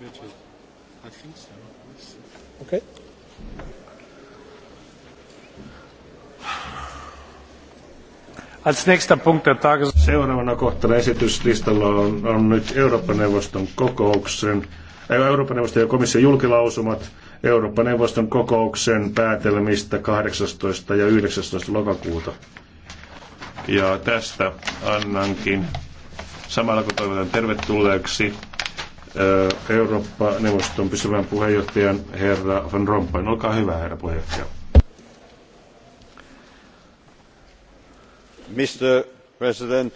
Mitchell. I think so. Okay. Als nächster Punkt der Tages... Seuraavana kohtana esityslistalla on, on nyt Eurooppa-neuvoston kokouksen, äh, Eurooppa-neuvoston ja komission julkilausumat Eurooppa-neuvoston kokouksen päätelmistä 18. ja 19. lokakuuta. Ja tästä annankin, samalla kun toivotan tervetulleeksi Eurooppa-neuvoston pysyvän puheenjohtajan herra Van Rompuyn. Olkaa hyvä, herra puheenjohtaja. Mr. President,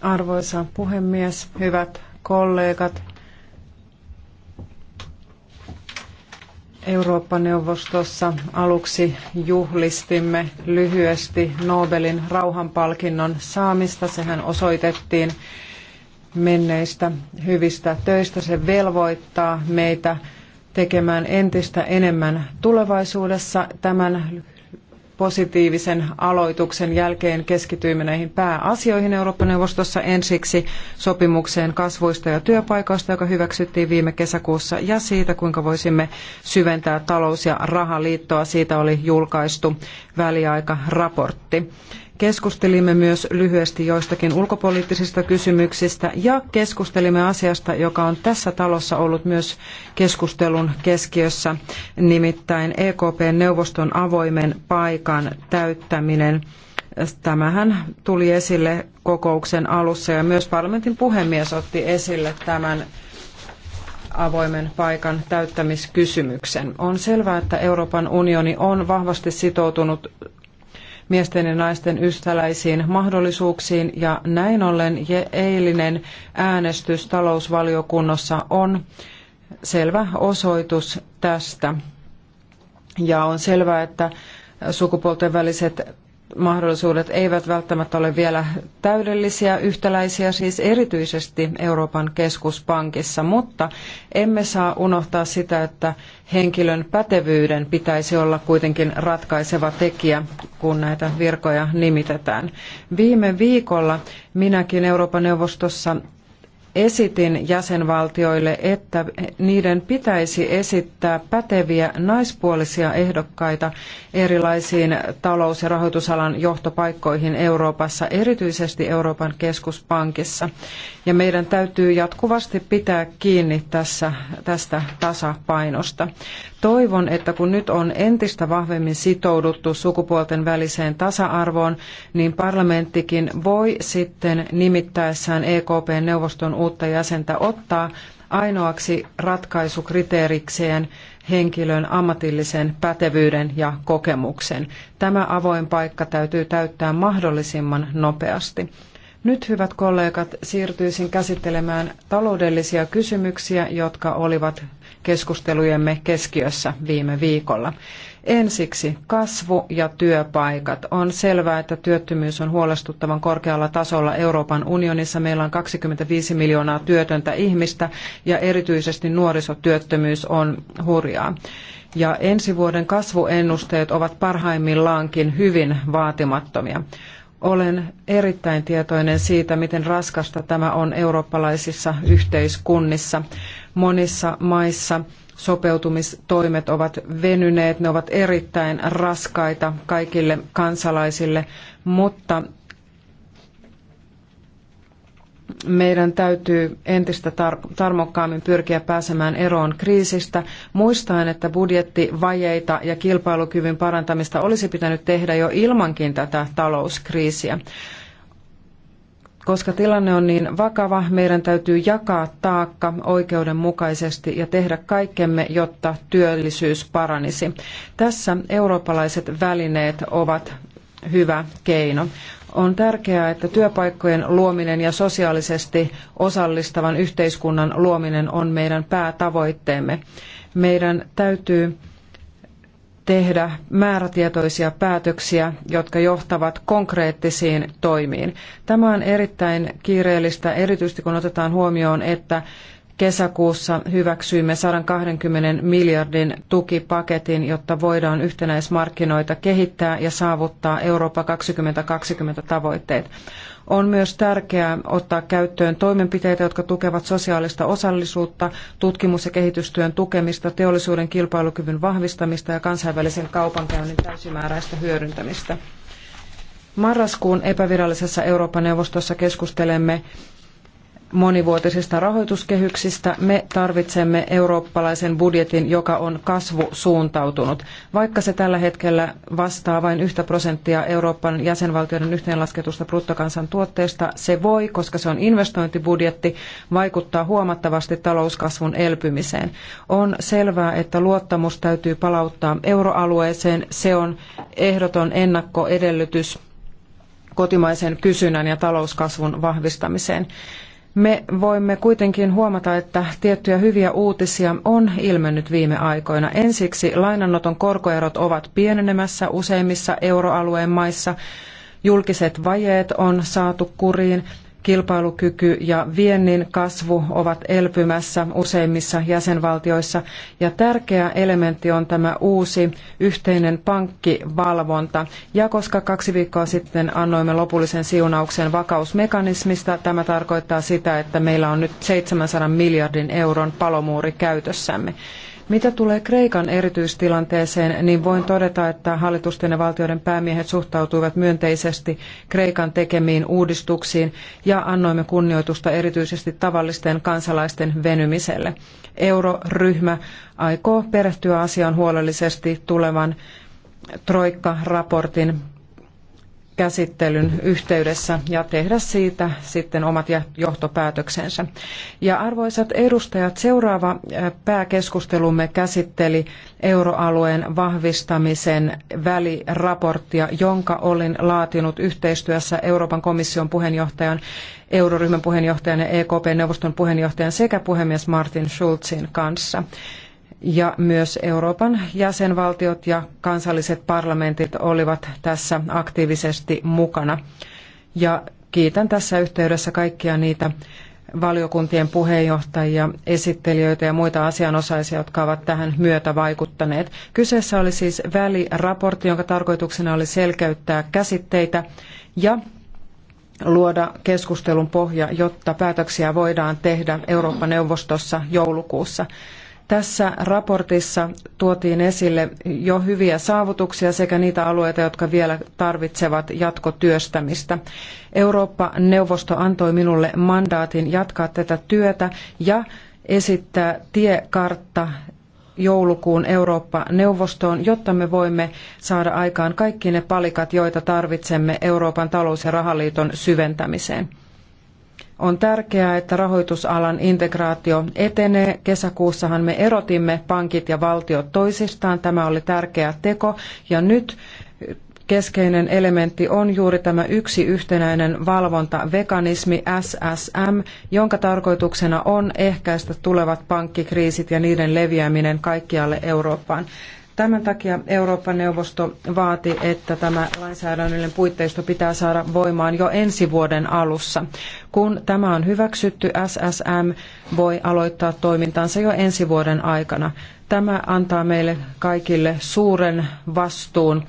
Arvoisa puhemies, hyvät kollegat, Eurooppa-neuvostossa aluksi juhlistimme lyhyesti Nobelin rauhanpalkinnon saamista. Sehän osoitettiin menneistä hyvistä töistä. Se velvoittaa meitä tekemään entistä enemmän tulevaisuudessa. Tämän positiivisen aloituksen jälkeen keskityimme näihin pääasioihin Eurooppa-neuvostossa ensiksi sopimukseen kasvuista ja työpaikoista, joka hyväksyttiin viime kesäkuussa, ja siitä, kuinka voisimme syventää talous- ja rahaliittoa. Siitä oli julkaistu väliaikaraportti. Keskustelimme myös lyhyesti joistakin ulkopoliittisista kysymyksistä ja keskustelimme asiasta, joka on tässä talossa ollut myös keskustelun keskiössä, nimittäin EKP-neuvoston avoimen paikan täyttäminen. Tämähän tuli esille kokouksen alussa ja myös parlamentin puhemies otti esille tämän avoimen paikan täyttämiskysymyksen. On selvää, että Euroopan unioni on vahvasti sitoutunut miesten ja naisten yhtäläisiin mahdollisuuksiin ja näin ollen eilinen äänestys talousvaliokunnassa on selvä osoitus tästä. Ja on selvää, että sukupuolten väliset mahdollisuudet eivät välttämättä ole vielä täydellisiä, yhtäläisiä siis erityisesti Euroopan keskuspankissa, mutta emme saa unohtaa sitä, että henkilön pätevyyden pitäisi olla kuitenkin ratkaiseva tekijä, kun näitä virkoja nimitetään. Viime viikolla minäkin Euroopan neuvostossa esitin jäsenvaltioille, että niiden pitäisi esittää päteviä naispuolisia ehdokkaita erilaisiin talous- ja rahoitusalan johtopaikkoihin Euroopassa, erityisesti Euroopan keskuspankissa. Ja meidän täytyy jatkuvasti pitää kiinni tässä, tästä tasapainosta. Toivon, että kun nyt on entistä vahvemmin sitouduttu sukupuolten väliseen tasa-arvoon, niin parlamenttikin voi sitten nimittäessään EKP-neuvoston uutta jäsentä ottaa ainoaksi ratkaisukriteerikseen henkilön ammatillisen pätevyyden ja kokemuksen. Tämä avoin paikka täytyy täyttää mahdollisimman nopeasti. Nyt, hyvät kollegat, siirtyisin käsittelemään taloudellisia kysymyksiä, jotka olivat keskustelujemme keskiössä viime viikolla. Ensiksi kasvu ja työpaikat. On selvää, että työttömyys on huolestuttavan korkealla tasolla Euroopan unionissa. Meillä on 25 miljoonaa työtöntä ihmistä ja erityisesti nuorisotyöttömyys on hurjaa. Ja ensi vuoden kasvuennusteet ovat parhaimmillaankin hyvin vaatimattomia. Olen erittäin tietoinen siitä, miten raskasta tämä on eurooppalaisissa yhteiskunnissa. Monissa maissa sopeutumistoimet ovat venyneet, ne ovat erittäin raskaita kaikille kansalaisille, mutta meidän täytyy entistä tarmokkaammin pyrkiä pääsemään eroon kriisistä, muistaen, että budjettivajeita ja kilpailukyvyn parantamista olisi pitänyt tehdä jo ilmankin tätä talouskriisiä. Koska tilanne on niin vakava, meidän täytyy jakaa taakka oikeudenmukaisesti ja tehdä kaikkemme, jotta työllisyys paranisi. Tässä eurooppalaiset välineet ovat hyvä keino. On tärkeää, että työpaikkojen luominen ja sosiaalisesti osallistavan yhteiskunnan luominen on meidän päätavoitteemme. Meidän täytyy tehdä määrätietoisia päätöksiä, jotka johtavat konkreettisiin toimiin. Tämä on erittäin kiireellistä, erityisesti kun otetaan huomioon, että kesäkuussa hyväksyimme 120 miljardin tukipaketin, jotta voidaan yhtenäismarkkinoita kehittää ja saavuttaa Eurooppa 2020 tavoitteet. On myös tärkeää ottaa käyttöön toimenpiteitä, jotka tukevat sosiaalista osallisuutta, tutkimus- ja kehitystyön tukemista, teollisuuden kilpailukyvyn vahvistamista ja kansainvälisen kaupankäynnin täysimääräistä hyödyntämistä. Marraskuun epävirallisessa Euroopan neuvostossa keskustelemme monivuotisista rahoituskehyksistä, me tarvitsemme eurooppalaisen budjetin, joka on kasvusuuntautunut. Vaikka se tällä hetkellä vastaa vain yhtä prosenttia Euroopan jäsenvaltioiden yhteenlasketusta bruttokansantuotteesta, se voi, koska se on investointibudjetti, vaikuttaa huomattavasti talouskasvun elpymiseen. On selvää, että luottamus täytyy palauttaa euroalueeseen. Se on ehdoton ennakkoedellytys kotimaisen kysynnän ja talouskasvun vahvistamiseen. Me voimme kuitenkin huomata, että tiettyjä hyviä uutisia on ilmennyt viime aikoina. Ensiksi lainanoton korkoerot ovat pienenemässä useimmissa euroalueen maissa, julkiset vajeet on saatu kuriin kilpailukyky ja viennin kasvu ovat elpymässä useimmissa jäsenvaltioissa ja tärkeä elementti on tämä uusi yhteinen pankkivalvonta. Ja koska kaksi viikkoa sitten annoimme lopullisen siunauksen vakausmekanismista, tämä tarkoittaa sitä, että meillä on nyt 700 miljardin euron palomuuri käytössämme. Mitä tulee Kreikan erityistilanteeseen, niin voin todeta, että hallitusten ja valtioiden päämiehet suhtautuivat myönteisesti Kreikan tekemiin uudistuksiin ja annoimme kunnioitusta erityisesti tavallisten kansalaisten venymiselle. Euroryhmä aikoo perehtyä asiaan huolellisesti tulevan Troikka-raportin käsittelyn yhteydessä ja tehdä siitä sitten omat johtopäätöksensä. Ja arvoisat edustajat, seuraava pääkeskustelumme käsitteli euroalueen vahvistamisen väliraporttia, jonka olin laatinut yhteistyössä Euroopan komission puheenjohtajan, euroryhmän puheenjohtajan ja EKP-neuvoston puheenjohtajan sekä puhemies Martin Schulzin kanssa ja myös Euroopan jäsenvaltiot ja kansalliset parlamentit olivat tässä aktiivisesti mukana. Ja kiitän tässä yhteydessä kaikkia niitä valiokuntien puheenjohtajia, esittelijöitä ja muita asianosaisia, jotka ovat tähän myötä vaikuttaneet. Kyseessä oli siis väliraportti, jonka tarkoituksena oli selkeyttää käsitteitä ja luoda keskustelun pohja, jotta päätöksiä voidaan tehdä Eurooppa-neuvostossa joulukuussa. Tässä raportissa tuotiin esille jo hyviä saavutuksia sekä niitä alueita, jotka vielä tarvitsevat jatkotyöstämistä. Eurooppa-neuvosto antoi minulle mandaatin jatkaa tätä työtä ja esittää tiekartta joulukuun Eurooppa-neuvostoon, jotta me voimme saada aikaan kaikki ne palikat, joita tarvitsemme Euroopan talous- ja rahaliiton syventämiseen. On tärkeää, että rahoitusalan integraatio etenee. Kesäkuussahan me erotimme pankit ja valtiot toisistaan. Tämä oli tärkeä teko ja nyt keskeinen elementti on juuri tämä yksi yhtenäinen valvontavekanismi SSM, jonka tarkoituksena on ehkäistä tulevat pankkikriisit ja niiden leviäminen kaikkialle Eurooppaan. Tämän takia Euroopan neuvosto vaati, että tämä lainsäädännöllinen puitteisto pitää saada voimaan jo ensi vuoden alussa. Kun tämä on hyväksytty, SSM voi aloittaa toimintansa jo ensi vuoden aikana. Tämä antaa meille kaikille suuren vastuun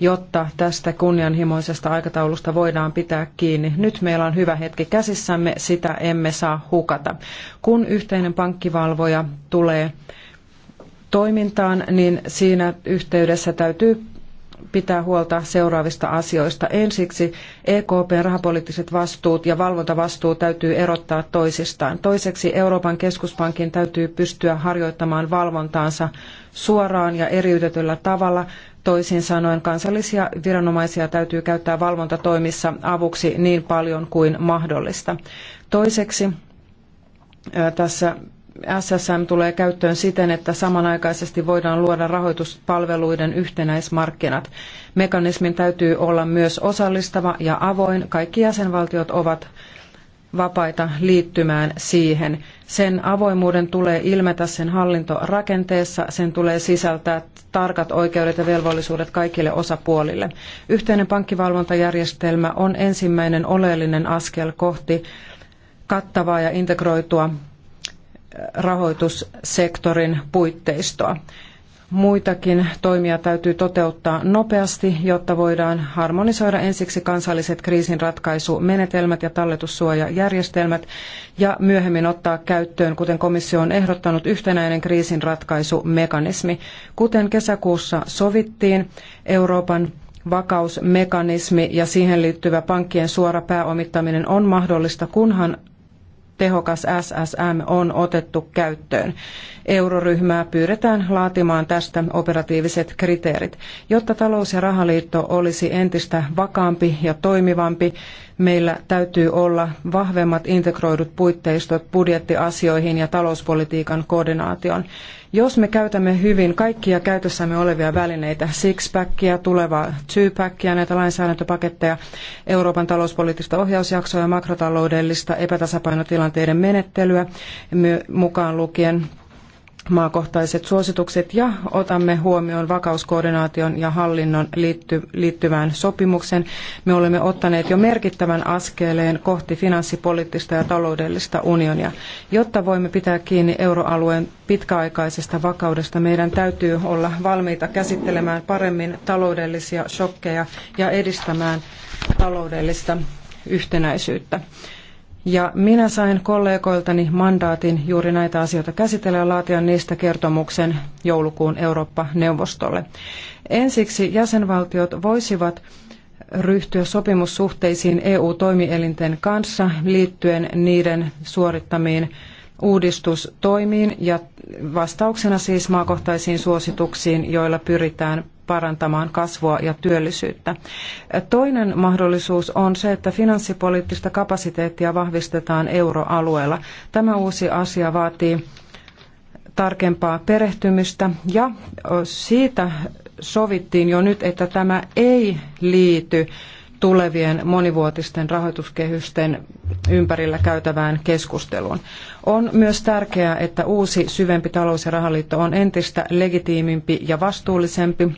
jotta tästä kunnianhimoisesta aikataulusta voidaan pitää kiinni. Nyt meillä on hyvä hetki käsissämme, sitä emme saa hukata. Kun yhteinen pankkivalvoja tulee toimintaan, niin siinä yhteydessä täytyy pitää huolta seuraavista asioista. Ensiksi EKPn rahapoliittiset vastuut ja valvontavastuu täytyy erottaa toisistaan. Toiseksi Euroopan keskuspankin täytyy pystyä harjoittamaan valvontaansa suoraan ja eriytetyllä tavalla. Toisin sanoen kansallisia viranomaisia täytyy käyttää valvontatoimissa avuksi niin paljon kuin mahdollista. Toiseksi tässä SSM tulee käyttöön siten, että samanaikaisesti voidaan luoda rahoituspalveluiden yhtenäismarkkinat. Mekanismin täytyy olla myös osallistava ja avoin. Kaikki jäsenvaltiot ovat vapaita liittymään siihen. Sen avoimuuden tulee ilmetä sen hallintorakenteessa, sen tulee sisältää tarkat oikeudet ja velvollisuudet kaikille osapuolille. Yhteinen pankkivalvontajärjestelmä on ensimmäinen oleellinen askel kohti kattavaa ja integroitua rahoitussektorin puitteistoa. Muitakin toimia täytyy toteuttaa nopeasti, jotta voidaan harmonisoida ensiksi kansalliset kriisinratkaisumenetelmät ja talletussuojajärjestelmät ja myöhemmin ottaa käyttöön, kuten komissio on ehdottanut, yhtenäinen kriisinratkaisumekanismi. Kuten kesäkuussa sovittiin, Euroopan vakausmekanismi ja siihen liittyvä pankkien suora pääomittaminen on mahdollista, kunhan tehokas SSM on otettu käyttöön. Euroryhmää pyydetään laatimaan tästä operatiiviset kriteerit. Jotta talous- ja rahaliitto olisi entistä vakaampi ja toimivampi, meillä täytyy olla vahvemmat integroidut puitteistot budjettiasioihin ja talouspolitiikan koordinaation. Jos me käytämme hyvin kaikkia käytössämme olevia välineitä, six-packia, tulevaa two-packia, näitä lainsäädäntöpaketteja, Euroopan talouspoliittista ohjausjaksoa ja makrotaloudellista epätasapainotilanteiden menettelyä mukaan lukien maakohtaiset suositukset ja otamme huomioon vakauskoordinaation ja hallinnon liitty, liittyvään sopimuksen. Me olemme ottaneet jo merkittävän askeleen kohti finanssipoliittista ja taloudellista unionia. Jotta voimme pitää kiinni euroalueen pitkäaikaisesta vakaudesta, meidän täytyy olla valmiita käsittelemään paremmin taloudellisia shokkeja ja edistämään taloudellista yhtenäisyyttä. Ja minä sain kollegoiltani mandaatin juuri näitä asioita käsitellä ja laatia niistä kertomuksen joulukuun Eurooppa-neuvostolle. Ensiksi jäsenvaltiot voisivat ryhtyä sopimussuhteisiin EU-toimielinten kanssa liittyen niiden suorittamiin uudistustoimiin ja vastauksena siis maakohtaisiin suosituksiin, joilla pyritään parantamaan kasvua ja työllisyyttä. Toinen mahdollisuus on se, että finanssipoliittista kapasiteettia vahvistetaan euroalueella. Tämä uusi asia vaatii tarkempaa perehtymistä ja siitä sovittiin jo nyt, että tämä ei liity tulevien monivuotisten rahoituskehysten ympärillä käytävään keskusteluun. On myös tärkeää, että uusi syvempi talous- ja rahaliitto on entistä legitiimimpi ja vastuullisempi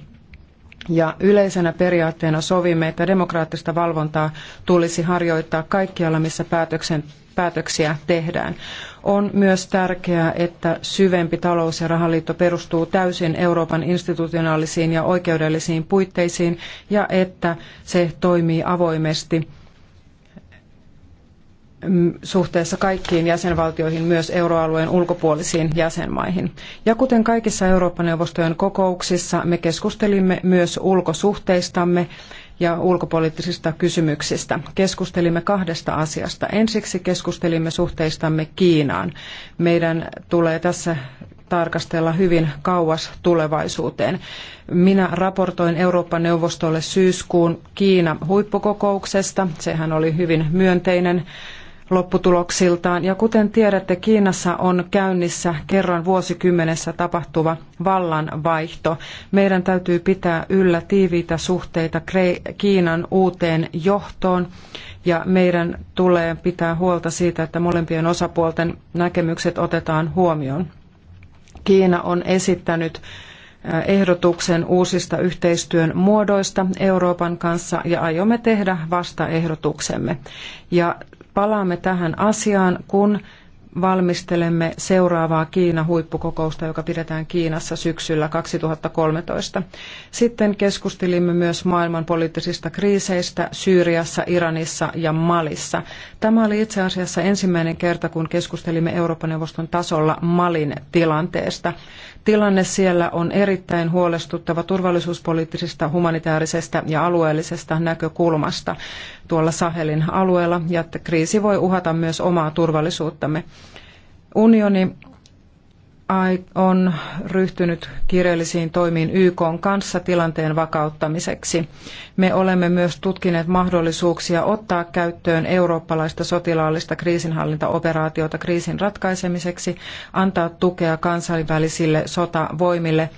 ja yleisenä periaatteena sovimme, että demokraattista valvontaa tulisi harjoittaa kaikkialla, missä päätöksen, päätöksiä tehdään. On myös tärkeää, että syvempi talous- ja rahaliitto perustuu täysin Euroopan institutionaalisiin ja oikeudellisiin puitteisiin ja että se toimii avoimesti mm, suhteessa kaikkiin jäsenvaltioihin, myös euroalueen ulkopuolisiin jäsenmaihin. Ja kuten kaikissa Eurooppa-neuvostojen kokouksissa, me keskustelimme myös ulkosuhteistamme ja ulkopoliittisista kysymyksistä. Keskustelimme kahdesta asiasta. Ensiksi keskustelimme suhteistamme Kiinaan. Meidän tulee tässä tarkastella hyvin kauas tulevaisuuteen. Minä raportoin Euroopan neuvostolle syyskuun Kiina huippukokouksesta. Sehän oli hyvin myönteinen lopputuloksiltaan. Ja kuten tiedätte, Kiinassa on käynnissä kerran vuosikymmenessä tapahtuva vallanvaihto. Meidän täytyy pitää yllä tiiviitä suhteita Kiinan uuteen johtoon ja meidän tulee pitää huolta siitä, että molempien osapuolten näkemykset otetaan huomioon. Kiina on esittänyt äh, ehdotuksen uusista yhteistyön muodoista Euroopan kanssa ja aiomme tehdä vastaehdotuksemme. Ja Palaamme tähän asiaan, kun valmistelemme seuraavaa Kiina-huippukokousta, joka pidetään Kiinassa syksyllä 2013. Sitten keskustelimme myös maailman poliittisista kriiseistä Syyriassa, Iranissa ja Malissa. Tämä oli itse asiassa ensimmäinen kerta, kun keskustelimme Euroopan neuvoston tasolla Malin tilanteesta. Tilanne siellä on erittäin huolestuttava turvallisuuspoliittisesta, humanitaarisesta ja alueellisesta näkökulmasta tuolla Sahelin alueella, ja että kriisi voi uhata myös omaa turvallisuuttamme. Unioni on ryhtynyt kiireellisiin toimiin YK kanssa tilanteen vakauttamiseksi. Me olemme myös tutkineet mahdollisuuksia ottaa käyttöön eurooppalaista sotilaallista kriisinhallintaoperaatiota kriisin ratkaisemiseksi, antaa tukea kansainvälisille sotavoimille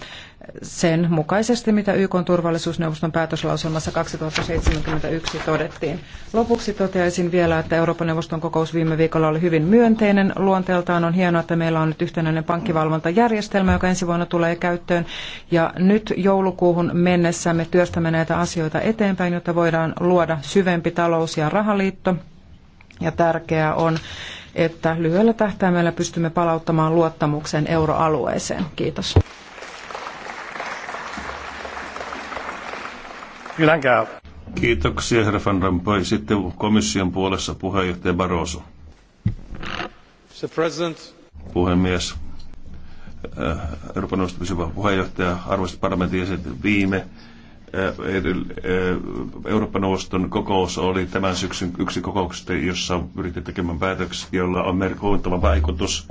sen mukaisesti, mitä YK turvallisuusneuvoston päätöslauselmassa 2071 todettiin. Lopuksi toteaisin vielä, että Euroopan neuvoston kokous viime viikolla oli hyvin myönteinen. Luonteeltaan on hienoa, että meillä on nyt yhtenäinen pankkivalvontajärjestelmä, joka ensi vuonna tulee käyttöön. Ja nyt joulukuuhun mennessä me työstämme näitä asioita eteenpäin, jotta voidaan luoda syvempi talous- ja rahaliitto. Ja tärkeää on, että lyhyellä tähtäimellä pystymme palauttamaan luottamuksen euroalueeseen. Kiitos. Kiitoksia, herra Van Rompuy. Sitten komission puolessa puheenjohtaja Barroso. Mr. President. Puhemies, äh, Euroopan neuvoston pysyvä puheenjohtaja, arvoisat parlamentin jäsenet, viime äh, äh, Euroopan neuvoston kokous oli tämän syksyn yksi kokouksista, jossa yritettiin tekemään päätöksiä, jolla on huomattava vaikutus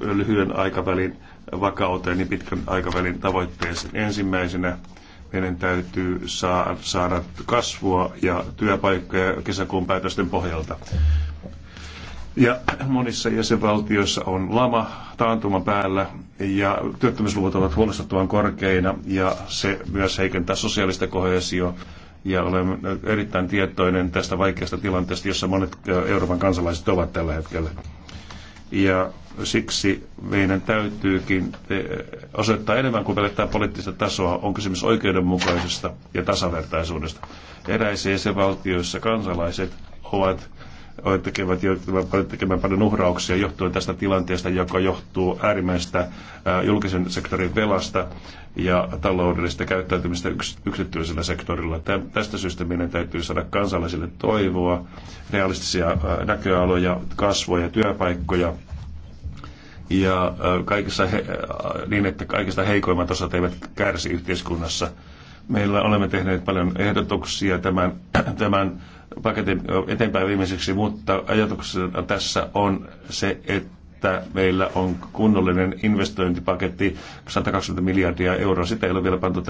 lyhyen aikavälin vakauteen ja pitkän aikavälin tavoitteeseen. Ensimmäisenä heidän täytyy saa, saada kasvua ja työpaikkoja kesäkuun päätösten pohjalta. Ja monissa jäsenvaltioissa on lama, taantuma päällä ja työttömyysluvut ovat huolestuttavan korkeina ja se myös heikentää sosiaalista kohesioa ja olen erittäin tietoinen tästä vaikeasta tilanteesta, jossa monet Euroopan kansalaiset ovat tällä hetkellä. Ja siksi meidän täytyykin eh, osoittaa enemmän kuin pelkästään poliittista tasoa, on kysymys oikeudenmukaisesta ja tasavertaisuudesta. Eräissä jäsenvaltioissa kansalaiset ovat tekevät, tekemään paljon uhrauksia johtuen tästä tilanteesta, joka johtuu äärimmäistä eh, julkisen sektorin velasta ja taloudellista käyttäytymistä yks, yksityisellä sektorilla. Tästä syystä meidän täytyy saada kansalaisille toivoa, realistisia eh, näköaloja, kasvoja, työpaikkoja ja kaikissa he, niin, että kaikista heikoimmat osat eivät kärsi yhteiskunnassa. Meillä olemme tehneet paljon ehdotuksia tämän, tämän paketin eteenpäin viimeiseksi, mutta ajatuksena tässä on se, että meillä on kunnollinen investointipaketti 120 miljardia euroa. Sitä ei ole vielä pantu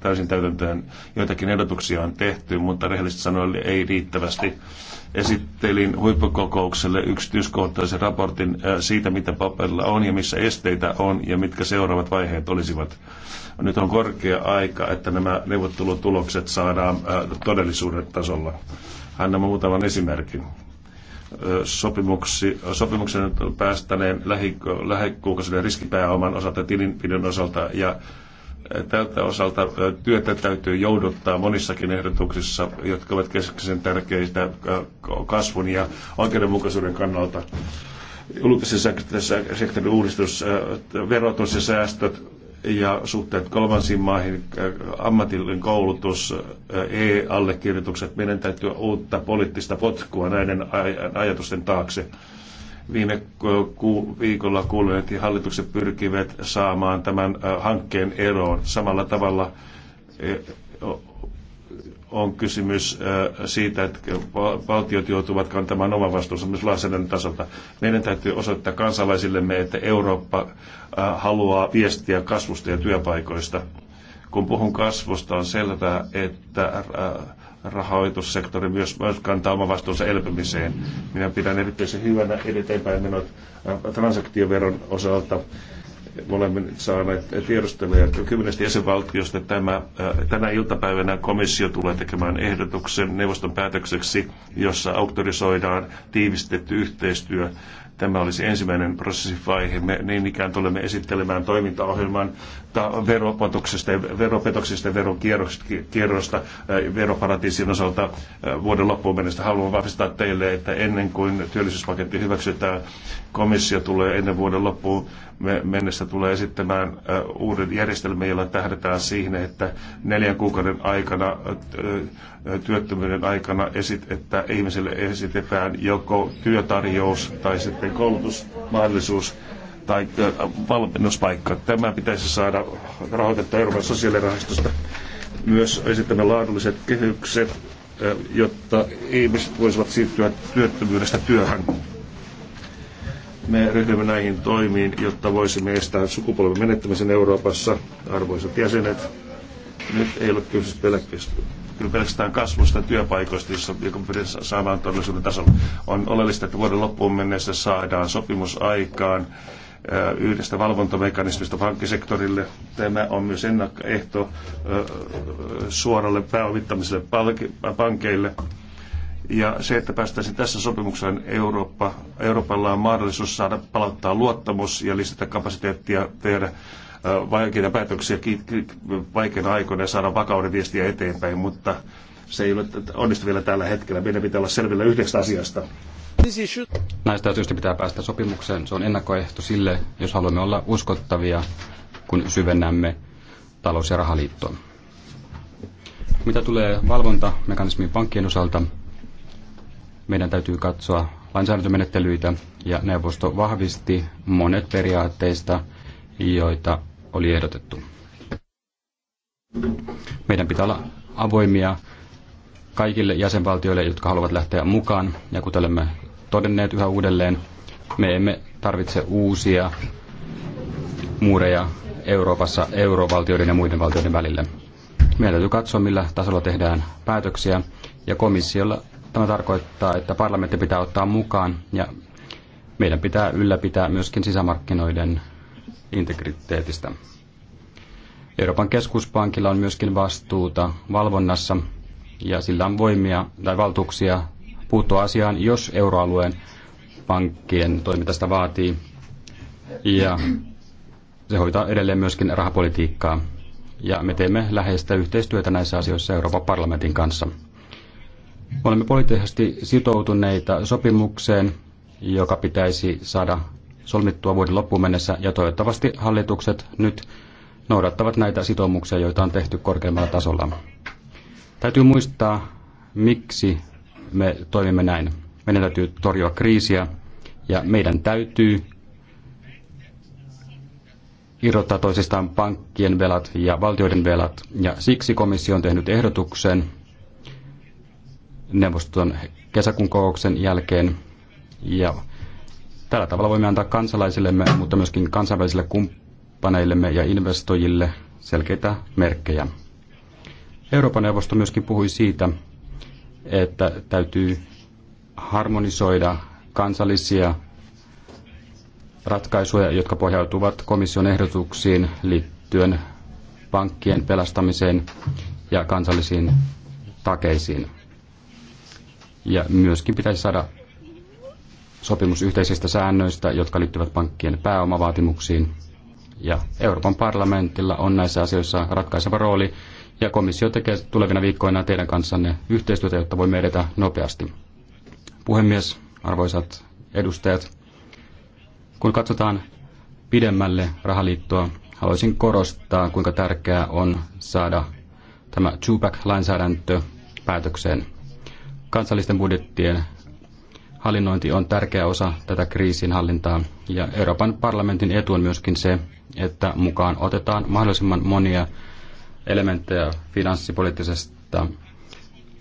täysin täytäntöön. Joitakin ehdotuksia on tehty, mutta rehellisesti sanoen ei riittävästi esittelin huippukokoukselle yksityiskohtaisen raportin äh, siitä, mitä paperilla on ja missä esteitä on ja mitkä seuraavat vaiheet olisivat. Nyt on korkea aika, että nämä neuvottelutulokset saadaan äh, todellisuuden tasolla. Anna muutaman esimerkin. Äh, sopimuksi, sopimuksen päästäneen lähikuukausille riskipääoman osalta, tilinpidon osalta ja Tältä osalta työtä täytyy jouduttaa monissakin ehdotuksissa, jotka ovat keskeisen tärkeitä kasvun ja oikeudenmukaisuuden kannalta. Julkisen sektorin uudistus, verotus ja säästöt ja suhteet kolmansiin maihin, ammatillinen koulutus, e-allekirjoitukset. Meidän täytyy uutta poliittista potkua näiden aj ajatusten taakse. Viime ku- viikolla kuuluneet hallitukset pyrkivät saamaan tämän hankkeen eroon. Samalla tavalla on kysymys siitä, että valtiot joutuvat kantamaan oman vastuunsa myös lainsäädännön tasolta. Meidän täytyy osoittaa kansalaisillemme, että Eurooppa haluaa viestiä kasvusta ja työpaikoista. Kun puhun kasvusta, on selvää, että rahoitussektori myös, myös kantaa oman vastuunsa elpymiseen. Minä pidän erityisen hyvänä eteenpäin menot äh, transaktioveron osalta. Me olemme saaneet tiedusteluja kymmenestä jäsenvaltiosta. Tämä, äh, tänä iltapäivänä komissio tulee tekemään ehdotuksen neuvoston päätökseksi, jossa auktorisoidaan tiivistetty yhteistyö Tämä olisi ensimmäinen prosessivaihe. Me niin ikään tulemme esittelemään toimintaohjelman veropetoksesta ja veropetoksista ja verokierrosta äh, veroparatiisin osalta äh, vuoden loppuun mennessä. Haluan vahvistaa teille, että ennen kuin työllisyyspaketti hyväksytään, komissio tulee ennen vuoden loppuun mennessä tulee esittämään uuden järjestelmän, jolla tähdetään siihen, että neljän kuukauden aikana, työttömyyden aikana, esit, että ihmisille esitetään joko työtarjous tai sitten koulutusmahdollisuus tai valmennuspaikka. Tämä pitäisi saada rahoitetta Euroopan sosiaalirahastosta. Myös esittämään laadulliset kehykset, jotta ihmiset voisivat siirtyä työttömyydestä työhön me ryhdymme näihin toimiin, jotta voisimme estää sukupolven menettämisen Euroopassa, arvoisat jäsenet. Nyt ei ole kyse pelkästään kasvusta työpaikoista, jossa, pyritään saamaan todellisuuden tasolla. On oleellista, että vuoden loppuun mennessä saadaan sopimus aikaan äh, yhdestä valvontamekanismista pankkisektorille. Tämä on myös ennakkoehto äh, äh, suoralle pääomittamiselle pankeille ja se, että päästäisiin tässä sopimukseen, Eurooppa, Euroopalla on mahdollisuus saada palauttaa luottamus ja lisätä kapasiteettia tehdä vaikeita päätöksiä vaikeina aikoina ja saada vakauden viestiä eteenpäin, mutta se ei ole onnistu vielä tällä hetkellä. Meidän pitää olla selvillä yhdestä asiasta. Näistä asioista pitää päästä sopimukseen. Se on ennakkoehto sille, jos haluamme olla uskottavia, kun syvennämme talous- ja rahaliittoon. Mitä tulee valvontamekanismin pankkien osalta, meidän täytyy katsoa lainsäädäntömenettelyitä ja neuvosto vahvisti monet periaatteista, joita oli ehdotettu. Meidän pitää olla avoimia kaikille jäsenvaltioille, jotka haluavat lähteä mukaan. Ja kuten olemme todenneet yhä uudelleen, me emme tarvitse uusia muureja Euroopassa eurovaltioiden ja muiden valtioiden välille. Meidän täytyy katsoa, millä tasolla tehdään päätöksiä, ja komissiolla Tämä tarkoittaa, että parlamentti pitää ottaa mukaan ja meidän pitää ylläpitää myöskin sisämarkkinoiden integriteetistä. Euroopan keskuspankilla on myöskin vastuuta valvonnassa ja sillä on voimia tai valtuuksia puuttua asiaan, jos euroalueen pankkien toimintasta vaatii. Ja se hoitaa edelleen myöskin rahapolitiikkaa. Ja me teemme läheistä yhteistyötä näissä asioissa Euroopan parlamentin kanssa olemme poliittisesti sitoutuneita sopimukseen, joka pitäisi saada solmittua vuoden loppuun mennessä, ja toivottavasti hallitukset nyt noudattavat näitä sitoumuksia, joita on tehty korkeammalla tasolla. Täytyy muistaa, miksi me toimimme näin. Meidän täytyy torjua kriisiä, ja meidän täytyy irrottaa toisistaan pankkien velat ja valtioiden velat, ja siksi komissio on tehnyt ehdotuksen, neuvoston kesäkuun kokouksen jälkeen. Ja tällä tavalla voimme antaa kansalaisillemme, mutta myöskin kansainvälisille kumppaneillemme ja investoijille selkeitä merkkejä. Euroopan neuvosto myöskin puhui siitä, että täytyy harmonisoida kansallisia ratkaisuja, jotka pohjautuvat komission ehdotuksiin liittyen pankkien pelastamiseen ja kansallisiin takeisiin. Ja myöskin pitäisi saada sopimus yhteisistä säännöistä, jotka liittyvät pankkien pääomavaatimuksiin. Ja Euroopan parlamentilla on näissä asioissa ratkaiseva rooli, ja komissio tekee tulevina viikkoina teidän kanssanne yhteistyötä, jotta voimme edetä nopeasti. Puhemies, arvoisat edustajat, kun katsotaan pidemmälle rahaliittoa, haluaisin korostaa, kuinka tärkeää on saada tämä two lainsäädäntö päätökseen kansallisten budjettien hallinnointi on tärkeä osa tätä kriisin hallintaa ja Euroopan parlamentin etu on myöskin se, että mukaan otetaan mahdollisimman monia elementtejä finanssipoliittisesta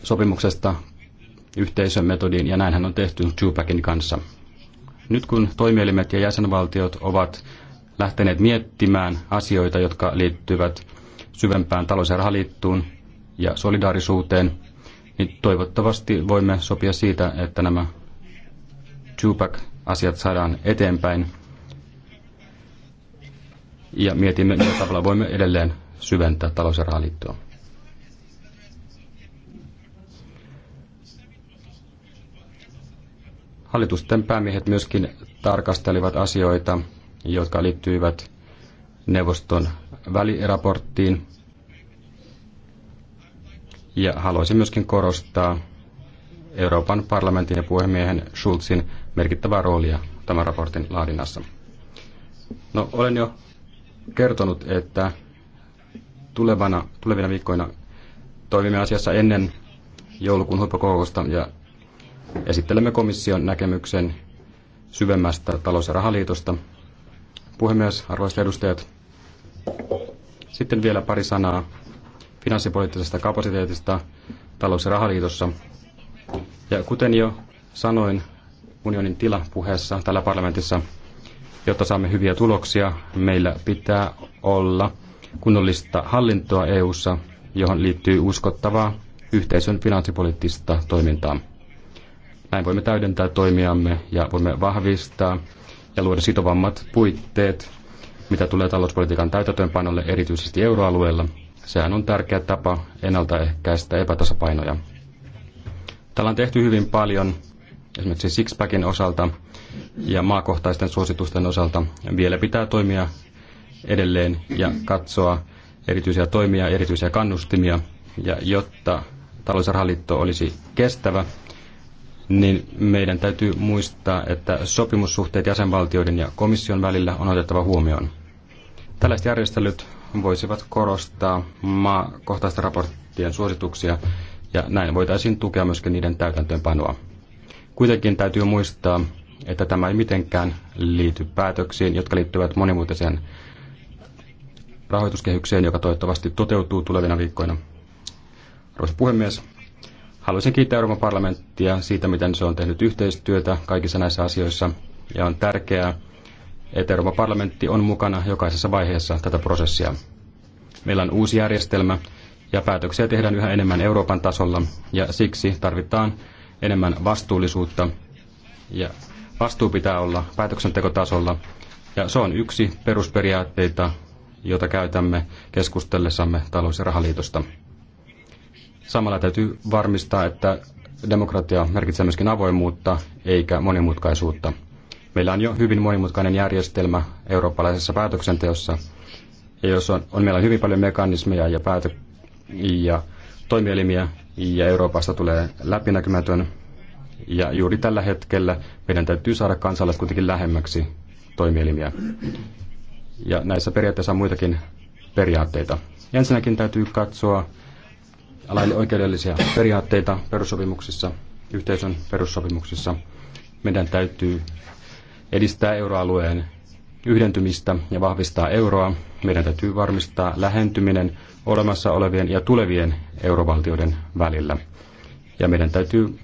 sopimuksesta yhteisömetodiin ja näinhän on tehty Tupacin kanssa. Nyt kun toimielimet ja jäsenvaltiot ovat lähteneet miettimään asioita, jotka liittyvät syvempään talous- ja rahaliittoon ja solidaarisuuteen, niin toivottavasti voimme sopia siitä, että nämä Tupac-asiat saadaan eteenpäin. Ja mietimme, millä tavalla voimme edelleen syventää talous- ja rahaliittoa. Hallitusten päämiehet myöskin tarkastelivat asioita, jotka liittyivät neuvoston väliraporttiin ja haluaisin myöskin korostaa Euroopan parlamentin ja puhemiehen Schulzin merkittävää roolia tämän raportin laadinnassa. No, olen jo kertonut, että tulevana, tulevina viikkoina toimimme asiassa ennen joulukuun huippukokousta ja esittelemme komission näkemyksen syvemmästä talous- ja rahaliitosta. Puhemies, arvoisat edustajat, sitten vielä pari sanaa finanssipoliittisesta kapasiteetista talous- ja rahaliitossa. Ja kuten jo sanoin unionin tilapuheessa täällä parlamentissa, jotta saamme hyviä tuloksia, meillä pitää olla kunnollista hallintoa EU:ssa, johon liittyy uskottavaa yhteisön finanssipoliittista toimintaa. Näin voimme täydentää toimiamme ja voimme vahvistaa ja luoda sitovammat puitteet, mitä tulee talouspolitiikan täytäntöönpanolle erityisesti euroalueella – Sehän on tärkeä tapa ennaltaehkäistä epätasapainoja. Täällä on tehty hyvin paljon esimerkiksi Sixpackin osalta ja maakohtaisten suositusten osalta. Vielä pitää toimia edelleen ja katsoa erityisiä toimia, erityisiä kannustimia, ja jotta talous- ja olisi kestävä, niin meidän täytyy muistaa, että sopimussuhteet jäsenvaltioiden ja komission välillä on otettava huomioon. Tällaiset järjestelyt voisivat korostaa maakohtaista raporttien suosituksia ja näin voitaisiin tukea myöskin niiden täytäntöönpanoa. Kuitenkin täytyy muistaa, että tämä ei mitenkään liity päätöksiin, jotka liittyvät monimuotoiseen rahoituskehykseen, joka toivottavasti toteutuu tulevina viikkoina. Arvoisa puhemies, haluaisin kiittää Euroopan parlamenttia siitä, miten se on tehnyt yhteistyötä kaikissa näissä asioissa, ja on tärkeää, että Euroopan parlamentti on mukana jokaisessa vaiheessa tätä prosessia. Meillä on uusi järjestelmä ja päätöksiä tehdään yhä enemmän Euroopan tasolla ja siksi tarvitaan enemmän vastuullisuutta ja vastuu pitää olla päätöksentekotasolla ja se on yksi perusperiaatteita, jota käytämme keskustellessamme talous- ja rahaliitosta. Samalla täytyy varmistaa, että demokratia merkitsee myöskin avoimuutta eikä monimutkaisuutta. Meillä on jo hyvin monimutkainen järjestelmä eurooppalaisessa päätöksenteossa. Ja jos on, on meillä on hyvin paljon mekanismeja ja, päätö- ja toimielimiä, ja Euroopasta tulee läpinäkymätön. Ja juuri tällä hetkellä meidän täytyy saada kansalaiset kuitenkin lähemmäksi toimielimiä. Ja näissä periaatteissa on muitakin periaatteita. Ensinnäkin täytyy katsoa laille oikeudellisia periaatteita perussopimuksissa, yhteisön perussopimuksissa. Meidän täytyy edistää euroalueen yhdentymistä ja vahvistaa euroa, meidän täytyy varmistaa lähentyminen olemassa olevien ja tulevien eurovaltioiden välillä. Ja meidän täytyy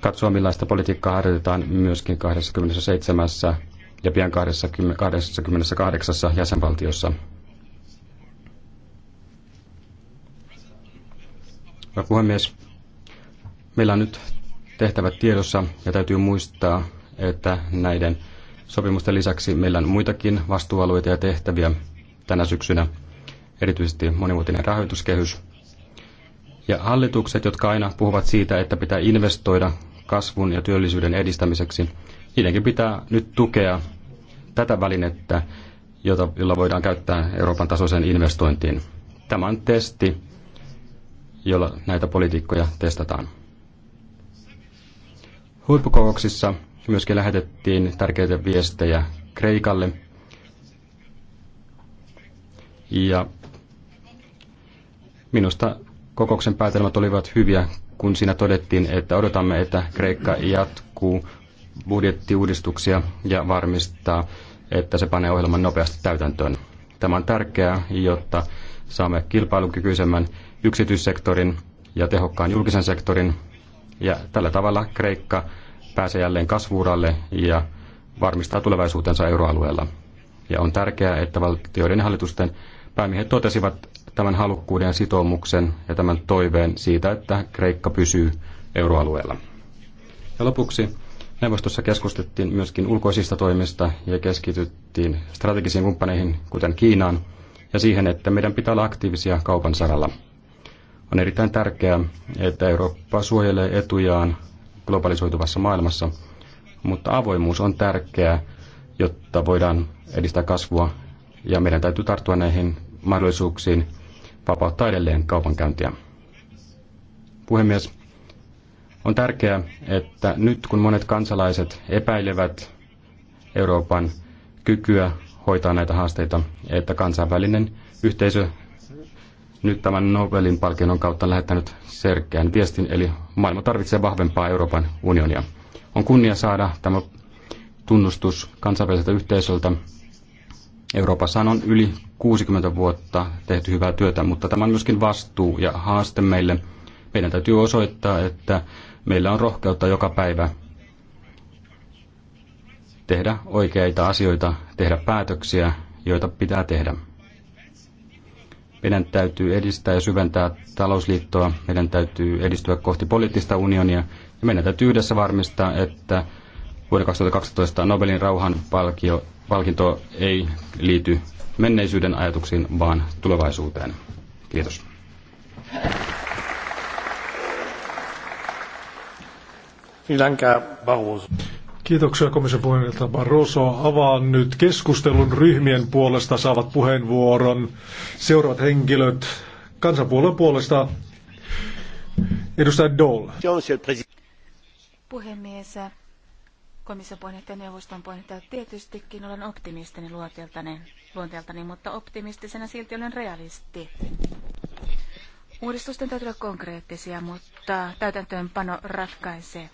katsoa, millaista politiikkaa harjoitetaan myöskin 27 ja pian 28 jäsenvaltiossa. Hyvä puhemies, meillä on nyt tehtävät tiedossa ja täytyy muistaa, että näiden sopimusten lisäksi meillä on muitakin vastuualueita ja tehtäviä tänä syksynä, erityisesti monivuotinen rahoituskehys. Ja hallitukset, jotka aina puhuvat siitä, että pitää investoida kasvun ja työllisyyden edistämiseksi, niidenkin pitää nyt tukea tätä välinettä, jota, jolla voidaan käyttää Euroopan tasoisen investointiin. Tämä on testi, jolla näitä politiikkoja testataan. Huippukokouksissa Myöskin lähetettiin tärkeitä viestejä Kreikalle. Ja minusta kokouksen päätelmät olivat hyviä, kun siinä todettiin, että odotamme, että Kreikka jatkuu budjettiuudistuksia ja varmistaa, että se panee ohjelman nopeasti täytäntöön. Tämä on tärkeää, jotta saamme kilpailukykyisemmän yksityissektorin ja tehokkaan julkisen sektorin. Ja tällä tavalla Kreikka pääsee jälleen kasvuuralle ja varmistaa tulevaisuutensa euroalueella. Ja on tärkeää, että valtioiden ja hallitusten päämiehet totesivat tämän halukkuuden ja sitoumuksen ja tämän toiveen siitä, että Kreikka pysyy euroalueella. Ja lopuksi neuvostossa keskustettiin myöskin ulkoisista toimista ja keskityttiin strategisiin kumppaneihin, kuten Kiinaan, ja siihen, että meidän pitää olla aktiivisia kaupan saralla. On erittäin tärkeää, että Eurooppa suojelee etujaan globalisoituvassa maailmassa, mutta avoimuus on tärkeää, jotta voidaan edistää kasvua ja meidän täytyy tarttua näihin mahdollisuuksiin vapauttaa edelleen kaupankäyntiä. Puhemies, on tärkeää, että nyt kun monet kansalaiset epäilevät Euroopan kykyä hoitaa näitä haasteita, että kansainvälinen yhteisö nyt tämän Nobelin palkinnon kautta lähettänyt selkeän viestin, eli maailma tarvitsee vahvempaa Euroopan unionia. On kunnia saada tämä tunnustus kansainväliseltä yhteisöltä. Euroopassa on yli 60 vuotta tehty hyvää työtä, mutta tämä on myöskin vastuu ja haaste meille. Meidän täytyy osoittaa, että meillä on rohkeutta joka päivä tehdä oikeita asioita, tehdä päätöksiä, joita pitää tehdä. Meidän täytyy edistää ja syventää talousliittoa, meidän täytyy edistyä kohti poliittista unionia ja meidän täytyy yhdessä varmistaa, että vuoden 2012 Nobelin rauhanpalkinto palkinto ei liity menneisyyden ajatuksiin, vaan tulevaisuuteen. Kiitos. Vielen Dank, Herr Barroso. Kiitoksia komission puheenjohtaja Barroso. Avaan nyt keskustelun ryhmien puolesta saavat puheenvuoron. Seuraavat henkilöt kansanpuolen puolesta. Edustaja Dole. Puhemies, komission puheenjohtaja neuvoston puheenjohtaja tietystikin olen optimistinen luonteeltani, luonteeltani, mutta optimistisena silti olen realisti. Uudistusten täytyy olla konkreettisia, mutta täytäntöönpano ratkaisee.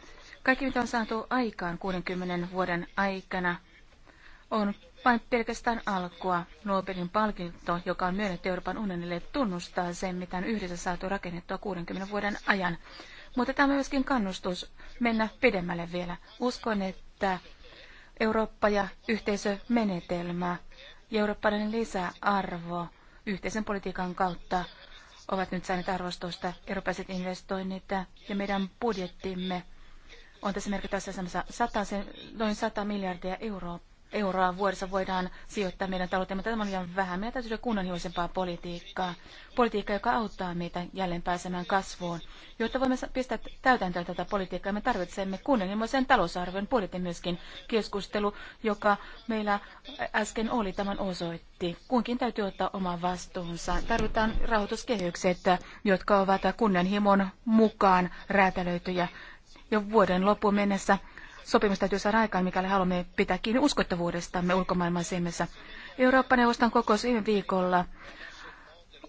Kaikki, mitä on saatu aikaan 60 vuoden aikana, on vain pelkästään alkua. Nobelin palkinto, joka on myönnetty Euroopan unionille, tunnustaa sen, mitä on yhdessä saatu rakennettua 60 vuoden ajan. Mutta tämä on myöskin kannustus mennä pidemmälle vielä. Uskon, että Eurooppa ja yhteisömenetelmä ja eurooppalainen lisäarvo yhteisen politiikan kautta ovat nyt saaneet arvostusta. Eurooppalaiset investoinnit ja meidän budjettimme – on tässä merkittävässä asemassa noin 100 miljardia euroa, euroa vuodessa voidaan sijoittaa meidän talouteen, mutta tämä on liian vähän. Meidän täytyy kunnianhimoisempaa politiikkaa, politiikkaa, joka auttaa meitä jälleen pääsemään kasvuun. Jotta voimme pistää täytäntöön tätä politiikkaa, me tarvitsemme kunnianhimoisen talousarvion budjetin myöskin keskustelu, joka meillä äsken oli, tämän osoitti. Kunkin täytyy ottaa oma vastuunsa. Tarvitaan rahoituskehykset, jotka ovat kunnianhimon mukaan räätälöityjä jo vuoden loppuun mennessä sopimus täytyy saada aikaan, mikäli haluamme pitää kiinni uskottavuudestamme ulkomaailman silmissä. Eurooppa-neuvoston kokous viime viikolla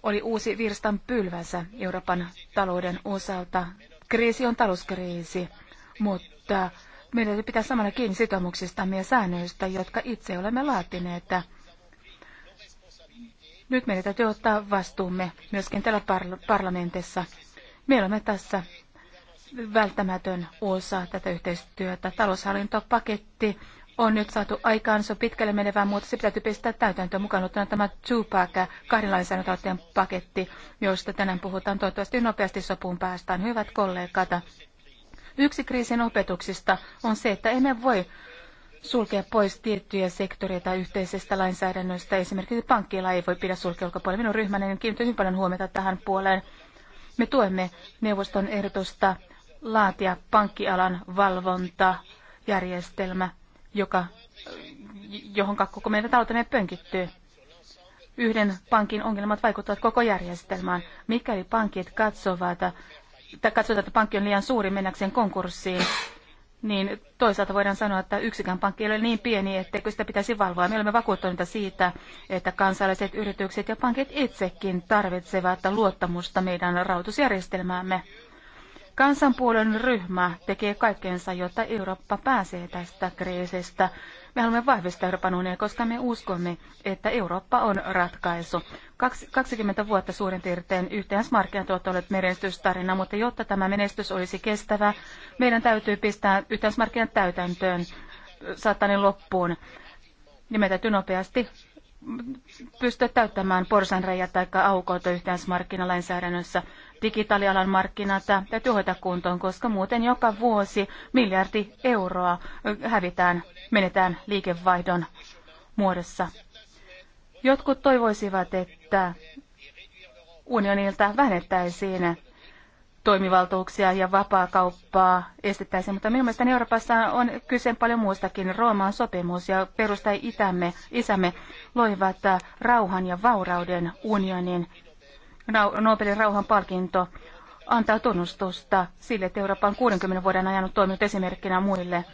oli uusi virstan pylvänsä Euroopan talouden osalta. Kriisi on talouskriisi, mutta meidän pitää samalla kiinni sitoumuksistamme ja säännöistä, jotka itse olemme laatineet. Nyt meidän täytyy ottaa vastuumme myöskin täällä parlamentissa. Meillä olemme tässä välttämätön osa tätä yhteistyötä. Taloushallintopaketti on nyt saatu aikaan, se on pitkälle menevää, mutta se täytyy pistää täytäntöön mukaan ottaa tämä Tupac kahden lainsäädäntöautojen paketti, josta tänään puhutaan. Toivottavasti nopeasti sopuun päästään. Hyvät kollegat, yksi kriisin opetuksista on se, että emme voi sulkea pois tiettyjä sektoreita yhteisestä lainsäädännöstä. Esimerkiksi pankkilla ei voi pidä sulkea ulkopuolella. Minun ryhmäni on kiinnittänyt paljon huomiota tähän puoleen. Me tuemme neuvoston ehdotusta laatia pankkialan valvontajärjestelmä, joka, johon koko meidän taloutemme pönkittyy. Yhden pankin ongelmat vaikuttavat koko järjestelmään. Mikäli pankit katsovat, tai katsovat että pankki on liian suuri mennäkseen konkurssiin, niin toisaalta voidaan sanoa, että yksikään pankki ei ole niin pieni, etteikö sitä pitäisi valvoa. Me olemme vakuuttuneita siitä, että kansalliset yritykset ja pankit itsekin tarvitsevat luottamusta meidän rahoitusjärjestelmäämme. Kansanpuolen ryhmä tekee kaikkensa, jotta Eurooppa pääsee tästä kriisistä. Me haluamme vahvistaa Euroopan unia, koska me uskomme, että Eurooppa on ratkaisu. 20 vuotta suurin piirtein yhteensmarkkinat ovat olleet menestystarina, mutta jotta tämä menestys olisi kestävä, meidän täytyy pistää yhteensmarkkinat täytäntöön, saattaneen loppuun. niin meidän täytyy nopeasti pystyä täyttämään porsanreijät tai aukot yhteismarkkinalainsäädännössä. Digitaalialan markkinat täytyy hoitaa kuntoon, koska muuten joka vuosi miljardi euroa hävitään, menetään liikevaihdon muodossa. Jotkut toivoisivat, että unionilta vähennettäisiin toimivaltuuksia ja vapaa estettäisiin, mutta minun mielestäni Euroopassa on kyse paljon muustakin. roomaan sopimus ja perustai itämme, isämme loivat rauhan ja vaurauden unionin. Nobelin palkinto antaa tunnustusta sille, että Euroopan 60 vuoden ajan toiminut esimerkkinä muille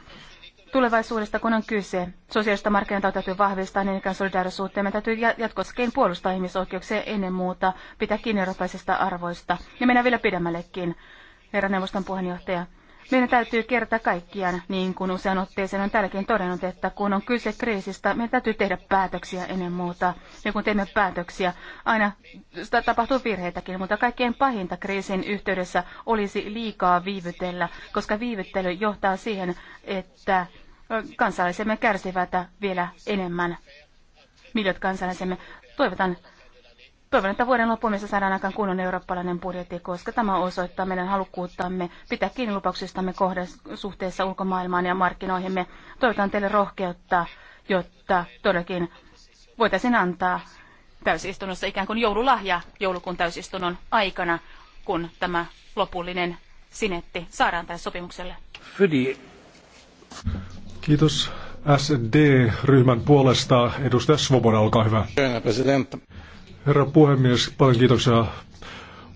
tulevaisuudesta, kun on kyse. Sosiaalista markkinoita täytyy vahvistaa, niin ikään solidaarisuutta. Meidän täytyy jatkossakin puolustaa ihmisoikeuksia ennen muuta, pitää kiinni eurooppaisista arvoista. Ja mennään vielä pidemmällekin, herra neuvoston puheenjohtaja. Meidän täytyy kerta kaikkiaan, niin kuin usean otteeseen on tälläkin todennut, että kun on kyse kriisistä, meidän täytyy tehdä päätöksiä ennen muuta. Ja kun teemme päätöksiä, aina sitä tapahtuu virheitäkin, mutta kaikkein pahinta kriisin yhteydessä olisi liikaa viivytellä, koska viivyttely johtaa siihen, että kansalaisemme kärsivät vielä enemmän. Miljot kansalaisemme. Toivotan, toivon, että vuoden loppuun saadaan aikaan kunnon eurooppalainen budjetti, koska tämä osoittaa meidän halukkuuttamme pitää kiinni lupauksistamme kohdassa, suhteessa ulkomaailmaan ja markkinoihimme. Toivotan teille rohkeutta, jotta todellakin voitaisiin antaa täysistunnossa ikään kuin joululahja joulukuun täysistunnon aikana, kun tämä lopullinen sinetti saadaan tälle sopimukselle. Fydi. Kiitos SD-ryhmän puolesta. Edustaja Svoboda, olkaa hyvä. Herra puhemies, paljon kiitoksia.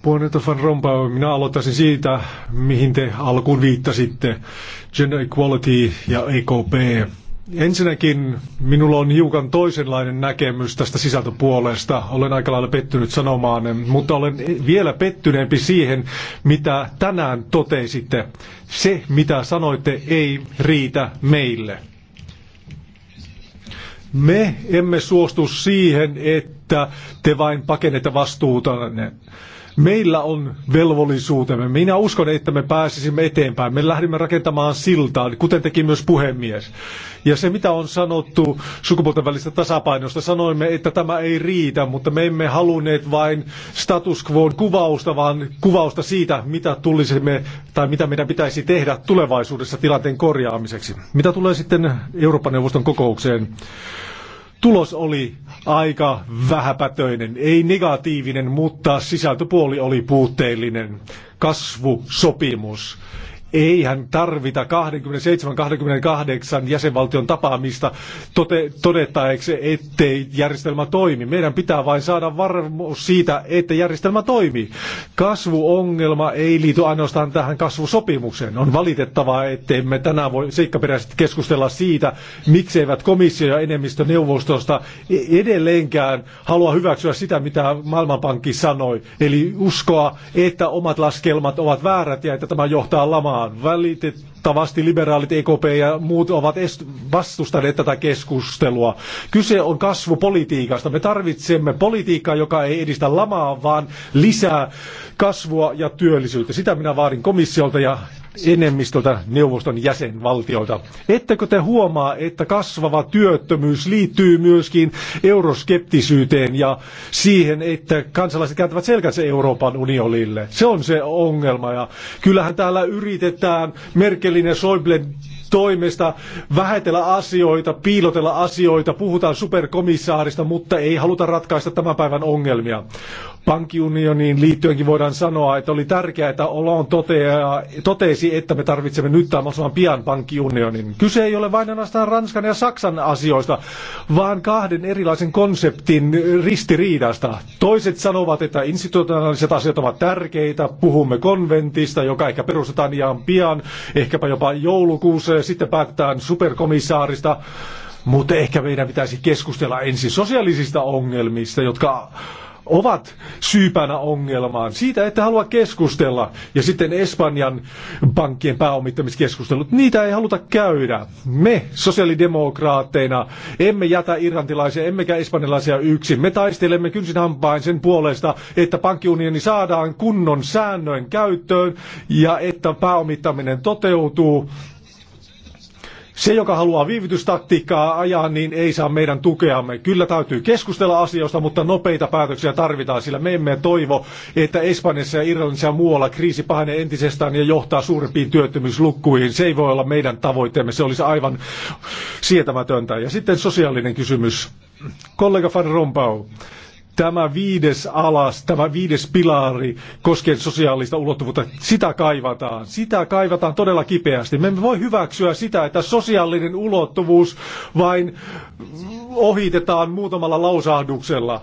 Puheenjohtaja Van Rompuy, minä aloittaisin siitä, mihin te alkuun viittasitte. Gender Equality ja EKP. Ensinnäkin minulla on hiukan toisenlainen näkemys tästä sisältöpuolesta. Olen aika lailla pettynyt sanomaan, mutta olen vielä pettyneempi siihen, mitä tänään totesitte. Se, mitä sanoitte, ei riitä meille. Me emme suostu siihen, että te vain pakenette vastuutanne. Meillä on velvollisuutemme. Minä uskon, että me pääsisimme eteenpäin. Me lähdimme rakentamaan siltaa, kuten teki myös puhemies. Ja se, mitä on sanottu sukupuolten välistä tasapainosta, sanoimme, että tämä ei riitä, mutta me emme halunneet vain status quoon kuvausta, vaan kuvausta siitä, mitä tulisimme tai mitä meidän pitäisi tehdä tulevaisuudessa tilanteen korjaamiseksi. Mitä tulee sitten Euroopan neuvoston kokoukseen? Tulos oli aika vähäpätöinen, ei negatiivinen, mutta sisältöpuoli oli puutteellinen. Kasvusopimus. sopimus Eihän tarvita 27-28 jäsenvaltion tapaamista tote, todettaeksi, ettei järjestelmä toimi. Meidän pitää vain saada varmuus siitä, että järjestelmä toimii. Kasvuongelma ei liity ainoastaan tähän kasvusopimukseen. On valitettavaa, ettei me tänään voi seikkaperäisesti keskustella siitä, mikseivät komissio ja enemmistö neuvostosta e-, edelleenkään halua hyväksyä sitä, mitä Maailmanpankki sanoi. Eli uskoa, että omat laskelmat ovat väärät ja että tämä johtaa lamaan mukaan. Valitettavasti liberaalit EKP ja muut ovat vastustaneet tätä keskustelua. Kyse on kasvupolitiikasta. Me tarvitsemme politiikkaa, joka ei edistä lamaa, vaan lisää kasvua ja työllisyyttä. Sitä minä vaadin komissiolta ja enemmistöltä neuvoston jäsenvaltioilta. Ettekö te huomaa, että kasvava työttömyys liittyy myöskin euroskeptisyyteen ja siihen, että kansalaiset kääntävät selkänsä Euroopan unionille? Se on se ongelma ja kyllähän täällä yritetään Merkelin ja Schäublen toimesta vähätellä asioita, piilotella asioita, puhutaan superkomissaarista, mutta ei haluta ratkaista tämän päivän ongelmia pankkiunioniin liittyenkin voidaan sanoa, että oli tärkeää, että Olon totesi, että me tarvitsemme nyt tai mahdollisimman pian pankkiunionin. Kyse ei ole vain ainoastaan Ranskan ja Saksan asioista, vaan kahden erilaisen konseptin ristiriidasta. Toiset sanovat, että institutionaaliset asiat ovat tärkeitä, puhumme konventista, joka ehkä perustetaan ihan pian, ehkäpä jopa joulukuussa, ja sitten päätetään superkomissaarista. Mutta ehkä meidän pitäisi keskustella ensin sosiaalisista ongelmista, jotka ovat syypänä ongelmaan. Siitä ette halua keskustella. Ja sitten Espanjan pankkien pääomittamiskeskustelut, niitä ei haluta käydä. Me sosiaalidemokraatteina emme jätä irlantilaisia emmekä espanjalaisia yksin. Me taistelemme kynsin hampain sen puolesta, että pankkiunioni saadaan kunnon säännöin käyttöön ja että pääomittaminen toteutuu se, joka haluaa viivytystaktiikkaa ajaa, niin ei saa meidän tukeamme. Kyllä täytyy keskustella asioista, mutta nopeita päätöksiä tarvitaan, sillä me emme toivo, että Espanjassa ja Irlannissa ja muualla kriisi pahenee entisestään ja johtaa suurempiin työttömyyslukkuihin. Se ei voi olla meidän tavoitteemme, se olisi aivan sietämätöntä. Ja sitten sosiaalinen kysymys. Kollega Van Rompau, tämä viides alas, tämä viides pilari koskien sosiaalista ulottuvuutta, sitä kaivataan. Sitä kaivataan todella kipeästi. Me emme voi hyväksyä sitä, että sosiaalinen ulottuvuus vain ohitetaan muutamalla lausahduksella.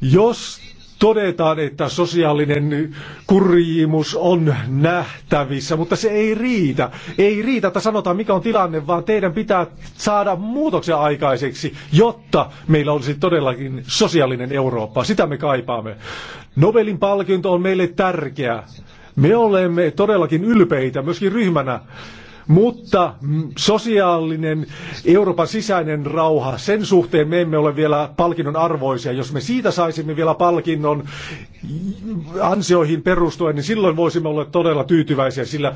Jos todetaan, että sosiaalinen kurjimus on nähtävissä, mutta se ei riitä. Ei riitä, että sanotaan mikä on tilanne, vaan teidän pitää saada muutoksen aikaiseksi, jotta meillä olisi todellakin sosiaalinen Eurooppa. Sitä me kaipaamme. Nobelin palkinto on meille tärkeä. Me olemme todellakin ylpeitä myöskin ryhmänä mutta mm, sosiaalinen Euroopan sisäinen rauha, sen suhteen me emme ole vielä palkinnon arvoisia. Jos me siitä saisimme vielä palkinnon ansioihin perustuen, niin silloin voisimme olla todella tyytyväisiä, sillä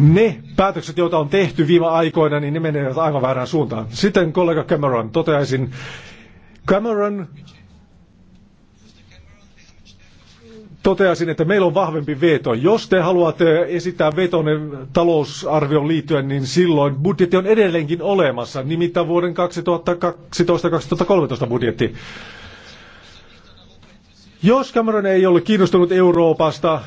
ne päätökset, joita on tehty viime aikoina, niin ne menevät aivan väärään suuntaan. Sitten kollega Cameron, toteaisin, Cameron toteaisin, että meillä on vahvempi veto. Jos te haluatte esittää vetonen talousarvion liittyen, niin silloin budjetti on edelleenkin olemassa, nimittäin vuoden 2012-2013 budjetti. Jos Cameron ei ole kiinnostunut Euroopasta,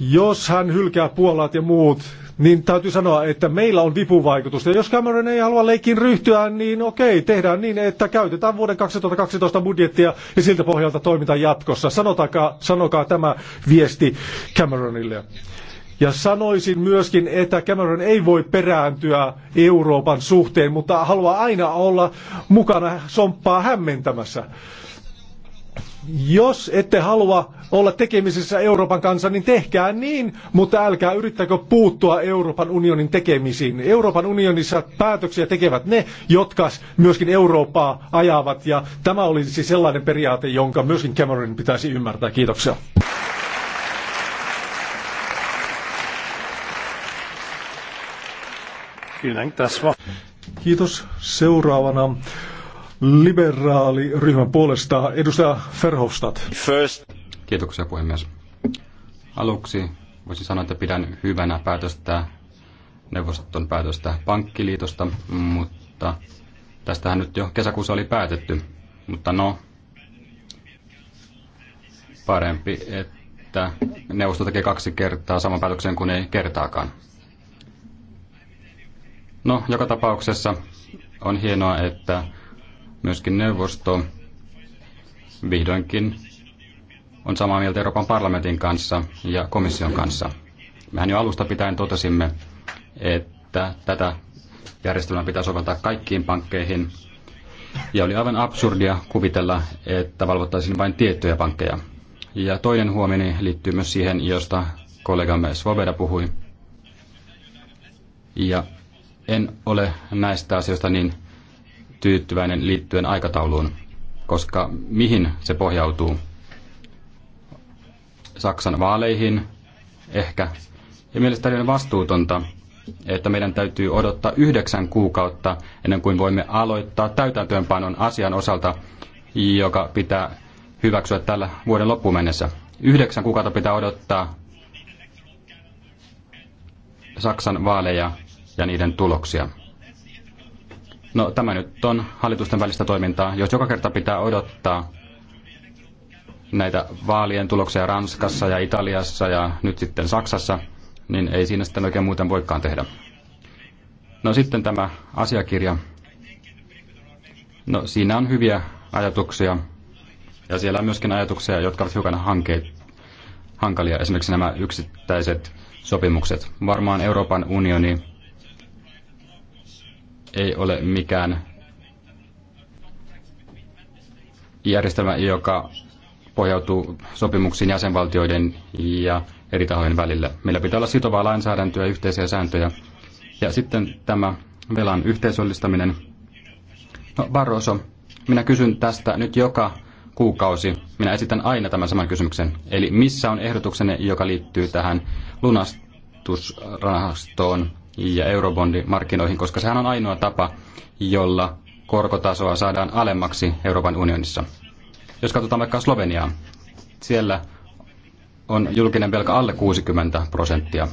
jos hän hylkää Puolat ja muut, niin täytyy sanoa, että meillä on vipuvaikutusta. Jos Cameron ei halua leikkiin ryhtyä, niin okei, tehdään niin, että käytetään vuoden 2012 budjettia ja siltä pohjalta toiminta jatkossa. Sanotakaa, sanokaa tämä viesti Cameronille. Ja sanoisin myöskin, että Cameron ei voi perääntyä Euroopan suhteen, mutta haluaa aina olla mukana somppaa hämmentämässä jos ette halua olla tekemisissä Euroopan kanssa, niin tehkää niin, mutta älkää yrittäkö puuttua Euroopan unionin tekemisiin. Euroopan unionissa päätöksiä tekevät ne, jotka myöskin Eurooppaa ajavat, ja tämä olisi sellainen periaate, jonka myöskin Cameronin pitäisi ymmärtää. Kiitoksia. Kiitos. Seuraavana liberaaliryhmän puolesta edustaja Ferhofstadt. First. Kiitoksia puhemies. Aluksi voisin sanoa, että pidän hyvänä päätöstä, neuvoston päätöstä pankkiliitosta, mutta tästähän nyt jo kesäkuussa oli päätetty. Mutta no, parempi, että neuvosto tekee kaksi kertaa saman päätöksen kuin ei kertaakaan. No, joka tapauksessa on hienoa, että Myöskin neuvosto vihdoinkin on samaa mieltä Euroopan parlamentin kanssa ja komission kanssa. Mehän jo alusta pitäen totesimme, että tätä järjestelmää pitää soveltaa kaikkiin pankkeihin. Ja oli aivan absurdia kuvitella, että valvottaisiin vain tiettyjä pankkeja. Ja toinen huomioni liittyy myös siihen, josta kollegamme Svoboda puhui. Ja en ole näistä asioista niin tyytyväinen liittyen aikatauluun, koska mihin se pohjautuu? Saksan vaaleihin ehkä. Ja mielestäni on vastuutonta, että meidän täytyy odottaa yhdeksän kuukautta ennen kuin voimme aloittaa täytäntöönpanon asian osalta, joka pitää hyväksyä tällä vuoden loppuun mennessä. Yhdeksän kuukautta pitää odottaa Saksan vaaleja ja niiden tuloksia. No tämä nyt on hallitusten välistä toimintaa. Jos joka kerta pitää odottaa näitä vaalien tuloksia Ranskassa ja Italiassa ja nyt sitten Saksassa, niin ei siinä sitten oikein muuten voikaan tehdä. No sitten tämä asiakirja. No siinä on hyviä ajatuksia ja siellä on myöskin ajatuksia, jotka ovat hiukan hankeet, hankalia, esimerkiksi nämä yksittäiset sopimukset. Varmaan Euroopan unioni ei ole mikään järjestelmä, joka pohjautuu sopimuksiin jäsenvaltioiden ja eri tahojen välillä. Meillä pitää olla sitovaa lainsäädäntöä, yhteisiä sääntöjä. Ja sitten tämä velan yhteisöllistäminen. No Barroso, minä kysyn tästä nyt joka kuukausi. Minä esitän aina tämän saman kysymyksen. Eli missä on ehdotuksenne, joka liittyy tähän lunastusrahastoon ja eurobondimarkkinoihin, koska sehän on ainoa tapa, jolla korkotasoa saadaan alemmaksi Euroopan unionissa. Jos katsotaan vaikka Sloveniaa, siellä on julkinen velka alle 60 prosenttia.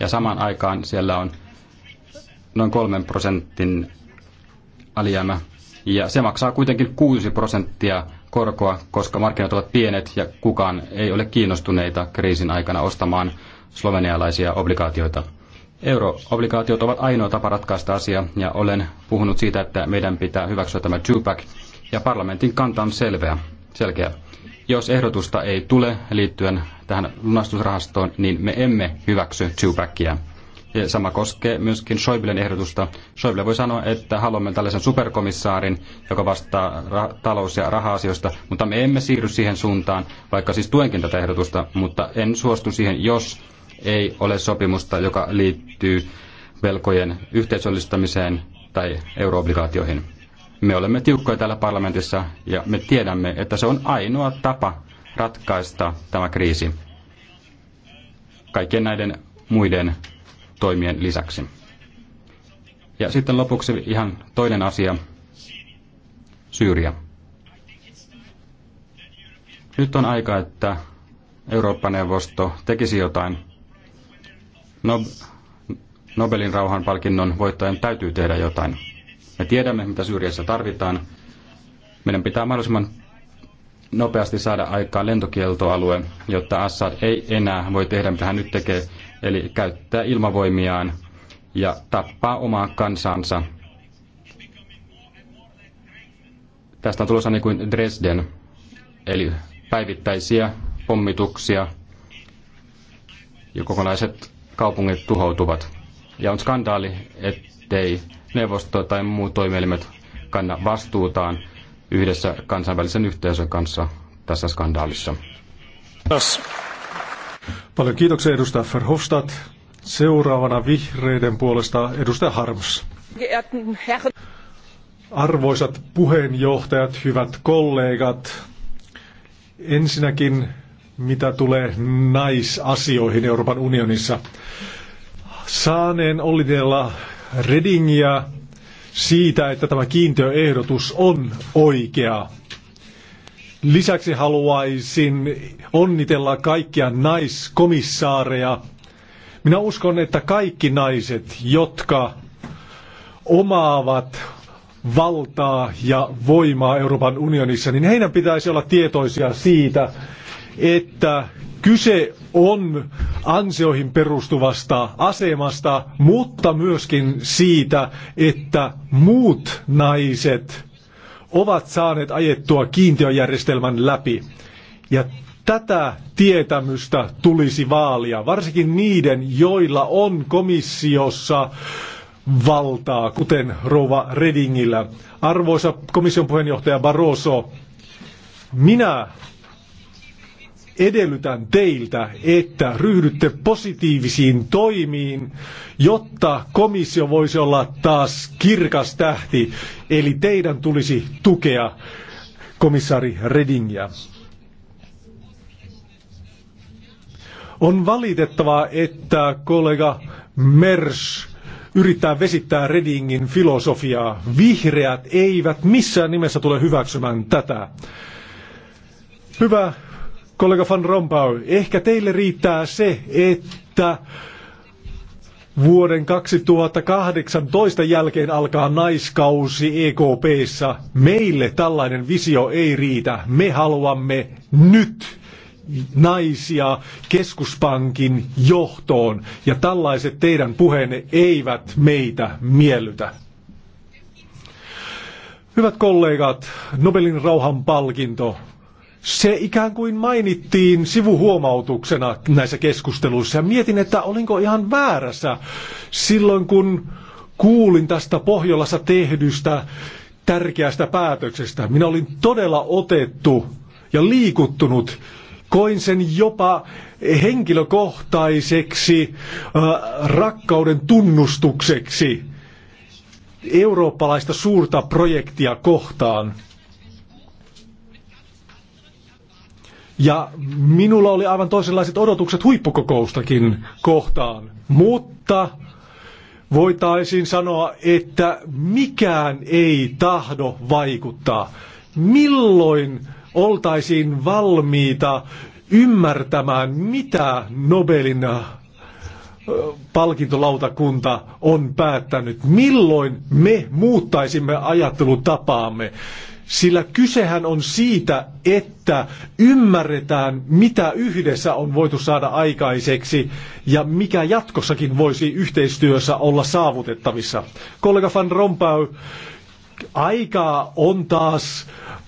Ja samaan aikaan siellä on noin 3 prosentin alijäämä. Ja se maksaa kuitenkin 6 prosenttia korkoa, koska markkinat ovat pienet ja kukaan ei ole kiinnostuneita kriisin aikana ostamaan slovenialaisia obligaatioita. Euroobligaatiot ovat ainoa tapa ratkaista asia ja olen puhunut siitä, että meidän pitää hyväksyä tämä two-pack ja parlamentin kanta on selveä, selkeä. Jos ehdotusta ei tule liittyen tähän lunastusrahastoon, niin me emme hyväksy two-packia. Ja sama koskee myöskin Schäublen ehdotusta. Schäuble voi sanoa, että haluamme tällaisen superkomissaarin, joka vastaa talous- ja raha-asioista, mutta me emme siirry siihen suuntaan, vaikka siis tuenkin tätä ehdotusta, mutta en suostu siihen, jos ei ole sopimusta, joka liittyy velkojen yhteisöllistämiseen tai euroobligaatioihin. Me olemme tiukkoja täällä parlamentissa ja me tiedämme, että se on ainoa tapa ratkaista tämä kriisi kaikkien näiden muiden toimien lisäksi. Ja sitten lopuksi ihan toinen asia, Syyria. Nyt on aika, että Eurooppa-neuvosto tekisi jotain. Nobelin rauhanpalkinnon voittajan täytyy tehdä jotain. Me tiedämme, mitä Syyriassa tarvitaan. Meidän pitää mahdollisimman nopeasti saada aikaan lentokieltoalue, jotta Assad ei enää voi tehdä, mitä hän nyt tekee, eli käyttää ilmavoimiaan ja tappaa omaa kansansa. Tästä on tulossa niin kuin Dresden, eli päivittäisiä pommituksia ja kokonaiset kaupungit tuhoutuvat. Ja on skandaali, ettei neuvosto tai muut toimielimet kanna vastuutaan yhdessä kansainvälisen yhteisön kanssa tässä skandaalissa. Paljon kiitoksia edustaja Verhofstadt. Seuraavana vihreiden puolesta edustaja Harms. Arvoisat puheenjohtajat, hyvät kollegat, ensinnäkin mitä tulee naisasioihin Euroopan unionissa. Saaneen ollitella Redingia siitä, että tämä kiintiöehdotus on oikea. Lisäksi haluaisin onnitella kaikkia naiskomissaareja. Minä uskon, että kaikki naiset, jotka omaavat valtaa ja voimaa Euroopan unionissa, niin heidän pitäisi olla tietoisia siitä, että kyse on ansioihin perustuvasta asemasta, mutta myöskin siitä, että muut naiset ovat saaneet ajettua kiintiöjärjestelmän läpi. Ja tätä tietämystä tulisi vaalia, varsinkin niiden, joilla on komissiossa valtaa, kuten Rova Redingillä. Arvoisa komission puheenjohtaja Barroso, minä edellytän teiltä, että ryhdytte positiivisiin toimiin, jotta komissio voisi olla taas kirkas tähti. Eli teidän tulisi tukea komissaari Redingia. On valitettavaa, että kollega Mers yrittää vesittää Redingin filosofiaa. Vihreät eivät missään nimessä tule hyväksymään tätä. Hyvä Kollega Van Rompuy, ehkä teille riittää se, että vuoden 2018 jälkeen alkaa naiskausi EKPssä. Meille tällainen visio ei riitä. Me haluamme nyt naisia keskuspankin johtoon. Ja tällaiset teidän puheenne eivät meitä miellytä. Hyvät kollegat, Nobelin rauhan palkinto se ikään kuin mainittiin sivuhuomautuksena näissä keskusteluissa ja mietin, että olinko ihan väärässä silloin, kun kuulin tästä Pohjolassa tehdystä tärkeästä päätöksestä. Minä olin todella otettu ja liikuttunut. Koin sen jopa henkilökohtaiseksi äh, rakkauden tunnustukseksi eurooppalaista suurta projektia kohtaan – Ja minulla oli aivan toisenlaiset odotukset huippukokoustakin kohtaan. Mutta voitaisiin sanoa, että mikään ei tahdo vaikuttaa. Milloin oltaisiin valmiita ymmärtämään, mitä Nobelin palkintolautakunta on päättänyt. Milloin me muuttaisimme ajattelutapaamme? Sillä kysehän on siitä, että ymmärretään, mitä yhdessä on voitu saada aikaiseksi ja mikä jatkossakin voisi yhteistyössä olla saavutettavissa. Kollega Van Rompuy, aikaa on taas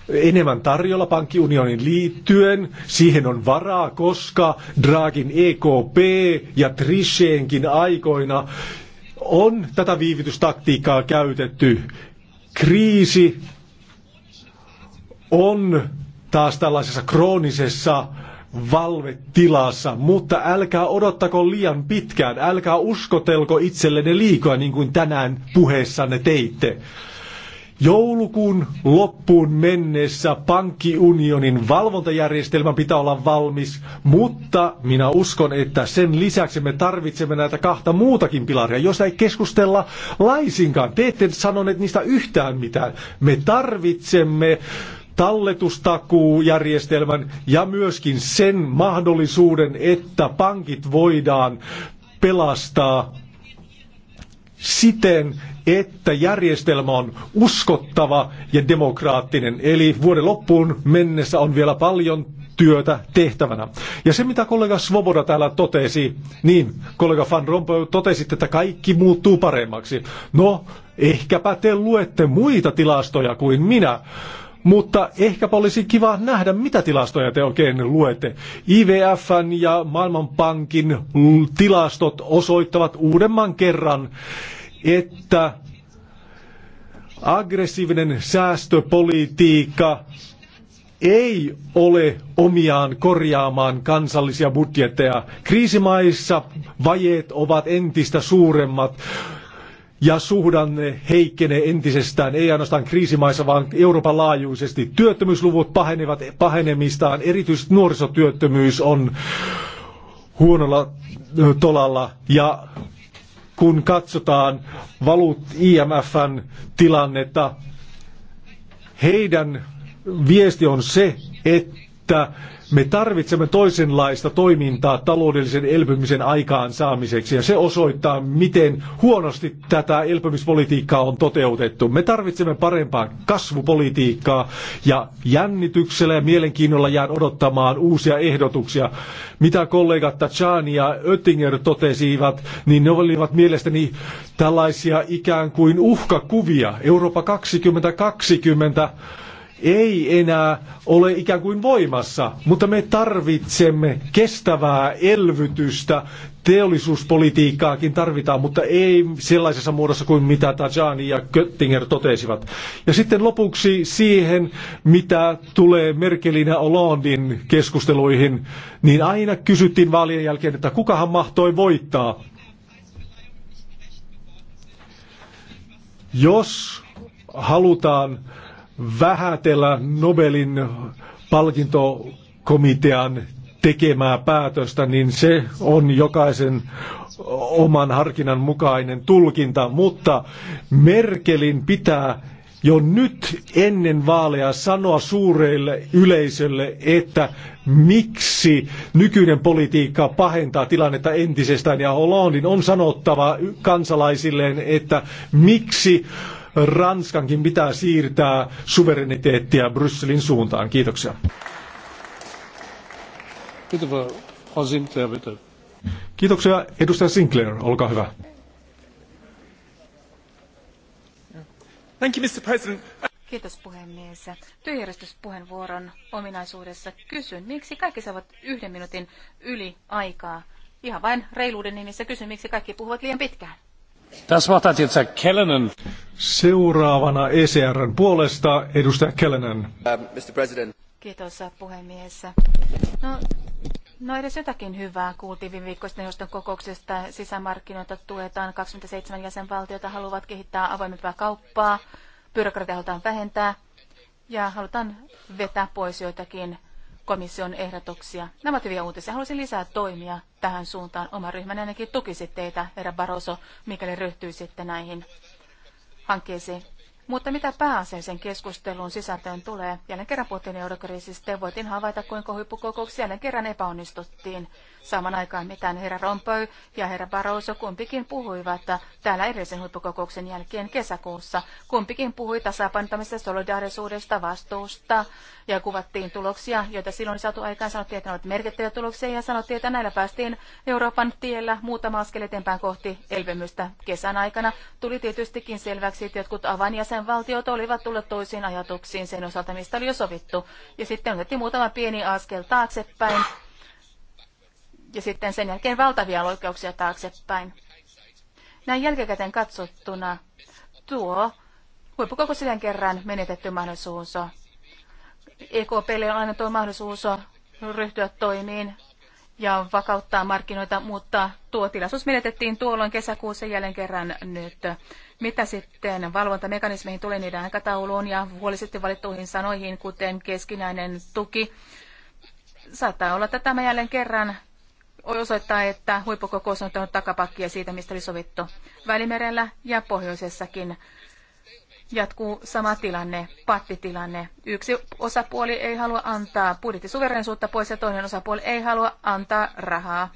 enemmän tarjolla pankkiunionin liittyen. Siihen on varaa, koska Draghin EKP ja Trisheenkin aikoina on tätä viivytystaktiikkaa käytetty. Kriisi on taas tällaisessa kroonisessa valvetilassa, mutta älkää odottako liian pitkään, älkää uskotelko itsellenne liikaa niin kuin tänään puheessanne teitte. Joulukuun loppuun mennessä pankkiunionin valvontajärjestelmä pitää olla valmis, mutta minä uskon, että sen lisäksi me tarvitsemme näitä kahta muutakin pilaria, jos ei keskustella laisinkaan. Te ette sanoneet niistä yhtään mitään. Me tarvitsemme talletustakuujärjestelmän ja myöskin sen mahdollisuuden, että pankit voidaan pelastaa siten, että järjestelmä on uskottava ja demokraattinen. Eli vuoden loppuun mennessä on vielä paljon työtä tehtävänä. Ja se, mitä kollega Svoboda täällä totesi, niin kollega Van Rompuy totesi, että kaikki muuttuu paremmaksi. No, ehkäpä te luette muita tilastoja kuin minä. Mutta ehkä olisi kiva nähdä, mitä tilastoja te oikein luette. IVFn ja Maailmanpankin tilastot osoittavat uudemman kerran, että aggressiivinen säästöpolitiikka ei ole omiaan korjaamaan kansallisia budjetteja. Kriisimaissa vajeet ovat entistä suuremmat ja suhdanne heikkenee entisestään, ei ainoastaan kriisimaissa, vaan Euroopan laajuisesti. Työttömyysluvut pahenevat pahenemistaan, erityisesti nuorisotyöttömyys on huonolla tolalla ja kun katsotaan valuut IMFn tilannetta, heidän viesti on se, että me tarvitsemme toisenlaista toimintaa taloudellisen elpymisen aikaan saamiseksi ja se osoittaa, miten huonosti tätä elpymispolitiikkaa on toteutettu. Me tarvitsemme parempaa kasvupolitiikkaa ja jännityksellä ja mielenkiinnolla jään odottamaan uusia ehdotuksia. Mitä kollegat Tajani ja Oettinger totesivat, niin ne olivat mielestäni tällaisia ikään kuin uhkakuvia. Eurooppa 2020 ei enää ole ikään kuin voimassa, mutta me tarvitsemme kestävää elvytystä, teollisuuspolitiikkaakin tarvitaan, mutta ei sellaisessa muodossa kuin mitä Tajani ja Göttinger totesivat. Ja sitten lopuksi siihen, mitä tulee Merkelin ja Hollandin keskusteluihin, niin aina kysyttiin vaalien jälkeen, että kukahan mahtoi voittaa. Jos halutaan vähätellä Nobelin palkintokomitean tekemää päätöstä, niin se on jokaisen oman harkinnan mukainen tulkinta, mutta Merkelin pitää jo nyt ennen vaaleja sanoa suureille yleisölle, että miksi nykyinen politiikka pahentaa tilannetta entisestään. Ja Hollandin on sanottava kansalaisilleen, että miksi Ranskankin pitää siirtää suvereniteettia Brysselin suuntaan. Kiitoksia. Kiitoksia. Edustaja Sinclair, olkaa hyvä. Thank you, Mr. President. Kiitos puhemies. Työjärjestyspuheenvuoron ominaisuudessa kysyn, miksi kaikki saavat yhden minuutin yli aikaa. Ihan vain reiluuden nimissä kysyn, miksi kaikki puhuvat liian pitkään. Seuraavana ECRn puolesta edustaja Kellenen. Uh, Kiitos äh, puhemies. No, no edes jotakin hyvää kuultiin viime viikkoisten neuvoston kokouksesta. Sisämarkkinoita tuetaan, 27 jäsenvaltiota haluavat kehittää avoimempaa kauppaa, byrokratia halutaan vähentää ja halutaan vetää pois joitakin komission ehdotuksia. Nämä ovat hyviä uutisia. Haluaisin lisää toimia tähän suuntaan. Oma ryhmäni ainakin tukisi teitä, herra Baroso, mikäli ryhtyisitte näihin hankkeisiin. Mutta mitä pääasiallisen keskustelun sisältöön tulee? Jälleen kerran Putinin eurokriisistä voitiin havaita, kuinka huippukokouksia jälleen kerran epäonnistuttiin. Saman aikaan mitään herra Rompöy ja herra Barroso kumpikin puhuivat täällä edellisen huippukokouksen jälkeen kesäkuussa. Kumpikin puhui tasapainottamisesta, solidaarisuudesta, vastuusta ja kuvattiin tuloksia, joita silloin saatu aikaan. Sanottiin, että ne ovat merkittäviä tuloksia ja sanottiin, että näillä päästiin Euroopan tiellä muutama askel eteenpäin kohti elpymystä. Kesän aikana tuli tietystikin selväksi, että jotkut avainjäsenvaltiot olivat tulleet toisiin ajatuksiin sen osalta, mistä oli jo sovittu. Ja sitten otettiin muutama pieni askel taaksepäin ja sitten sen jälkeen valtavia loikkauksia taaksepäin. Näin jälkikäteen katsottuna tuo huippukoko sitten kerran menetetty mahdollisuus. EKP on aina tuo mahdollisuus ryhtyä toimiin ja vakauttaa markkinoita, mutta tuo tilaisuus menetettiin tuolloin kesäkuussa jälleen kerran nyt. Mitä sitten valvontamekanismeihin tulee niiden aikatauluun ja huolisesti valittuihin sanoihin, kuten keskinäinen tuki? Saattaa olla, että tämä jälleen kerran osoittaa, että huippukokous on tehnyt takapakkia siitä, mistä oli sovittu Välimerellä ja pohjoisessakin. Jatkuu sama tilanne, pattitilanne. Yksi osapuoli ei halua antaa budjettisuverensuutta pois ja toinen osapuoli ei halua antaa rahaa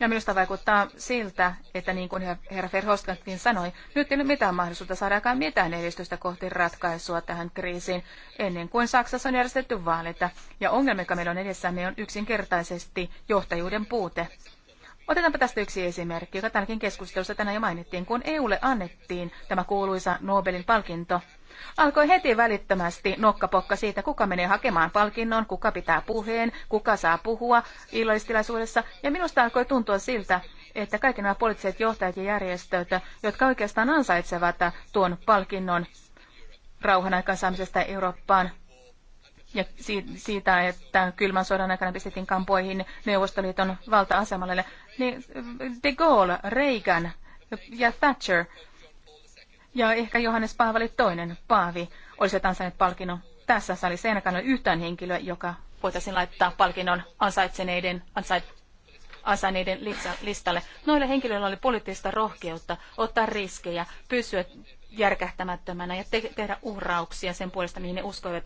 ja minusta vaikuttaa siltä, että niin kuin herra Verhofstadtkin sanoi, nyt ei ole mitään mahdollisuutta saadaakaan mitään edistystä kohti ratkaisua tähän kriisiin, ennen kuin Saksassa on järjestetty vaaleita. Ja ongelma, joka meillä on edessämme, on yksinkertaisesti johtajuuden puute. Otetaanpa tästä yksi esimerkki, joka tänäkin keskustelussa tänään jo mainittiin, kun EUlle annettiin tämä kuuluisa Nobelin palkinto – alkoi heti välittömästi nokkapokka siitä, kuka menee hakemaan palkinnon, kuka pitää puheen, kuka saa puhua illallistilaisuudessa. Ja minusta alkoi tuntua siltä, että kaikki nämä poliittiset johtajat ja järjestöt, jotka oikeastaan ansaitsevat tuon palkinnon rauhan aikaansaamisesta Eurooppaan, ja siitä, että kylmän sodan aikana pistettiin kampoihin Neuvostoliiton valta-asemalle, niin De Gaulle, Reagan ja Thatcher ja ehkä Johannes Paavali toinen, Paavi, olisi ansainneet palkinnon. Tässä salissa ei ainakaan ole yhtään henkilöä, joka voitaisiin laittaa palkinnon ansaitseneiden, ansait, ansainneiden listalle. Noille henkilöillä oli poliittista rohkeutta ottaa riskejä, pysyä järkähtämättömänä ja te- tehdä uhrauksia sen puolesta, mihin ne uskoivat.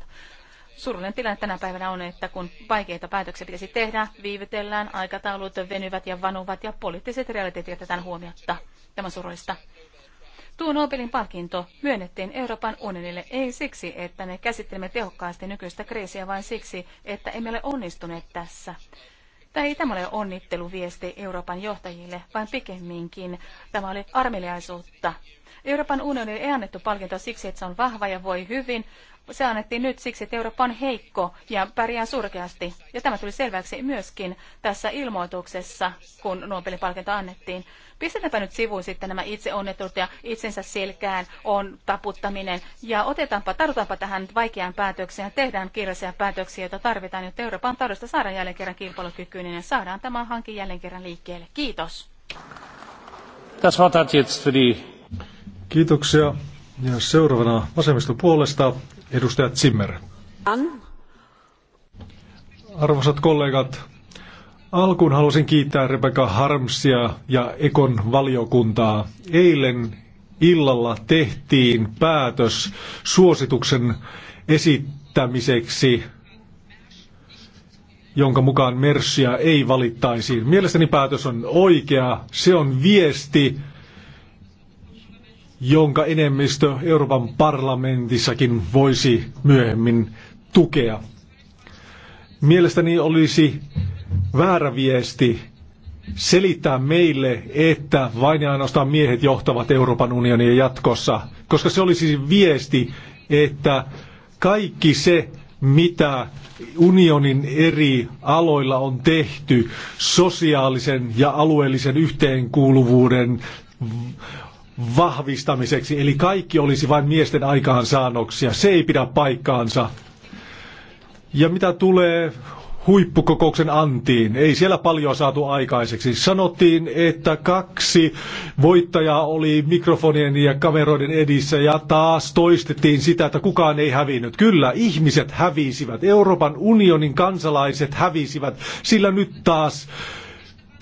Surullinen tilanne tänä päivänä on, että kun vaikeita päätöksiä pitäisi tehdä, viivytellään, aikataulut venyvät ja vanuvat ja poliittiset realiteetit jätetään huomiotta. Tämä on surullista. Tuo Nobelin palkinto myönnettiin Euroopan unionille ei siksi, että me käsittelemme tehokkaasti nykyistä kriisiä, vaan siksi, että emme ole onnistuneet tässä. Tämä ei tämä ole onnitteluviesti Euroopan johtajille, vaan pikemminkin tämä oli armeliaisuutta. Euroopan unionille ei annettu palkinto siksi, että se on vahva ja voi hyvin, se annettiin nyt siksi, että Eurooppa on heikko ja pärjää surkeasti. Ja tämä tuli selväksi myöskin tässä ilmoituksessa, kun Nobelin palkinto annettiin. Pistetäänpä nyt sivuun sitten nämä itse onnetut ja itsensä selkään on taputtaminen. Ja otetaanpa, tartutaanpa tähän vaikeaan päätökseen. Tehdään kirjallisia päätöksiä, joita tarvitaan, jotta Euroopan tarvista saadaan jälleen kerran kilpailukykyinen ja saadaan tämä hanki jälleen kerran liikkeelle. Kiitos. Das Wort hat jetzt für die... Kiitoksia. Ja seuraavana vasemmiston puolesta edustaja Zimmer. Arvoisat kollegat, alkuun haluaisin kiittää Rebecca Harmsia ja Ekon valiokuntaa. Eilen illalla tehtiin päätös suosituksen esittämiseksi jonka mukaan Mersia ei valittaisi. Mielestäni päätös on oikea. Se on viesti jonka enemmistö Euroopan parlamentissakin voisi myöhemmin tukea. Mielestäni olisi väärä viesti selittää meille, että vain ja ainoastaan miehet johtavat Euroopan unionia jatkossa, koska se olisi viesti, että kaikki se, mitä unionin eri aloilla on tehty sosiaalisen ja alueellisen yhteenkuuluvuuden vahvistamiseksi, eli kaikki olisi vain miesten aikaansaannoksia. Se ei pidä paikkaansa. Ja mitä tulee huippukokouksen antiin, ei siellä paljon saatu aikaiseksi. Sanottiin, että kaksi voittajaa oli mikrofonien ja kameroiden edissä ja taas toistettiin sitä, että kukaan ei hävinnyt. Kyllä, ihmiset hävisivät, Euroopan unionin kansalaiset hävisivät, sillä nyt taas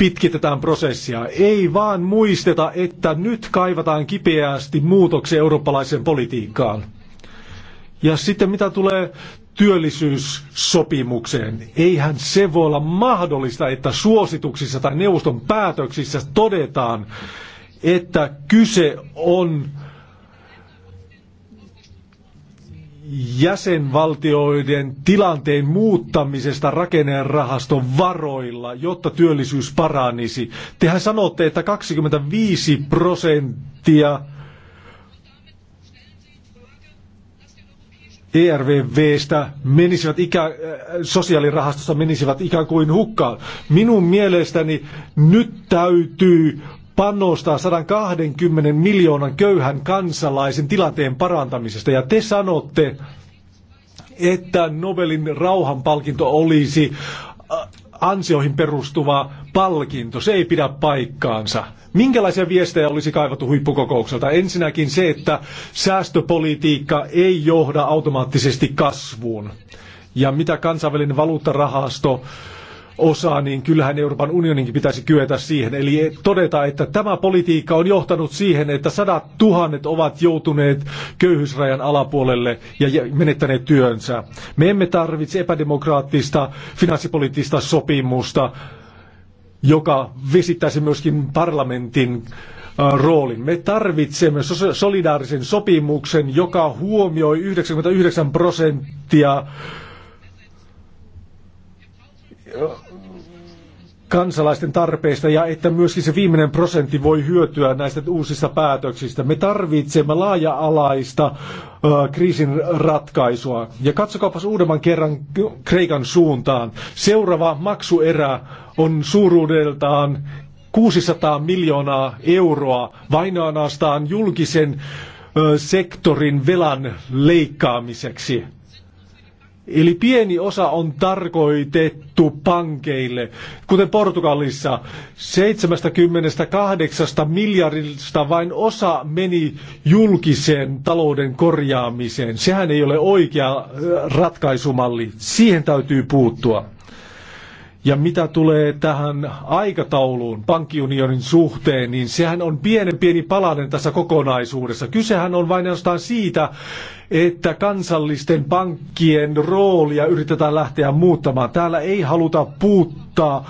pitkitetään prosessia. Ei vaan muisteta, että nyt kaivataan kipeästi muutoksia eurooppalaiseen politiikkaan. Ja sitten mitä tulee työllisyyssopimukseen, eihän se voi olla mahdollista, että suosituksissa tai neuvoston päätöksissä todetaan, että kyse on jäsenvaltioiden tilanteen muuttamisesta rakennerahaston varoilla, jotta työllisyys paranisi. Tehän sanotte, että 25 prosenttia ERVVstä menisivät ikä, äh, sosiaalirahastosta menisivät ikään kuin hukkaan. Minun mielestäni nyt täytyy panostaa 120 miljoonan köyhän kansalaisen tilanteen parantamisesta. Ja te sanotte, että Nobelin rauhanpalkinto olisi äh, ansioihin perustuva palkinto. Se ei pidä paikkaansa. Minkälaisia viestejä olisi kaivattu huippukokoukselta? Ensinnäkin se, että säästöpolitiikka ei johda automaattisesti kasvuun. Ja mitä kansainvälinen valuuttarahasto osa, niin kyllähän Euroopan unioninkin pitäisi kyetä siihen. Eli todeta, että tämä politiikka on johtanut siihen, että sadat tuhannet ovat joutuneet köyhyysrajan alapuolelle ja menettäneet työnsä. Me emme tarvitse epädemokraattista finanssipoliittista sopimusta, joka vesittäisi myöskin parlamentin äh, roolin. Me tarvitsemme solidaarisen sopimuksen, joka huomioi 99 prosenttia kansalaisten tarpeista ja että myöskin se viimeinen prosentti voi hyötyä näistä uusista päätöksistä. Me tarvitsemme laaja-alaista kriisin ratkaisua. Ja katsokaapas uudemman kerran Kreikan suuntaan. Seuraava maksuerä on suuruudeltaan 600 miljoonaa euroa vain ainoastaan julkisen sektorin velan leikkaamiseksi. Eli pieni osa on tarkoitettu pankeille, kuten Portugalissa. 78 miljardista vain osa meni julkisen talouden korjaamiseen. Sehän ei ole oikea äh, ratkaisumalli. Siihen täytyy puuttua. Ja mitä tulee tähän aikatauluun pankkiunionin suhteen, niin sehän on pienen pieni palanen tässä kokonaisuudessa. Kysehän on vain jostain siitä, että kansallisten pankkien roolia yritetään lähteä muuttamaan. Täällä ei haluta puuttaa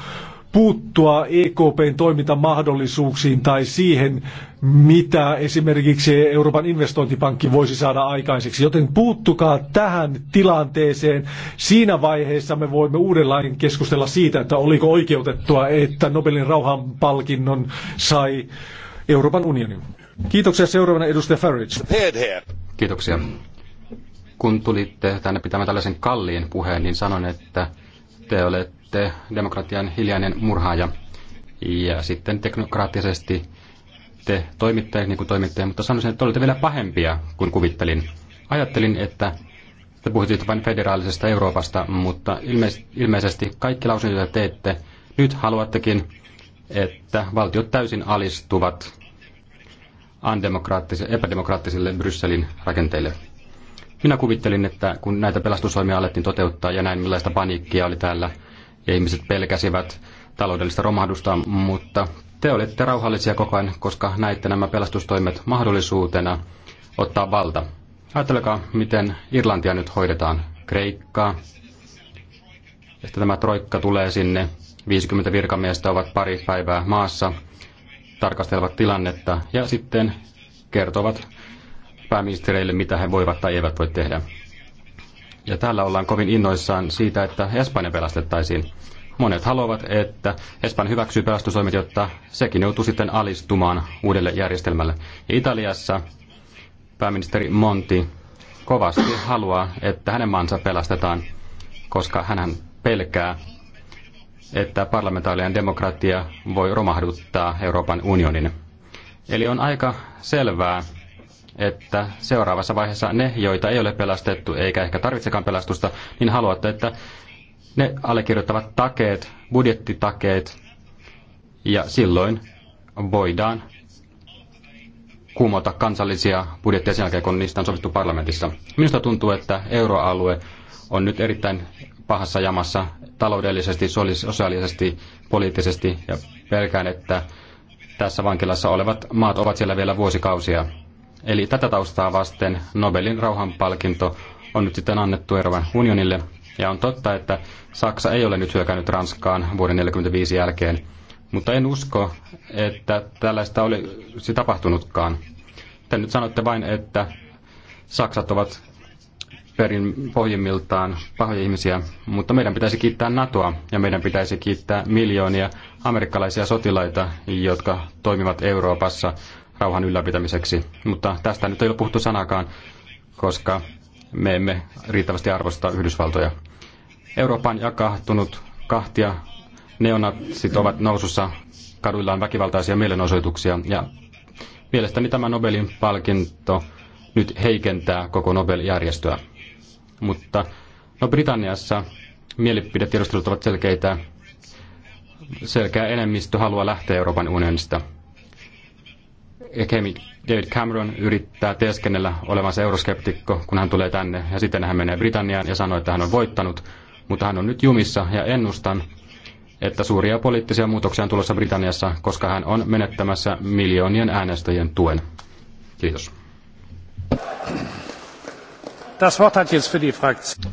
puuttua EKPn toimintamahdollisuuksiin tai siihen, mitä esimerkiksi Euroopan investointipankki voisi saada aikaiseksi. Joten puuttukaa tähän tilanteeseen. Siinä vaiheessa me voimme uudenlainen keskustella siitä, että oliko oikeutettua, että Nobelin rauhanpalkinnon sai Euroopan unioni. Kiitoksia seuraavana edustaja Farage. Kiitoksia. Kun tulitte tänne pitämään tällaisen kalliin puheen, niin sanon, että te olette sitten demokratian hiljainen murhaaja. Ja sitten teknokraattisesti te toimitte niin kuin toimitte, mutta sanoisin, että olette vielä pahempia kuin kuvittelin. Ajattelin, että te puhutte vain federaalisesta Euroopasta, mutta ilmeis- ilmeisesti kaikki lausunnot, joita teette, nyt haluattekin, että valtiot täysin alistuvat epädemokraattisille Brysselin rakenteille. Minä kuvittelin, että kun näitä pelastusoimia alettiin toteuttaa ja näin millaista paniikkia oli täällä ja ihmiset pelkäsivät taloudellista romahdusta, mutta te olette rauhallisia koko ajan, koska näitte nämä pelastustoimet mahdollisuutena ottaa valta. Ajatelkaa, miten Irlantia nyt hoidetaan, Kreikkaa. että tämä troikka tulee sinne, 50 virkamiestä ovat pari päivää maassa, tarkastelevat tilannetta ja sitten kertovat pääministereille, mitä he voivat tai eivät voi tehdä. Ja täällä ollaan kovin innoissaan siitä, että Espanja pelastettaisiin. Monet haluavat, että Espanja hyväksyy pelastusoimet, jotta sekin joutuu sitten alistumaan uudelle järjestelmälle. Ja Italiassa pääministeri Monti kovasti haluaa, että hänen maansa pelastetaan, koska hän pelkää, että parlamentaarinen demokratia voi romahduttaa Euroopan unionin. Eli on aika selvää, että seuraavassa vaiheessa ne, joita ei ole pelastettu eikä ehkä tarvitsekaan pelastusta, niin haluatte, että ne allekirjoittavat takeet, budjettitakeet, ja silloin voidaan kumota kansallisia budjetteja sen jälkeen, kun niistä on sovittu parlamentissa. Minusta tuntuu, että euroalue on nyt erittäin pahassa jamassa taloudellisesti, sosiaalisesti, poliittisesti ja pelkään, että tässä vankilassa olevat maat ovat siellä vielä vuosikausia. Eli tätä taustaa vasten Nobelin rauhanpalkinto on nyt sitten annettu Euroopan unionille. Ja on totta, että Saksa ei ole nyt hyökännyt Ranskaan vuoden 1945 jälkeen, mutta en usko, että tällaista olisi tapahtunutkaan. Te nyt sanotte vain, että Saksat ovat perin pohjimmiltaan pahoja ihmisiä, mutta meidän pitäisi kiittää NATOa ja meidän pitäisi kiittää miljoonia amerikkalaisia sotilaita, jotka toimivat Euroopassa rauhan ylläpitämiseksi. Mutta tästä nyt ei ole puhuttu sanakaan, koska me emme riittävästi arvosta Yhdysvaltoja. Eurooppa on jakahtunut kahtia. Neonatsit ovat nousussa, kaduillaan väkivaltaisia mielenosoituksia ja mielestäni tämä Nobelin palkinto nyt heikentää koko Nobel-järjestöä. Mutta no Britanniassa mielipidetiedustelut ovat selkeitä. Selkeä enemmistö haluaa lähteä Euroopan unionista. David Cameron yrittää teeskennellä olevansa euroskeptikko, kun hän tulee tänne, ja sitten hän menee Britanniaan ja sanoo, että hän on voittanut, mutta hän on nyt jumissa, ja ennustan, että suuria poliittisia muutoksia on tulossa Britanniassa, koska hän on menettämässä miljoonien äänestäjien tuen. Kiitos. Das Wort hat jetzt für die Fraktion.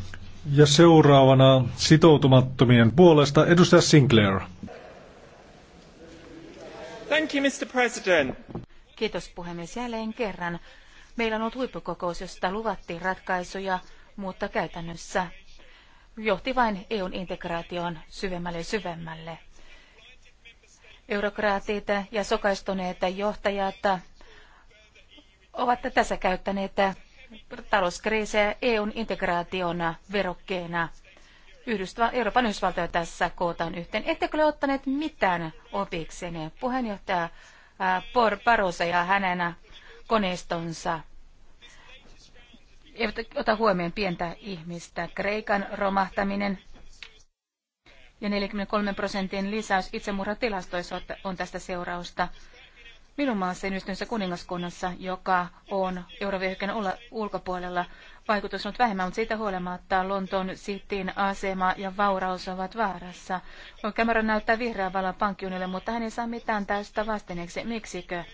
Ja seuraavana sitoutumattomien puolesta edustaja Sinclair. Thank you, Mr. President. Kiitos puhemies jälleen kerran. Meillä on ollut huippukokous, josta luvattiin ratkaisuja, mutta käytännössä johti vain EUn integraation syvemmälle ja syvemmälle. Eurokraatit ja sokaistuneet johtajat ovat tässä käyttäneet talouskriisejä EUn integraationa verokkeena. Yhdysva- Euroopan Yhdysvaltoja tässä kootaan yhteen. Ettekö ole ottaneet mitään opikseen? Puheenjohtaja Barroso ja hänen koneistonsa eivät ota huomioon pientä ihmistä. Kreikan romahtaminen ja 43 prosentin lisäys itsemurhatilastoissa on tästä seurausta. Minun maassani yhdistyneessä kuningaskunnassa, joka on eurovyöhykkeen ulkopuolella, vaikutus on vähemmän, mutta siitä huolimatta Lontoon Cityn asema ja vauraus ovat vaarassa. Cameron näyttää vihreän valon pankkiunille, mutta hän ei saa mitään tästä vastineeksi. Miksikö?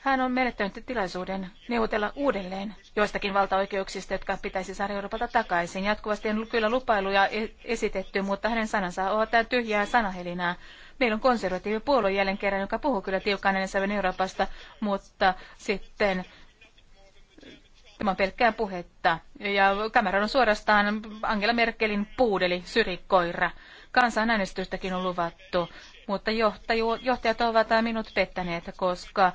Hän on menettänyt tilaisuuden neuvotella uudelleen joistakin valtaoikeuksista, jotka pitäisi saada Euroopalta takaisin. Jatkuvasti on kyllä lupailuja e- esitetty, mutta hänen sanansa ovat tyhjää sanahelinää. Meillä on konservatiivipuolue jälleen kerran, joka puhuu kyllä ennen Euroopasta, mutta sitten Tämä on pelkkää puhetta. Ja kamera on suorastaan Angela Merkelin puudeli, syrikoira. Kansanäänestystäkin on luvattu, mutta johtajat ovat minut pettäneet, koska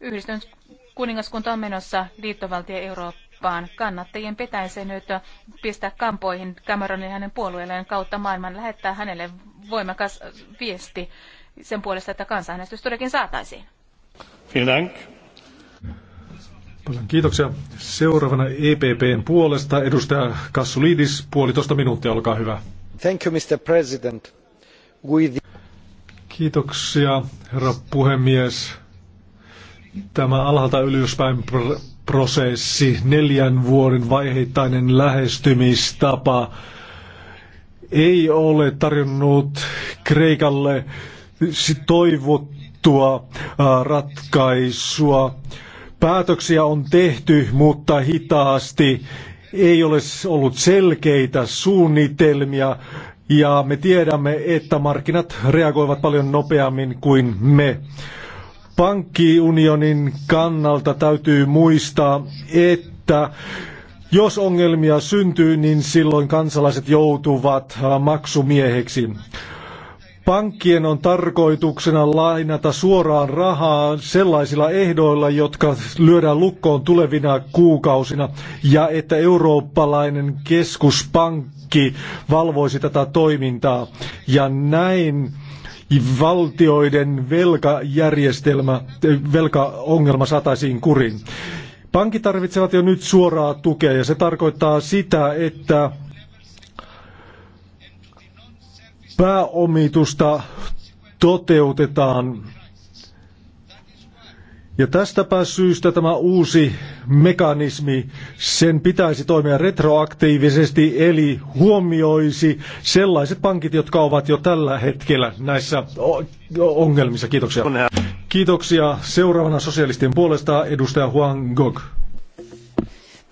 yhdistynyt kuningaskunta on menossa liittovaltio Eurooppaan. Kannattajien pitäisi nyt pistää kampoihin Cameronin hänen puolueelleen kautta maailman, lähettää hänelle voimakas viesti sen puolesta, että kansanäänestys todellakin saataisiin. Vielen Dank. Paljon kiitoksia. Seuraavana EPPn puolesta edustaja Kassulidis, puolitoista minuuttia, olkaa hyvä. Thank you, Mr. President. With... Kiitoksia, herra puhemies. Tämä alhaalta ylöspäin pr- prosessi, neljän vuoden vaiheittainen lähestymistapa ei ole tarjonnut Kreikalle toivottua ratkaisua. Päätöksiä on tehty, mutta hitaasti. Ei ole ollut selkeitä suunnitelmia ja me tiedämme, että markkinat reagoivat paljon nopeammin kuin me. Pankkiunionin kannalta täytyy muistaa, että jos ongelmia syntyy, niin silloin kansalaiset joutuvat maksumieheksi. Pankkien on tarkoituksena lainata suoraan rahaa sellaisilla ehdoilla, jotka lyödään lukkoon tulevina kuukausina, ja että eurooppalainen keskuspankki valvoisi tätä toimintaa. Ja näin valtioiden velkajärjestelmä, velkaongelma saataisiin kuriin. Pankit tarvitsevat jo nyt suoraa tukea ja se tarkoittaa sitä, että pääomitusta toteutetaan. Ja tästäpä syystä tämä uusi mekanismi, sen pitäisi toimia retroaktiivisesti, eli huomioisi sellaiset pankit, jotka ovat jo tällä hetkellä näissä ongelmissa. Kiitoksia. Kiitoksia. Seuraavana sosialistien puolesta edustaja Huang Gog.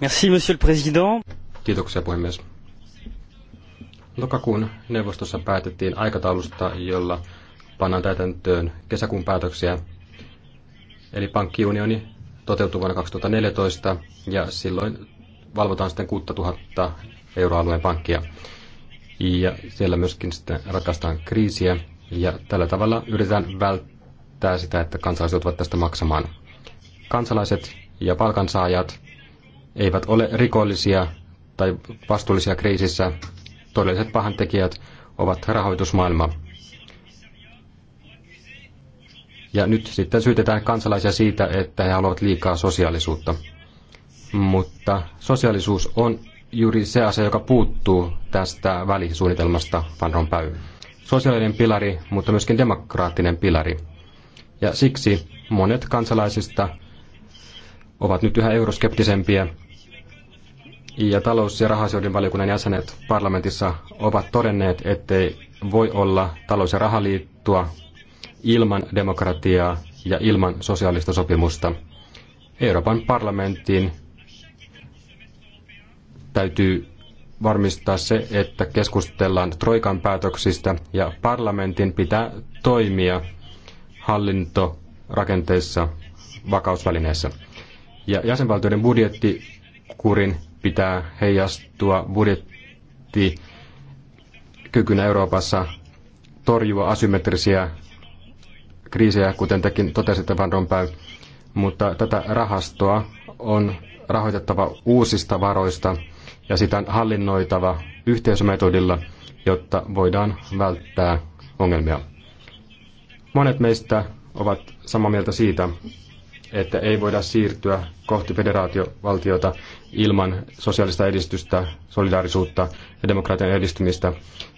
Merci, monsieur le président. Kiitoksia, puhemies. Lokakuun neuvostossa päätettiin aikataulusta, jolla pannaan täytäntöön kesäkuun päätöksiä. Eli pankkiunioni toteutuu vuonna 2014 ja silloin valvotaan sitten 6000 euroalueen pankkia. Ja siellä myöskin sitten ratkaistaan kriisiä ja tällä tavalla yritetään välttää sitä, että kansalaiset joutuvat tästä maksamaan. Kansalaiset ja palkansaajat eivät ole rikollisia tai vastuullisia kriisissä, todelliset pahantekijät ovat rahoitusmaailma. Ja nyt sitten syytetään kansalaisia siitä, että he haluavat liikaa sosiaalisuutta. Mutta sosiaalisuus on juuri se asia, joka puuttuu tästä välisuunnitelmasta Van Rompuy. Sosiaalinen pilari, mutta myöskin demokraattinen pilari. Ja siksi monet kansalaisista ovat nyt yhä euroskeptisempiä ja talous- ja rahasioiden valiokunnan jäsenet parlamentissa ovat todenneet, ettei voi olla talous- ja rahaliittoa ilman demokratiaa ja ilman sosiaalista sopimusta. Euroopan parlamenttiin täytyy varmistaa se, että keskustellaan Troikan päätöksistä ja parlamentin pitää toimia hallintorakenteissa vakausvälineessä. Ja jäsenvaltioiden budjettikurin pitää heijastua budjettikykynä Euroopassa torjua asymmetrisiä kriisejä, kuten tekin totesitte Van Rompuy, mutta tätä rahastoa on rahoitettava uusista varoista ja sitä on hallinnoitava yhteisömetodilla, jotta voidaan välttää ongelmia. Monet meistä ovat samaa mieltä siitä, että ei voida siirtyä kohti federaatiovaltiota, ilman sosiaalista edistystä, solidaarisuutta ja demokratian edistymistä.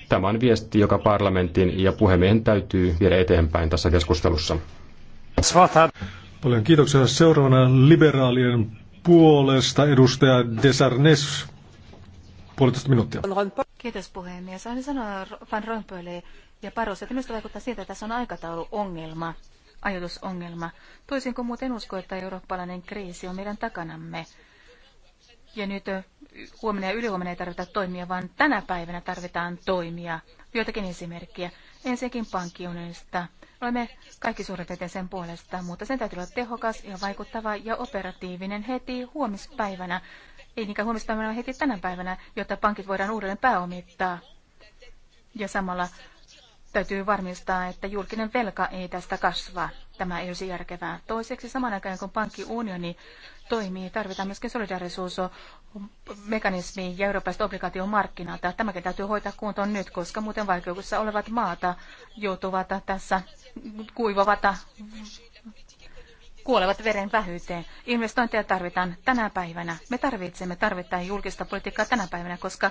Tämä on viesti, joka parlamentin ja puhemiehen täytyy viedä eteenpäin tässä keskustelussa. Paljon kiitoksia. Seuraavana liberaalien puolesta edustaja Desarnes. Puolitoista minuuttia. Kiitos puhemies. Aina sanoa Van Rompuylle ja Paros, että minusta vaikuttaa siltä, että tässä on aikatauluongelma, ajatusongelma. Toisin kuin muuten usko, että eurooppalainen kriisi on meidän takanamme. Ja nyt huomenna ja ylihuomenna ei tarvita toimia, vaan tänä päivänä tarvitaan toimia. Joitakin esimerkkiä. Ensinnäkin pankkiunionista. Olemme kaikki suurin piirtein sen puolesta, mutta sen täytyy olla tehokas ja vaikuttava ja operatiivinen heti huomispäivänä. Ei niinkään huomispäivänä, vaan heti tänä päivänä, jotta pankit voidaan uudelleen pääomittaa. Ja samalla täytyy varmistaa, että julkinen velka ei tästä kasva. Tämä ei olisi järkevää. Toiseksi saman aikaan, kun pankkiunioni toimii, tarvitaan myöskin solidarisuusmekanismi ja eurooppaiset obligaatiomarkkinat. Tämäkin täytyy hoitaa kuntoon nyt, koska muuten vaikeuksissa olevat maata joutuvat tässä kuivavat kuolevat veren vähyyteen. Investointeja tarvitaan tänä päivänä. Me tarvitsemme tarvittaa julkista politiikkaa tänä päivänä, koska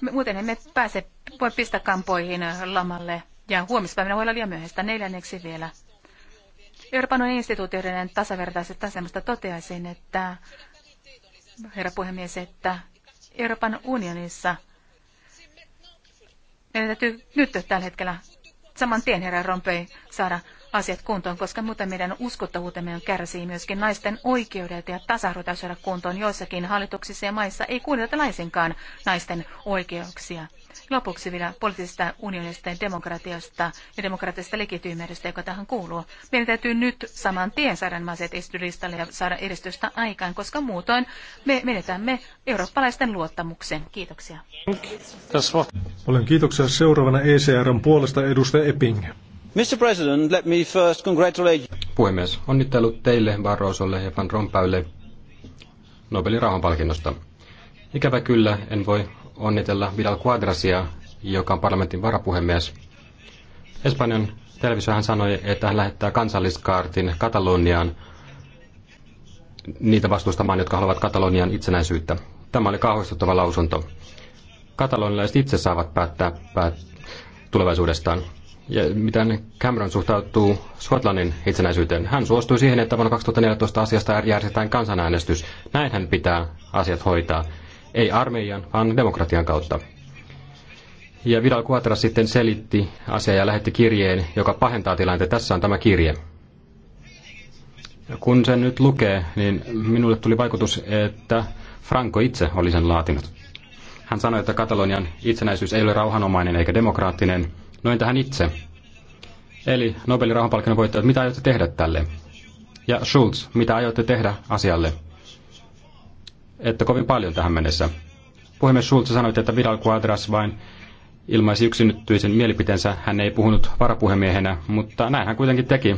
me, muuten emme pääse, voi pistää kampoihin lamalle. Ja huomispäivänä voi olla liian myöhäistä. Neljänneksi vielä Euroopan instituutioiden tasavertaisesta asemasta toteaisin, että herra puhemies, että Euroopan unionissa meidän täytyy nyt tällä hetkellä saman tien herra Rompei saada asiat kuntoon, koska muuten meidän uskottavuutemme on kärsii myöskin naisten oikeudet ja tasa-arvo kuntoon. Joissakin hallituksissa ja maissa ei kuunnella laisinkaan naisten oikeuksia. Lopuksi vielä poliittisesta unionista ja demokratiasta ja demokratiasta legitiimeydestä, joka tähän kuuluu. Meidän täytyy nyt saman tien saada nämä asiat istylistalle ja saada edistystä aikaan, koska muutoin me menetämme eurooppalaisten luottamuksen. Kiitoksia. Olen kiitoksia. Seuraavana ECRn puolesta edustaja Epping. Mr. President, let me first congratulate you. Puhemies, onnittelut teille, Barrosolle ja Van Rompuylle Nobelin rauhanpalkinnosta. Ikävä kyllä, en voi onnitella Vidal Quadrasia, joka on parlamentin varapuhemies. Espanjan televisio hän sanoi, että hän lähettää kansalliskaartin Kataloniaan niitä vastustamaan, jotka haluavat Katalonian itsenäisyyttä. Tämä oli kauhistuttava lausunto. Katalonilaiset itse saavat päättää päät- tulevaisuudestaan. Ja miten Cameron suhtautuu Skotlannin itsenäisyyteen? Hän suostui siihen, että vuonna 2014 asiasta järjestetään kansanäänestys. hän pitää asiat hoitaa ei armeijan, vaan demokratian kautta. Ja Vidal Quatra sitten selitti asiaa ja lähetti kirjeen, joka pahentaa tilanteen. Tässä on tämä kirje. Kun sen nyt lukee, niin minulle tuli vaikutus, että Franco itse oli sen laatinut. Hän sanoi, että Katalonian itsenäisyys ei ole rauhanomainen eikä demokraattinen. Noin tähän itse. Eli Nobelin rauhanpalkinnon voittajat, mitä aiotte tehdä tälle? Ja Schulz, mitä aiotte tehdä asialle? että kovin paljon tähän mennessä. Puhemies Schulz sanoi, että Vidal Quadras vain ilmaisi yksinyttyisen mielipiteensä. Hän ei puhunut varapuhemiehenä, mutta näin hän kuitenkin teki.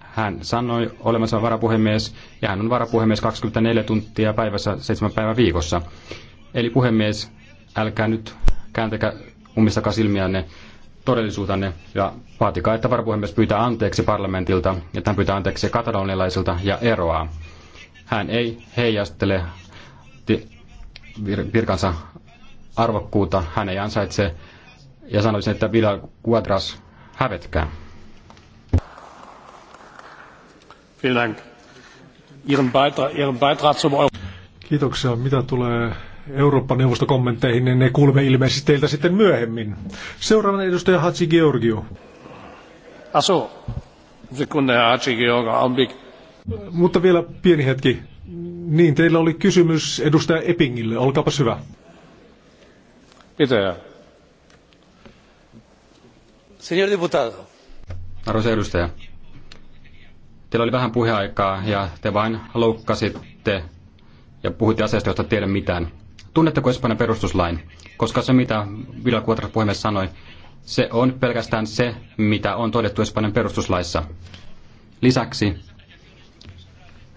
Hän sanoi olemassa varapuhemies ja hän on varapuhemies 24 tuntia päivässä, seitsemän päivän viikossa. Eli puhemies, älkää nyt kääntäkä umistakaa silmiänne todellisuutanne ja vaatikaa, että varapuhemies pyytää anteeksi parlamentilta, että hän pyytää anteeksi katalonialaisilta ja eroaa. Hän ei heijastele osoitti vir- virkansa arvokkuutta. Hän ei ansaitse ja sanoisin, että Vidal Quadras hävetkää. Kiitoksia. Mitä tulee Eurooppa-neuvoston kommentteihin, niin ne kuulemme ilmeisesti teiltä sitten myöhemmin. Seuraavana edustaja Hatsi Georgiou. Aso, sekunde Hatsi Georgiou, Mutta vielä pieni hetki. Niin, teillä oli kysymys edustaja Eppingille. Olkaapas hyvä. Pitää. Señor diputado. Arvoisa edustaja, teillä oli vähän puheaikaa ja te vain loukkasitte ja puhuitte asiasta, josta tiedä mitään. Tunnetteko Espanjan perustuslain? Koska se, mitä Vidal Cuadras puhemies sanoi, se on pelkästään se, mitä on todettu Espanjan perustuslaissa. Lisäksi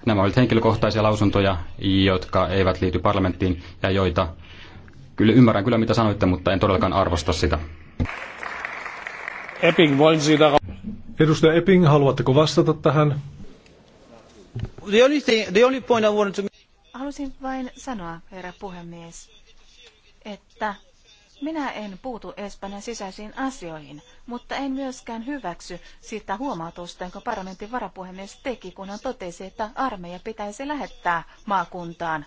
Nämä olivat henkilökohtaisia lausuntoja, jotka eivät liity parlamenttiin ja joita kyllä ymmärrän kyllä mitä sanoitte, mutta en todellakaan arvosta sitä. Epping, Edustaja Epping, haluatteko vastata tähän? The only point I wanted to... Halusin vain sanoa, herra puhemies, että minä en puutu Espanjan sisäisiin asioihin, mutta en myöskään hyväksy sitä huomautusta, jonka parlamentin varapuhemies teki, kun hän totesi, että armeija pitäisi lähettää maakuntaan.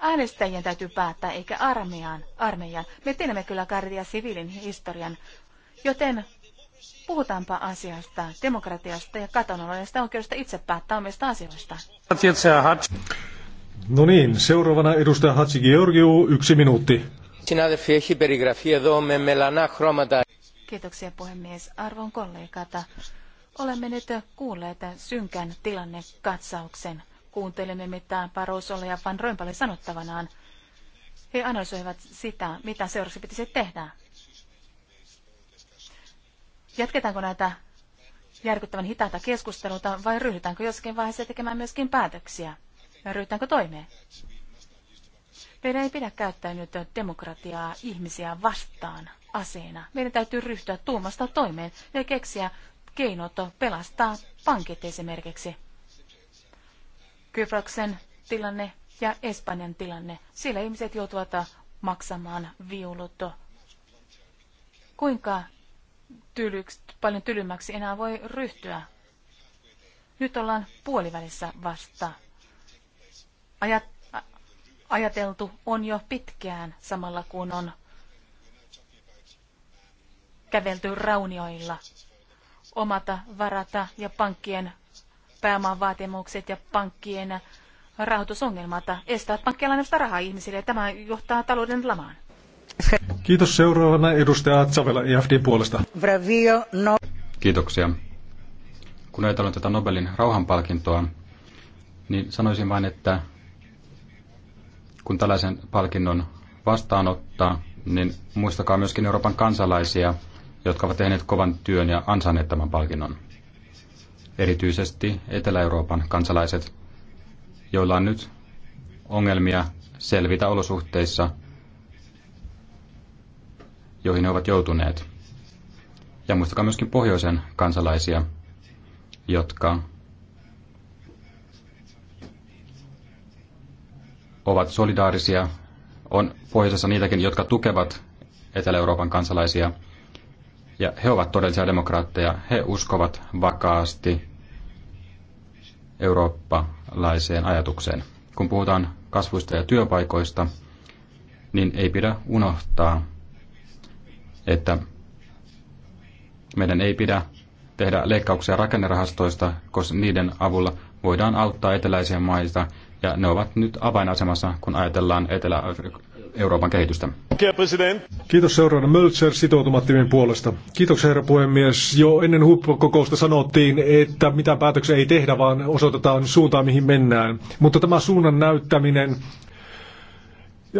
Äänestäjien täytyy päättää, eikä armeijan. armeijan. Me tiedämme kyllä Kardia siviilin historian, joten puhutaanpa asiasta, demokratiasta ja katonalaisesta oikeudesta itse päättää omista asioista. No niin, seuraavana edustaja Hatsi Georgiou, yksi minuutti. Kiitoksia puhemies. Arvon kollegat, olemme nyt kuulleet synkän tilannekatsauksen. kuuntelemme mitä Barrosolle ja Van Rompalle sanottavanaan. He analysoivat sitä, mitä seuraavaksi pitäisi tehdä. Jatketaanko näitä järkyttävän hitaita keskusteluita vai ryhdytäänkö jossakin vaiheessa tekemään myöskin päätöksiä? Ja ryhdytäänkö toimeen? Meidän ei pidä käyttää nyt demokratiaa ihmisiä vastaan aseena. Meidän täytyy ryhtyä tuumasta toimeen ja keksiä keinot pelastaa pankit esimerkiksi. Kyproksen tilanne ja Espanjan tilanne. Siellä ihmiset joutuvat maksamaan viulut. Kuinka tylyks, paljon tylymmäksi enää voi ryhtyä? Nyt ollaan puolivälissä vasta. Ajat ajateltu on jo pitkään samalla kun on kävelty raunioilla. Omata varata ja pankkien pääomavaatimukset ja pankkien rahoitusongelmat estävät pankkeilla näistä rahaa ihmisille ja tämä johtaa talouden lamaan. Kiitos seuraavana edustaja Atsavela IFD e puolesta. Bravio, no. Kiitoksia. Kun ajatellaan tätä Nobelin rauhanpalkintoa, niin sanoisin vain, että kun tällaisen palkinnon vastaanottaa, niin muistakaa myöskin Euroopan kansalaisia, jotka ovat tehneet kovan työn ja ansainneet tämän palkinnon. Erityisesti Etelä-Euroopan kansalaiset, joilla on nyt ongelmia selvitä olosuhteissa, joihin he ovat joutuneet. Ja muistakaa myöskin pohjoisen kansalaisia, jotka ovat solidaarisia. On pohjoisessa niitäkin, jotka tukevat Etelä-Euroopan kansalaisia. Ja he ovat todellisia demokraatteja. He uskovat vakaasti eurooppalaiseen ajatukseen. Kun puhutaan kasvuista ja työpaikoista, niin ei pidä unohtaa, että meidän ei pidä tehdä leikkauksia rakennerahastoista, koska niiden avulla voidaan auttaa eteläisiä maita ja ne ovat nyt avainasemassa, kun ajatellaan Etelä-Euroopan kehitystä. Kiitos seuraavana Mölzer sitoutumattomien puolesta. Kiitoksia herra puhemies. Jo ennen huippukokousta sanottiin, että mitä päätöksiä ei tehdä, vaan osoitetaan suuntaan, mihin mennään. Mutta tämä suunnan näyttäminen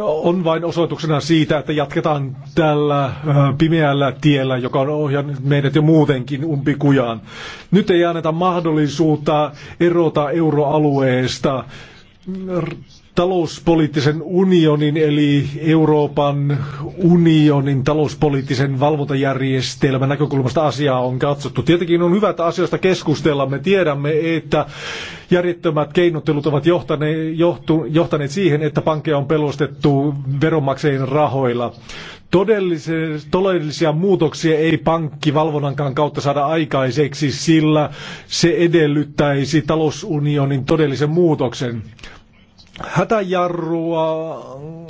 on vain osoituksena siitä, että jatketaan tällä pimeällä tiellä, joka on ohjannut meidät jo muutenkin umpikujaan. Nyt ei anneta mahdollisuutta erota euroalueesta talouspoliittisen unionin eli Euroopan unionin talouspoliittisen valvontajärjestelmän näkökulmasta asiaa on katsottu. Tietenkin on hyvä, että asioista keskustellaan. Me tiedämme, että järjettömät keinottelut ovat johtaneet, johtu, johtaneet siihen, että pankkeja on pelostettu veronmaksajien rahoilla. Todellisia, todellisia muutoksia ei pankkivalvonnankaan kautta saada aikaiseksi, sillä se edellyttäisi talousunionin todellisen muutoksen hätäjarrua,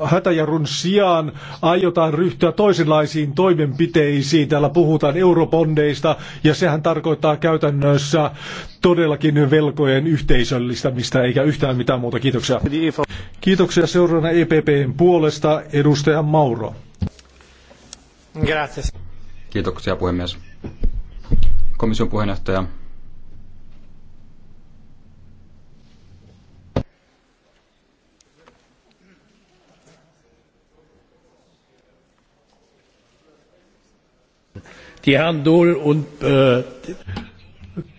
hätäjarrun sijaan aiotaan ryhtyä toisenlaisiin toimenpiteisiin. Täällä puhutaan eurobondeista ja sehän tarkoittaa käytännössä todellakin velkojen yhteisöllistämistä eikä yhtään mitään muuta. Kiitoksia. Kiitoksia seuraavana EPPn puolesta edustaja Mauro. Gracias. Kiitoksia puhemies. Komission puheenjohtaja, Die Herren Daul und... Äh,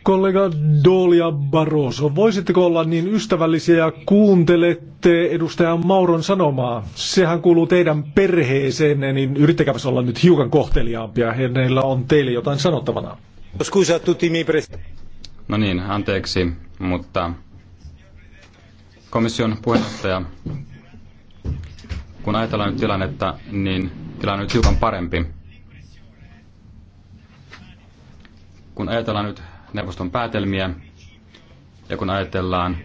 Kollega Dolia Barroso, voisitteko olla niin ystävällisiä ja kuuntelette edustaja Mauron sanomaa? Sehän kuuluu teidän perheeseen, niin yrittäkääpäs olla nyt hiukan kohteliaampia. Heillä on teille jotain sanottavana. No niin, anteeksi, mutta komission puheenjohtaja, kun ajatellaan nyt tilannetta, niin tilanne on nyt hiukan parempi. Kun ajatellaan nyt neuvoston päätelmiä ja kun ajatellaan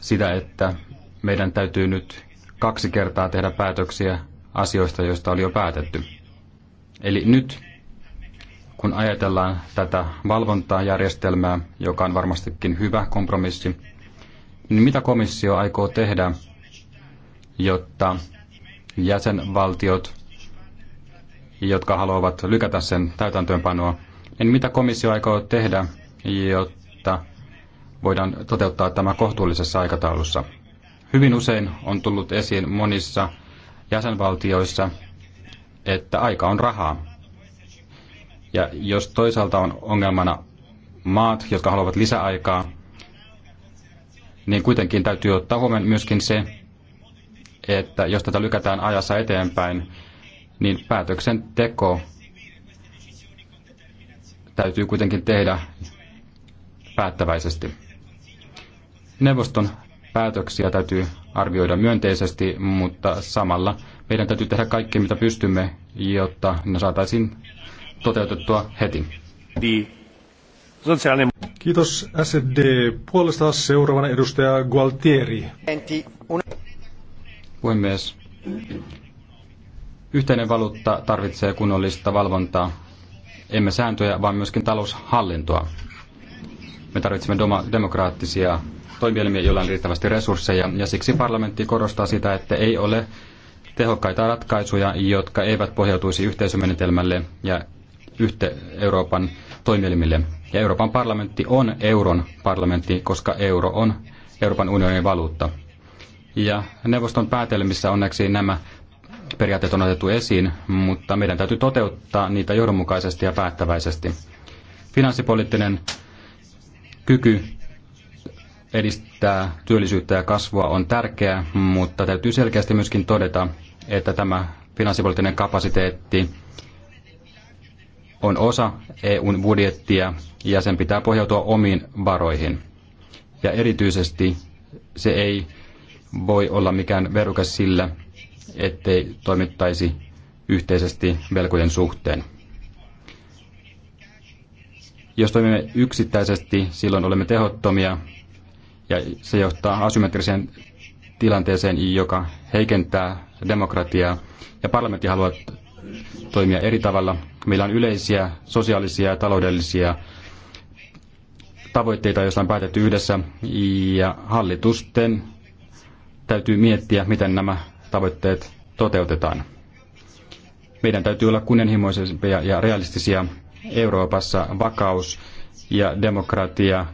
sitä, että meidän täytyy nyt kaksi kertaa tehdä päätöksiä asioista, joista oli jo päätetty. Eli nyt, kun ajatellaan tätä valvontajärjestelmää, joka on varmastikin hyvä kompromissi, niin mitä komissio aikoo tehdä, jotta jäsenvaltiot jotka haluavat lykätä sen täytäntöönpanoa. Niin mitä komissio aikoo tehdä, jotta voidaan toteuttaa tämä kohtuullisessa aikataulussa? Hyvin usein on tullut esiin monissa jäsenvaltioissa, että aika on rahaa. Ja jos toisaalta on ongelmana maat, jotka haluavat lisäaikaa, niin kuitenkin täytyy ottaa huomioon myöskin se, että jos tätä lykätään ajassa eteenpäin, niin päätöksenteko täytyy kuitenkin tehdä päättäväisesti. Neuvoston päätöksiä täytyy arvioida myönteisesti, mutta samalla meidän täytyy tehdä kaikki, mitä pystymme, jotta ne saataisiin toteutettua heti. Kiitos SD. Puolesta seuraavana edustaja Gualtieri. Puhemies, Yhteinen valuutta tarvitsee kunnollista valvontaa, emme sääntöjä, vaan myöskin taloushallintoa. Me tarvitsemme demokraattisia toimielimiä, joilla on riittävästi resursseja, ja siksi parlamentti korostaa sitä, että ei ole tehokkaita ratkaisuja, jotka eivät pohjautuisi yhteisömenetelmälle ja yhte Euroopan toimielimille. Ja Euroopan parlamentti on euron parlamentti, koska euro on Euroopan unionin valuutta. Ja neuvoston päätelmissä onneksi nämä periaatteet on otettu esiin, mutta meidän täytyy toteuttaa niitä johdonmukaisesti ja päättäväisesti. Finanssipoliittinen kyky edistää työllisyyttä ja kasvua on tärkeää, mutta täytyy selkeästi myöskin todeta, että tämä finanssipoliittinen kapasiteetti on osa EUn budjettia ja sen pitää pohjautua omiin varoihin. Ja erityisesti se ei voi olla mikään verukas sillä, ettei toimittaisi yhteisesti velkojen suhteen. Jos toimimme yksittäisesti, silloin olemme tehottomia ja se johtaa asymmetriseen tilanteeseen, joka heikentää demokratiaa. Ja parlamentti haluaa toimia eri tavalla. Meillä on yleisiä sosiaalisia ja taloudellisia tavoitteita, joista on päätetty yhdessä, ja hallitusten täytyy miettiä, miten nämä tavoitteet toteutetaan. Meidän täytyy olla kunnianhimoisempia ja realistisia. Euroopassa vakaus ja demokratia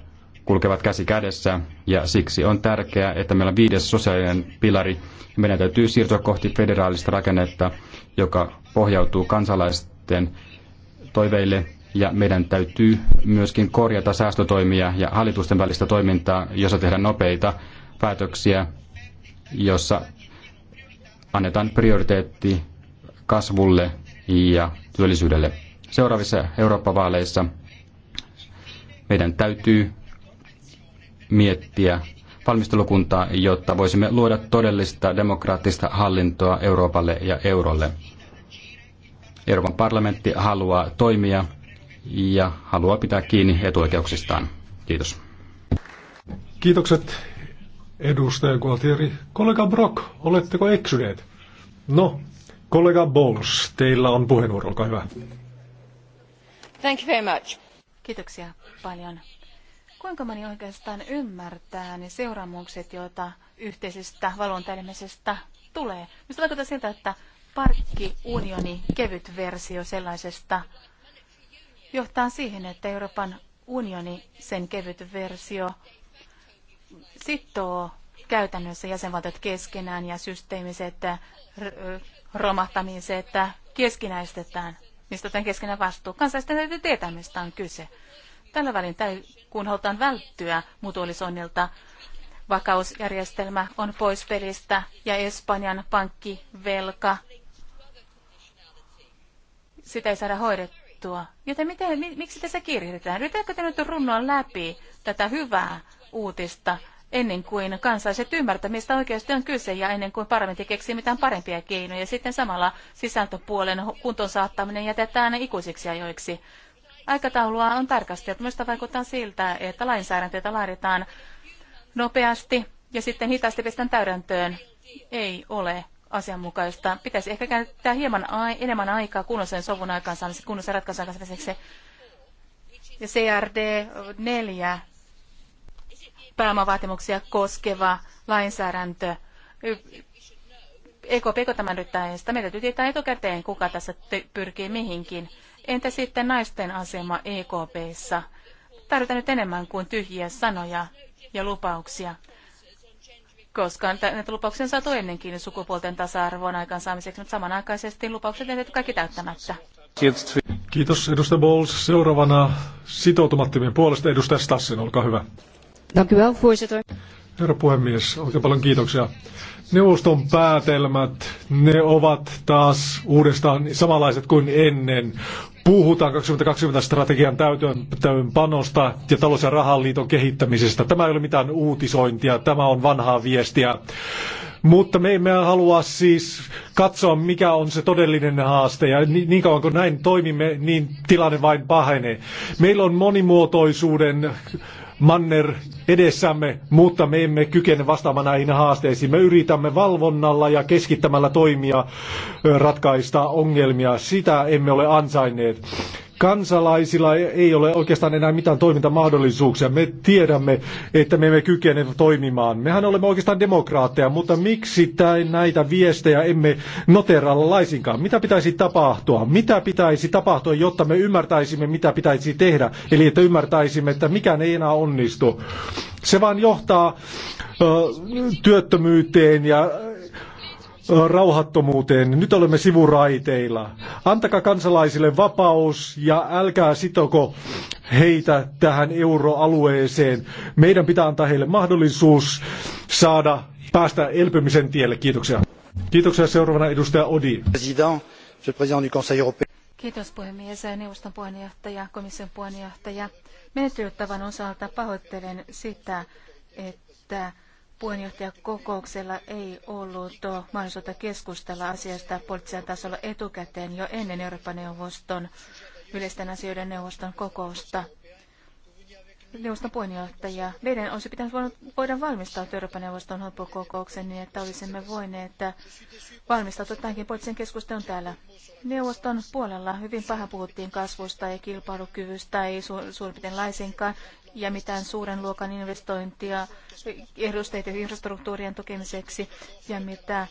kulkevat käsi kädessä ja siksi on tärkeää, että meillä on viides sosiaalinen pilari. Meidän täytyy siirtyä kohti federaalista rakennetta, joka pohjautuu kansalaisten toiveille ja meidän täytyy myöskin korjata säästötoimia ja hallitusten välistä toimintaa, jossa tehdään nopeita päätöksiä, jossa annetaan prioriteetti kasvulle ja työllisyydelle. Seuraavissa Eurooppa-vaaleissa meidän täytyy miettiä valmistelukuntaa, jotta voisimme luoda todellista demokraattista hallintoa Euroopalle ja eurolle. Euroopan parlamentti haluaa toimia ja haluaa pitää kiinni etuoikeuksistaan. Kiitos. Kiitokset Edustaja Gualtieri, kollega Brock, oletteko eksyneet? No, kollega Bowles, teillä on puheenvuoro, olkaa hyvä. Thank you very much. Kiitoksia paljon. Kuinka moni oikeastaan ymmärtää ne seuraamukset, joita yhteisestä valvontaelimisestä tulee? Minusta vaikuttaa siltä, että parkkiunioni, kevyt versio sellaisesta, johtaa siihen, että Euroopan unioni, sen kevyt versio, sitoo käytännössä jäsenvaltiot keskenään ja systeemiset äh, romahtamiset äh, keskinäistetään, mistä tämän keskenään vastuu. Kansalaisten täytyy tietää, mistä on kyse. Tällä välin, kun halutaan välttyä mutuolisonnilta, vakausjärjestelmä on pois pelistä ja Espanjan pankkivelka, sitä ei saada hoidettua. Joten miten, miksi tässä kirjoitetaan? Yritetäänkö te nyt runnoa läpi tätä hyvää uutista, ennen kuin kansalaiset ymmärtävät, mistä oikeasti on kyse ja ennen kuin parlamentti keksii mitään parempia keinoja. Sitten samalla sisältöpuolen kuntoon saattaminen jätetään ikuisiksi ajoiksi. Aikataulua on tarkasteltu. Minusta vaikuttaa siltä, että lainsäädäntöitä laaditaan nopeasti ja sitten hitaasti pistän täydentöön. Ei ole asianmukaista. Pitäisi ehkä käyttää hieman enemmän aikaa kunnollisen sovun aikaansaamiseksi, kunnollisen ratkaisun aikaansaamiseksi. Ja CRD 4 pääomavaatimuksia koskeva lainsäädäntö. EKP tämän nyt sitä. Meidän täytyy tietää etukäteen, kuka tässä pyrkii mihinkin. Entä sitten naisten asema EKP:ssa. Tarvitaan nyt enemmän kuin tyhjiä sanoja ja lupauksia koska näitä lupauksia on saatu ennenkin sukupuolten tasa-arvon aikaansaamiseksi, mutta samanaikaisesti lupaukset on tehty kaikki täyttämättä. Kiitos edustaja Bowles. Seuraavana sitoutumattomien puolesta edustaja Stassen, olkaa hyvä. Dank u wel, voorzitter. Herra puhemies, oikein paljon kiitoksia. Neuvoston päätelmät, ne ovat taas uudestaan samanlaiset kuin ennen. Puhutaan 2020 strategian täytäntöönpanosta panosta ja talous- ja rahaliiton kehittämisestä. Tämä ei ole mitään uutisointia, tämä on vanhaa viestiä. Mutta me emme halua siis katsoa, mikä on se todellinen haaste. Ja niin kauan kuin näin toimimme, niin tilanne vain pahenee. Meillä on monimuotoisuuden manner edessämme, mutta me emme kykene vastaamaan näihin haasteisiin. Me yritämme valvonnalla ja keskittämällä toimia ratkaista ongelmia. Sitä emme ole ansainneet kansalaisilla ei ole oikeastaan enää mitään toimintamahdollisuuksia. Me tiedämme, että me emme kykene toimimaan. Mehän olemme oikeastaan demokraatteja, mutta miksi näitä viestejä emme noteralla laisinkaan? Mitä pitäisi tapahtua? Mitä pitäisi tapahtua, jotta me ymmärtäisimme, mitä pitäisi tehdä? Eli että ymmärtäisimme, että mikään ei enää onnistu. Se vaan johtaa ö, työttömyyteen ja rauhattomuuteen. Nyt olemme sivuraiteilla. Antakaa kansalaisille vapaus ja älkää sitoko heitä tähän euroalueeseen. Meidän pitää antaa heille mahdollisuus saada päästä elpymisen tielle. Kiitoksia. Kiitoksia seuraavana edustaja Odi. Kiitos puhemies, neuvoston puheenjohtaja, komission puheenjohtaja. Menettelytavan osalta pahoittelen sitä, että puheenjohtajakokouksella ei ollut mahdollisuutta keskustella asiasta poliittisella tasolla etukäteen jo ennen Euroopan neuvoston yleisten asioiden neuvoston kokousta. Neuvoston puheenjohtaja, meidän olisi pitänyt voida valmistautua Euroopan neuvoston huippukokoukseen niin, että olisimme voineet äh, valmistautua tämänkin poliittisen keskustelun täällä. Neuvoston puolella hyvin paha puhuttiin kasvusta ja kilpailukyvystä, ei suurin piirtein laisinkaan, ja mitään suuren luokan investointia ehdosteiden infrastruktuurien tukemiseksi ja mitä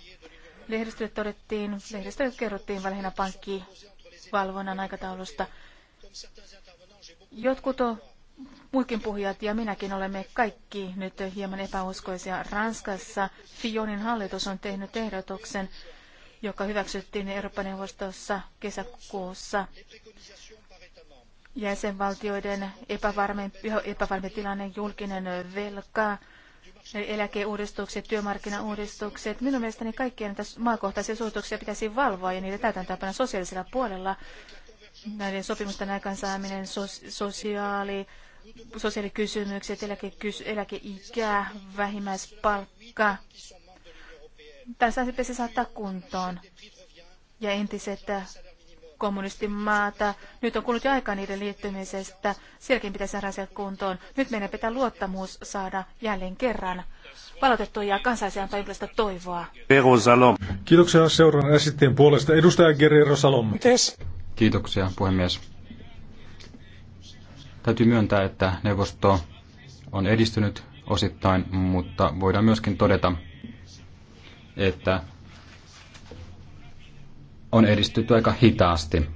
lehdistölle todettiin, lehdistölle kerrottiin lähinnä pankkivalvonnan aikataulusta. Jotkut muikin puhujat ja minäkin olemme kaikki nyt hieman epäuskoisia. Ranskassa Fionin hallitus on tehnyt ehdotuksen, joka hyväksyttiin Eurooppa-neuvostossa kesäkuussa jäsenvaltioiden epävarmi, tilanne, julkinen velka, eläkeuudistukset, työmarkkinauudistukset. Minun mielestäni kaikkia näitä maakohtaisia suosituksia pitäisi valvoa ja niitä täytäntöönpanoa sosiaalisella puolella. Näiden sopimusten aikaansaaminen, sosiaali, sosiaalikysymykset, eläkekys, eläkeikä, vähimmäispalkka. Tässä se saattaa kuntoon. Ja entiset kommunistimaata. Nyt on kulunut jo aikaa niiden liittymisestä. Sielläkin pitäisi saada asiat kuntoon. Nyt meidän pitää luottamus saada jälleen kerran palautettua ja kansalaisia antaa jonkinlaista Salom. Kiitoksia seuran esittien puolesta. Edustaja Guerrero Salom. Kiitoksia puhemies. Täytyy myöntää, että neuvosto on edistynyt osittain, mutta voidaan myöskin todeta, että on edistytty aika hitaasti.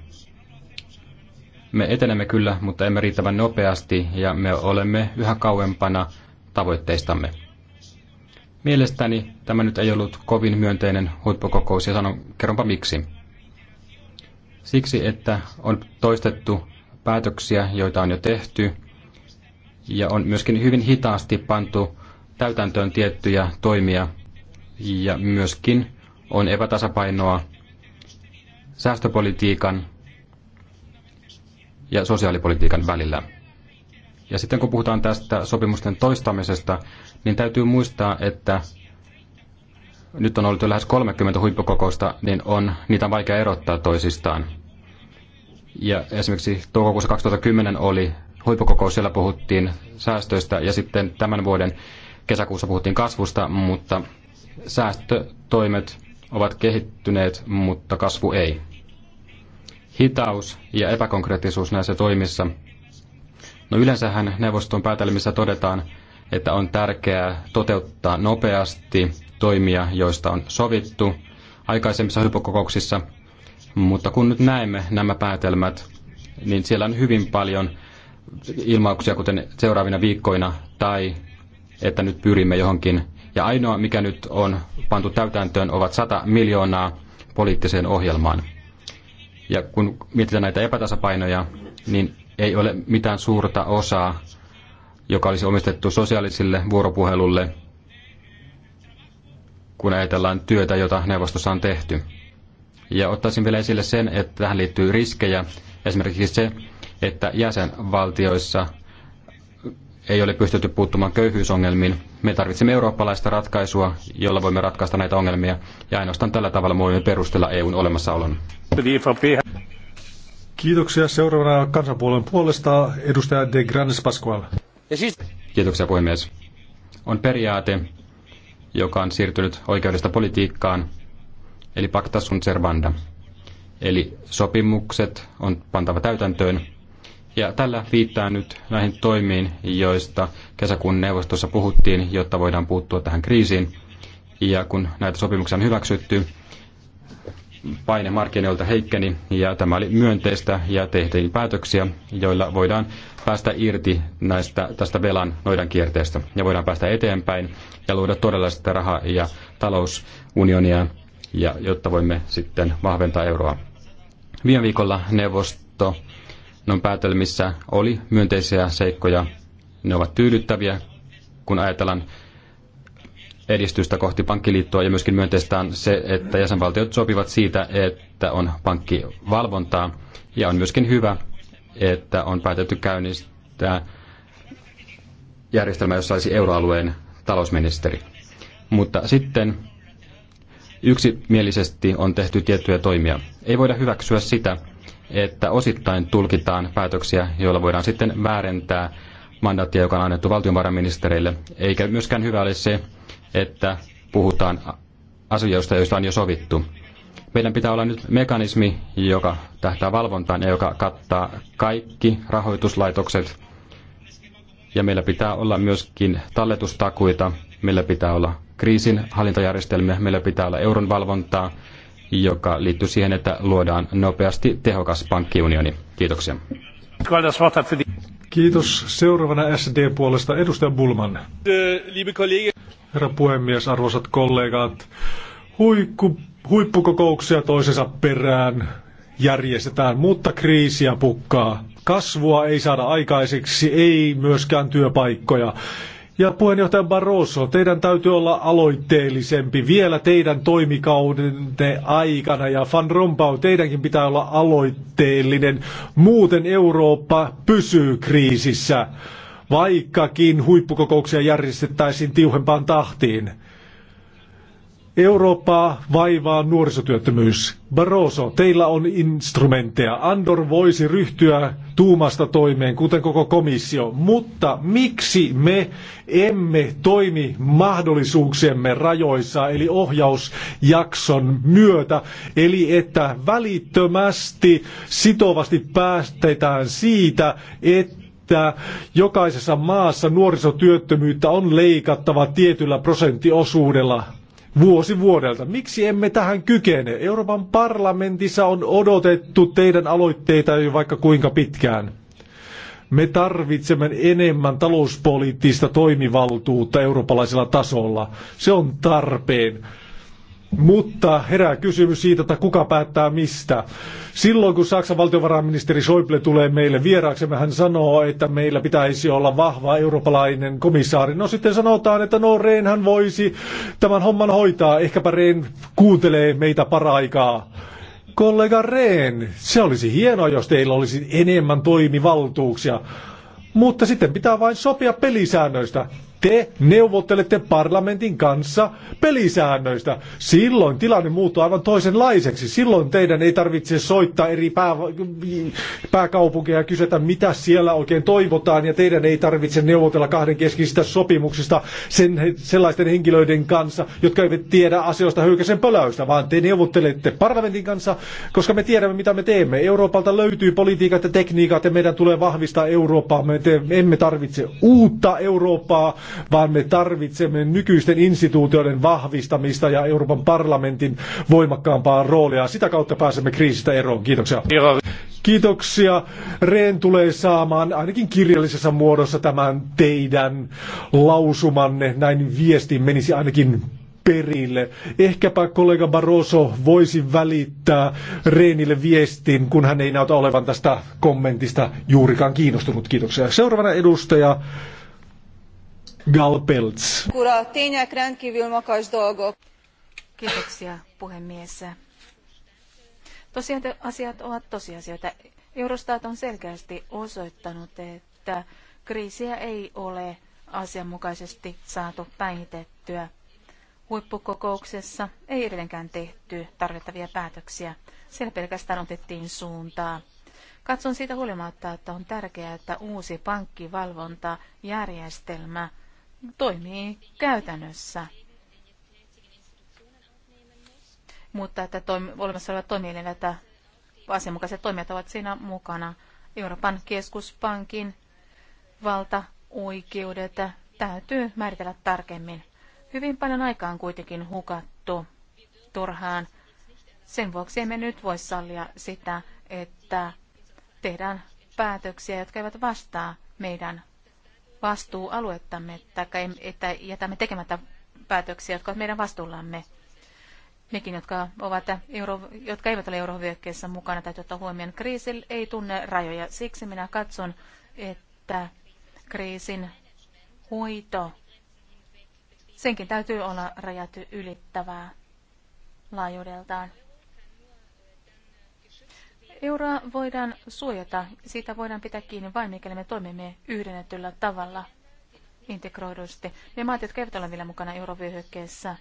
Me etenemme kyllä, mutta emme riittävän nopeasti ja me olemme yhä kauempana tavoitteistamme. Mielestäni tämä nyt ei ollut kovin myönteinen huippukokous ja sanon, kerronpa miksi. Siksi, että on toistettu päätöksiä, joita on jo tehty, ja on myöskin hyvin hitaasti pantu täytäntöön tiettyjä toimia, ja myöskin on epätasapainoa säästöpolitiikan ja sosiaalipolitiikan välillä. Ja sitten kun puhutaan tästä sopimusten toistamisesta, niin täytyy muistaa, että nyt on ollut jo lähes 30 huippukokousta, niin on, niitä on vaikea erottaa toisistaan. Ja esimerkiksi toukokuussa 2010 oli huippukokous, siellä puhuttiin säästöistä ja sitten tämän vuoden kesäkuussa puhuttiin kasvusta, mutta säästötoimet ovat kehittyneet, mutta kasvu ei hitaus ja epäkonkreettisuus näissä toimissa. No yleensähän neuvoston päätelmissä todetaan, että on tärkeää toteuttaa nopeasti toimia, joista on sovittu aikaisemmissa hypokokouksissa. mutta kun nyt näemme nämä päätelmät, niin siellä on hyvin paljon ilmauksia, kuten seuraavina viikkoina, tai että nyt pyrimme johonkin. Ja ainoa, mikä nyt on pantu täytäntöön, ovat 100 miljoonaa poliittiseen ohjelmaan. Ja kun mietitään näitä epätasapainoja, niin ei ole mitään suurta osaa, joka olisi omistettu sosiaalisille vuoropuhelulle, kun ajatellaan työtä, jota neuvostossa on tehty. Ja ottaisin vielä esille sen, että tähän liittyy riskejä. Esimerkiksi se, että jäsenvaltioissa ei ole pystytty puuttumaan köyhyysongelmiin. Me tarvitsemme eurooppalaista ratkaisua, jolla voimme ratkaista näitä ongelmia, ja ainoastaan tällä tavalla voimme perustella EUn olemassaolon. E Kiitoksia. Seuraavana kansanpuolueen puolesta edustaja De Grandes Pascual. Siis- Kiitoksia puhemies. On periaate, joka on siirtynyt oikeudesta politiikkaan, eli pacta sunt servanda. Eli sopimukset on pantava täytäntöön. Ja tällä viittaa nyt näihin toimiin, joista kesäkuun neuvostossa puhuttiin, jotta voidaan puuttua tähän kriisiin. Ja kun näitä sopimuksia on hyväksytty, paine markkinoilta heikkeni ja tämä oli myönteistä ja tehtiin päätöksiä, joilla voidaan päästä irti näistä, tästä velan noidan kierteestä ja voidaan päästä eteenpäin ja luoda todella sitä raha- ja talousunionia, ja, jotta voimme sitten vahventaa euroa. Viime viikolla neuvosto noin päätelmissä oli myönteisiä seikkoja. Ne ovat tyydyttäviä, kun ajatellaan edistystä kohti pankkiliittoa ja myöskin myönteistä on se, että jäsenvaltiot sopivat siitä, että on pankkivalvontaa ja on myöskin hyvä, että on päätetty käynnistää järjestelmä, jossa olisi euroalueen talousministeri. Mutta sitten yksimielisesti on tehty tiettyjä toimia. Ei voida hyväksyä sitä, että osittain tulkitaan päätöksiä, joilla voidaan sitten väärentää mandaattia, joka on annettu valtionvarainministereille. Eikä myöskään hyvä ole se, että puhutaan asioista, joista on jo sovittu. Meidän pitää olla nyt mekanismi, joka tähtää valvontaan ja joka kattaa kaikki rahoituslaitokset. Ja meillä pitää olla myöskin talletustakuita, meillä pitää olla kriisin hallintajärjestelmiä, meillä pitää olla euron valvontaa, joka liittyy siihen, että luodaan nopeasti tehokas pankkiunioni. Kiitoksia. Kiitos. Seuraavana SD-puolesta edustaja Bulman. Herra puhemies, arvoisat kollegat, huikku, huippukokouksia toisensa perään järjestetään, mutta kriisiä pukkaa. Kasvua ei saada aikaiseksi, ei myöskään työpaikkoja. Ja puheenjohtaja Barroso, teidän täytyy olla aloitteellisempi vielä teidän toimikaudenne aikana. Ja Van Rompau, teidänkin pitää olla aloitteellinen. Muuten Eurooppa pysyy kriisissä vaikkakin huippukokouksia järjestettäisiin tiuhempaan tahtiin. Eurooppaa vaivaa nuorisotyöttömyys. Barroso, teillä on instrumentteja. Andor voisi ryhtyä tuumasta toimeen, kuten koko komissio. Mutta miksi me emme toimi mahdollisuuksiemme rajoissa, eli ohjausjakson myötä, eli että välittömästi sitovasti päästetään siitä, että että jokaisessa maassa nuorisotyöttömyyttä on leikattava tietyllä prosenttiosuudella vuosi vuodelta. Miksi emme tähän kykene? Euroopan parlamentissa on odotettu teidän aloitteita jo vaikka kuinka pitkään. Me tarvitsemme enemmän talouspoliittista toimivaltuutta eurooppalaisella tasolla. Se on tarpeen. Mutta herää kysymys siitä, että kuka päättää mistä. Silloin kun Saksan valtiovarainministeri Schäuble tulee meille vieraaksemme, hän sanoo, että meillä pitäisi olla vahva eurooppalainen komissaari. No sitten sanotaan, että no Rehn hän voisi tämän homman hoitaa. Ehkäpä Rehn kuuntelee meitä paraikaa. Kollega Rehn, se olisi hienoa, jos teillä olisi enemmän toimivaltuuksia. Mutta sitten pitää vain sopia pelisäännöistä te neuvottelette parlamentin kanssa pelisäännöistä. Silloin tilanne muuttuu aivan toisenlaiseksi. Silloin teidän ei tarvitse soittaa eri pää, pääkaupunkeja ja kysytä, mitä siellä oikein toivotaan, ja teidän ei tarvitse neuvotella keskisistä sopimuksista sen, sellaisten henkilöiden kanssa, jotka eivät tiedä asioista höykäsen pöläystä, vaan te neuvottelette parlamentin kanssa, koska me tiedämme, mitä me teemme. Euroopalta löytyy politiikat ja tekniikat, ja meidän tulee vahvistaa Eurooppaa. Me, te, me emme tarvitse uutta Eurooppaa, vaan me tarvitsemme nykyisten instituutioiden vahvistamista ja Euroopan parlamentin voimakkaampaa roolia. Sitä kautta pääsemme kriisistä eroon. Kiitoksia. Kiitoksia. Reen tulee saamaan ainakin kirjallisessa muodossa tämän teidän lausumanne. Näin viesti menisi ainakin perille. Ehkäpä kollega Barroso voisi välittää Reenille viestin, kun hän ei näytä olevan tästä kommentista juurikaan kiinnostunut. Kiitoksia. Seuraavana edustaja Gal tények rendkívül makas dolgok. Kiitoksia, puhemies. Tosiasiat ovat tosiasioita. Eurostat on selkeästi osoittanut, että kriisiä ei ole asianmukaisesti saatu päihitettyä. Huippukokouksessa ei edelleenkään tehty tarvittavia päätöksiä. Siellä pelkästään otettiin suuntaa. Katson siitä huolimatta, että on tärkeää, että uusi pankkivalvontajärjestelmä – toimii käytännössä. Mutta että toimi, olemassa olevat toimielimet ja asianmukaiset toimijat ovat siinä mukana. Euroopan keskuspankin valtaoikeudet täytyy määritellä tarkemmin. Hyvin paljon aikaa on kuitenkin hukattu turhaan. Sen vuoksi emme nyt voi sallia sitä, että tehdään päätöksiä, jotka eivät vastaa meidän vastuualuettamme, tai että jätämme tekemättä päätöksiä, jotka ovat meidän vastuullamme. Nekin, jotka, ovat euro, jotka eivät ole eurovyökkeessä mukana, täytyy ottaa huomioon. Kriisi ei tunne rajoja. Siksi minä katson, että kriisin hoito, senkin täytyy olla rajat ylittävää laajuudeltaan. Euroa voidaan suojata, siitä voidaan pitää kiinni vain mikäli me toimimme yhdennetyllä tavalla integroidusti. Ne maat, jotka eivät ole vielä mukana eurovyöhykkeessä,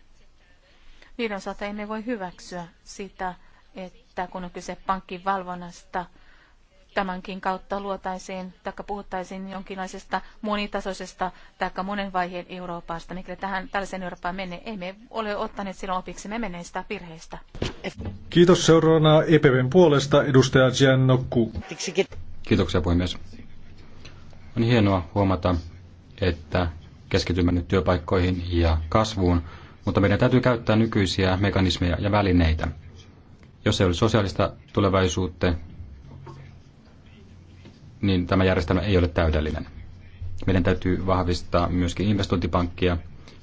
niiden osalta emme voi hyväksyä sitä, että kun on kyse pankkivalvonnasta, valvonnasta, tämänkin kautta luotaisiin tai puhuttaisiin jonkinlaisesta monitasoisesta tai monen vaiheen Euroopasta, mikä tähän tällaiseen Eurooppaan menee. Emme ole ottaneet silloin opiksi me menneistä virheistä. Kiitos seuraavana EPVn puolesta edustaja Giannokku. Kiitoksia puhemies. On hienoa huomata, että keskitymme nyt työpaikkoihin ja kasvuun, mutta meidän täytyy käyttää nykyisiä mekanismeja ja välineitä. Jos ei ole sosiaalista tulevaisuutta, niin tämä järjestelmä ei ole täydellinen. Meidän täytyy vahvistaa myöskin investointipankkia.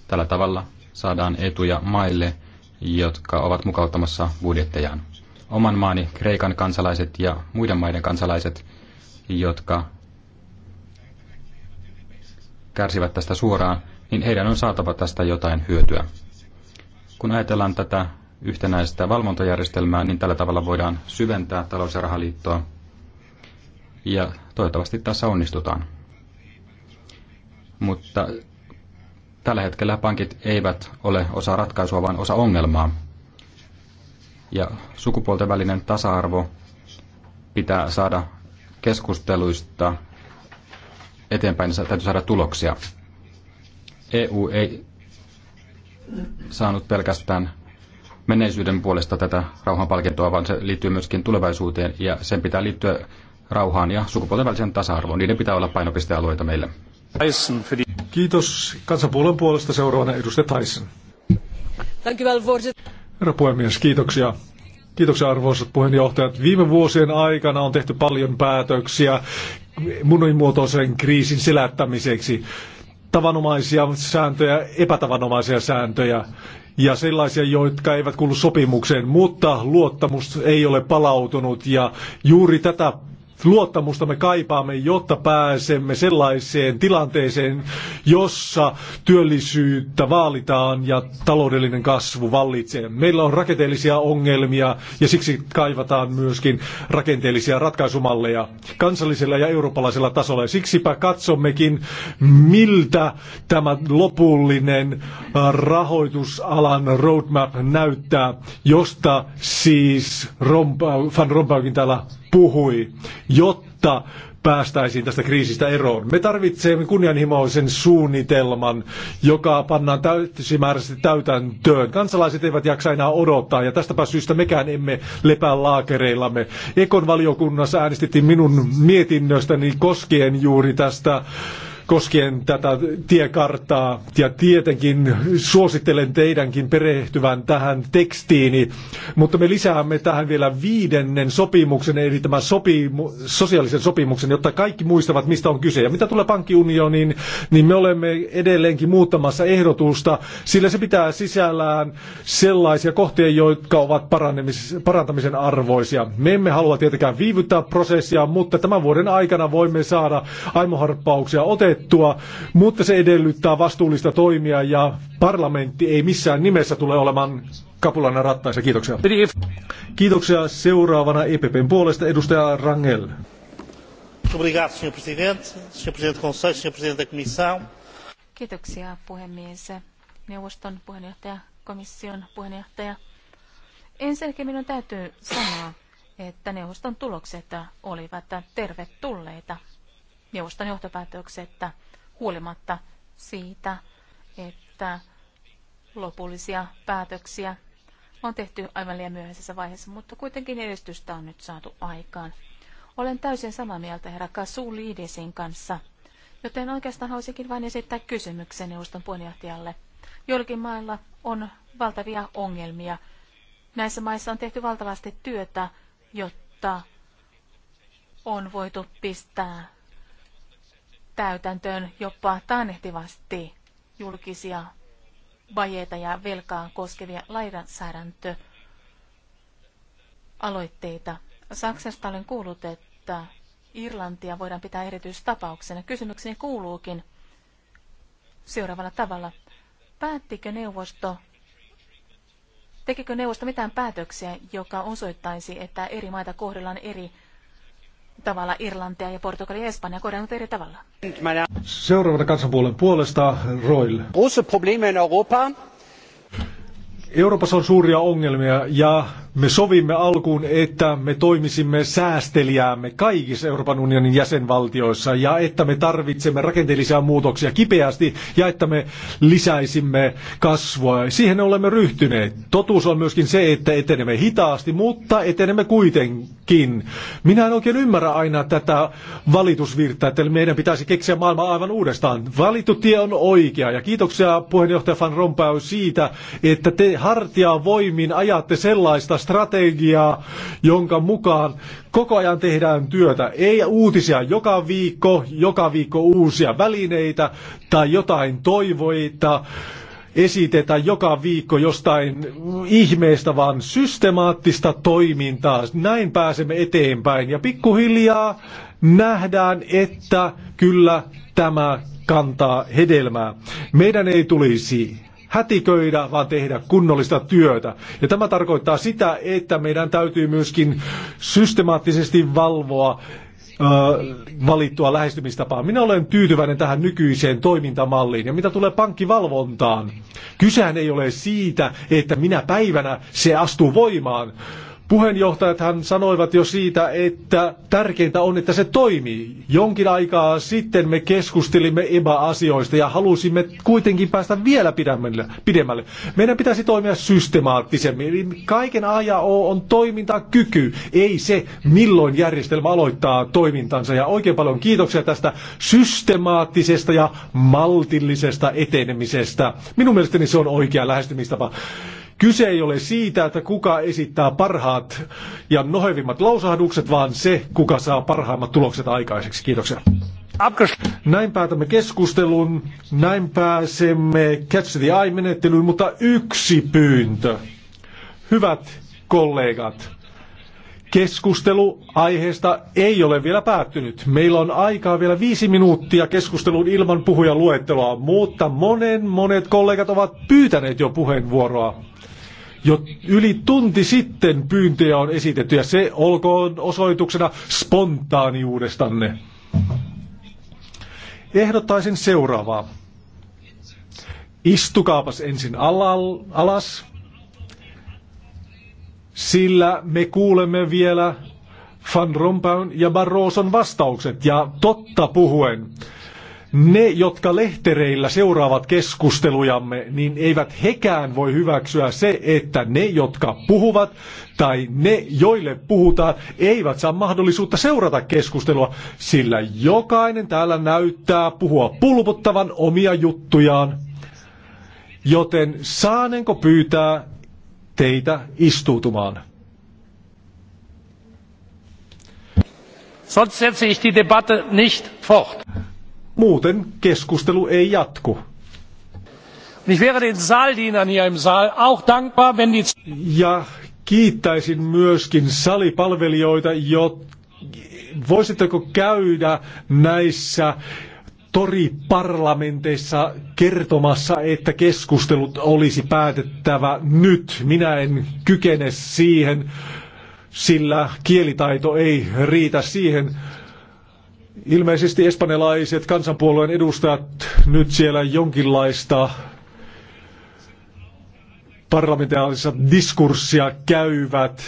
Tällä tavalla saadaan etuja maille, jotka ovat mukauttamassa budjettejaan. Oman maani Kreikan kansalaiset ja muiden maiden kansalaiset, jotka kärsivät tästä suoraan, niin heidän on saatava tästä jotain hyötyä. Kun ajatellaan tätä yhtenäistä valvontajärjestelmää, niin tällä tavalla voidaan syventää talous- ja rahaliittoa ja toivottavasti tässä onnistutaan. Mutta tällä hetkellä pankit eivät ole osa ratkaisua, vaan osa ongelmaa. Ja sukupuolten välinen tasa-arvo pitää saada keskusteluista eteenpäin, niin täytyy saada tuloksia. EU ei saanut pelkästään menneisyyden puolesta tätä rauhanpalkintoa, vaan se liittyy myöskin tulevaisuuteen ja sen pitää liittyä rauhaan ja sukupuolten välisen tasa-arvoon. Niiden pitää olla painopistealueita meille. Kiitos kansanpuolen puolesta seuraavana edustaja Tyson. Herra puhemies, kiitoksia. Kiitoksia arvoisat puheenjohtajat. Viime vuosien aikana on tehty paljon päätöksiä monimuotoisen kriisin selättämiseksi. Tavanomaisia sääntöjä, epätavanomaisia sääntöjä ja sellaisia, jotka eivät kuulu sopimukseen, mutta luottamus ei ole palautunut ja juuri tätä luottamusta me kaipaamme, jotta pääsemme sellaiseen tilanteeseen, jossa työllisyyttä vaalitaan ja taloudellinen kasvu vallitsee. Meillä on rakenteellisia ongelmia ja siksi kaivataan myöskin rakenteellisia ratkaisumalleja kansallisella ja eurooppalaisella tasolla. Ja siksipä katsommekin, miltä tämä lopullinen äh, rahoitusalan roadmap näyttää, josta siis Van Rompuykin täällä puhui, jotta päästäisiin tästä kriisistä eroon. Me tarvitsemme kunnianhimoisen suunnitelman, joka pannaan täysimääräisesti täytäntöön. Kansalaiset eivät jaksa enää odottaa ja tästäpä syystä mekään emme lepää laakereillamme. Ekon valiokunnassa äänestettiin minun mietinnöstäni koskien juuri tästä koskien tätä tiekarttaa. Ja tietenkin suosittelen teidänkin perehtyvän tähän tekstiini, mutta me lisäämme tähän vielä viidennen sopimuksen, eli tämän sopimu, sosiaalisen sopimuksen, jotta kaikki muistavat, mistä on kyse. Ja mitä tulee pankkiunioniin, niin me olemme edelleenkin muuttamassa ehdotusta, sillä se pitää sisällään sellaisia kohtia, jotka ovat parantamisen arvoisia. Me emme halua tietenkään viivyttää prosessia, mutta tämän vuoden aikana voimme saada aimoharppauksia otettua hoidettua, mutta se edellyttää vastuullista toimia ja parlamentti ei missään nimessä tule olemaan kapulana rattaissa. Kiitoksia. Kiitoksia seuraavana EPPn puolesta edustaja Rangel. Kiitoksia puhemies, neuvoston puheenjohtaja, komission puheenjohtaja. Ensinnäkin minun täytyy sanoa, että neuvoston tulokset olivat tervetulleita neuvoston että huolimatta siitä, että lopullisia päätöksiä on tehty aivan liian myöhäisessä vaiheessa, mutta kuitenkin edistystä on nyt saatu aikaan. Olen täysin samaa mieltä herra Kasuliidesin kanssa, joten oikeastaan haluaisinkin vain esittää kysymyksen neuvoston puheenjohtajalle. Joillakin mailla on valtavia ongelmia. Näissä maissa on tehty valtavasti työtä, jotta on voitu pistää täytäntöön jopa taannehtivasti julkisia vajeita ja velkaa koskevia lainsäädäntöaloitteita. Saksasta olen kuullut, että Irlantia voidaan pitää erityistapauksena. Kysymykseni kuuluukin seuraavalla tavalla. Päättikö neuvosto, tekikö neuvosto mitään päätöksiä, joka osoittaisi, että eri maita kohdellaan eri tavalla Irlantia ja Portugalia ja Espanja kohdannut eri tavalla. Seuraavana kansanpuolen puolesta Roil. Euroopassa on suuria ongelmia ja me sovimme alkuun, että me toimisimme säästeliäämme kaikissa Euroopan unionin jäsenvaltioissa ja että me tarvitsemme rakenteellisia muutoksia kipeästi ja että me lisäisimme kasvua. Siihen olemme ryhtyneet. Totuus on myöskin se, että etenemme hitaasti, mutta etenemme kuitenkin. Minä en oikein ymmärrä aina tätä valitusvirtaa, että meidän pitäisi keksiä maailma aivan uudestaan. Valittu tie on oikea ja kiitoksia puheenjohtaja Van Rompuy siitä, että te hartia voimin ajatte sellaista strategiaa, jonka mukaan koko ajan tehdään työtä. Ei uutisia joka viikko, joka viikko uusia välineitä tai jotain toivoita esitetä joka viikko jostain ihmeestä, vaan systemaattista toimintaa. Näin pääsemme eteenpäin ja pikkuhiljaa nähdään, että kyllä tämä kantaa hedelmää. Meidän ei tulisi hätiköidä, vaan tehdä kunnollista työtä. Ja tämä tarkoittaa sitä, että meidän täytyy myöskin systemaattisesti valvoa valittua lähestymistapaa. Minä olen tyytyväinen tähän nykyiseen toimintamalliin. Ja mitä tulee pankkivalvontaan, kysehän ei ole siitä, että minä päivänä se astuu voimaan Puheenjohtajathan sanoivat jo siitä, että tärkeintä on, että se toimii. Jonkin aikaa sitten me keskustelimme EBA-asioista ja halusimme kuitenkin päästä vielä pidemmälle. Meidän pitäisi toimia systemaattisemmin. Eli kaiken aja on toimintakyky, ei se milloin järjestelmä aloittaa toimintansa. Ja oikein paljon kiitoksia tästä systemaattisesta ja maltillisesta etenemisestä. Minun mielestäni se on oikea lähestymistapa. Kyse ei ole siitä, että kuka esittää parhaat ja nohevimmat lausahdukset, vaan se, kuka saa parhaimmat tulokset aikaiseksi. Kiitoksia. Näin päätämme keskustelun, näin pääsemme Catch the Eye-menettelyyn, mutta yksi pyyntö. Hyvät kollegat, keskustelu aiheesta ei ole vielä päättynyt. Meillä on aikaa vielä viisi minuuttia keskusteluun ilman puhujan luetteloa, mutta monen monet kollegat ovat pyytäneet jo puheenvuoroa. Jo yli tunti sitten pyyntöjä on esitetty ja se olkoon osoituksena spontaaniuudestanne. Ehdottaisin seuraavaa. Istukaapas ensin alal, alas, sillä me kuulemme vielä Van Rompuyn ja Barroson vastaukset. Ja totta puhuen, ne, jotka lehtereillä seuraavat keskustelujamme, niin eivät hekään voi hyväksyä se, että ne, jotka puhuvat tai ne, joille puhutaan, eivät saa mahdollisuutta seurata keskustelua, sillä jokainen täällä näyttää puhua pulputtavan omia juttujaan. Joten saanenko pyytää teitä istuutumaan? Sonst setze ich die Debatte nicht fort. Muuten keskustelu ei jatku. Ja kiittäisin myöskin salipalvelijoita, jo voisitteko käydä näissä toriparlamenteissa kertomassa, että keskustelut olisi päätettävä nyt. Minä en kykene siihen, sillä kielitaito ei riitä siihen. Ilmeisesti espanjalaiset kansanpuolueen edustajat nyt siellä jonkinlaista parlamentaarista diskurssia käyvät.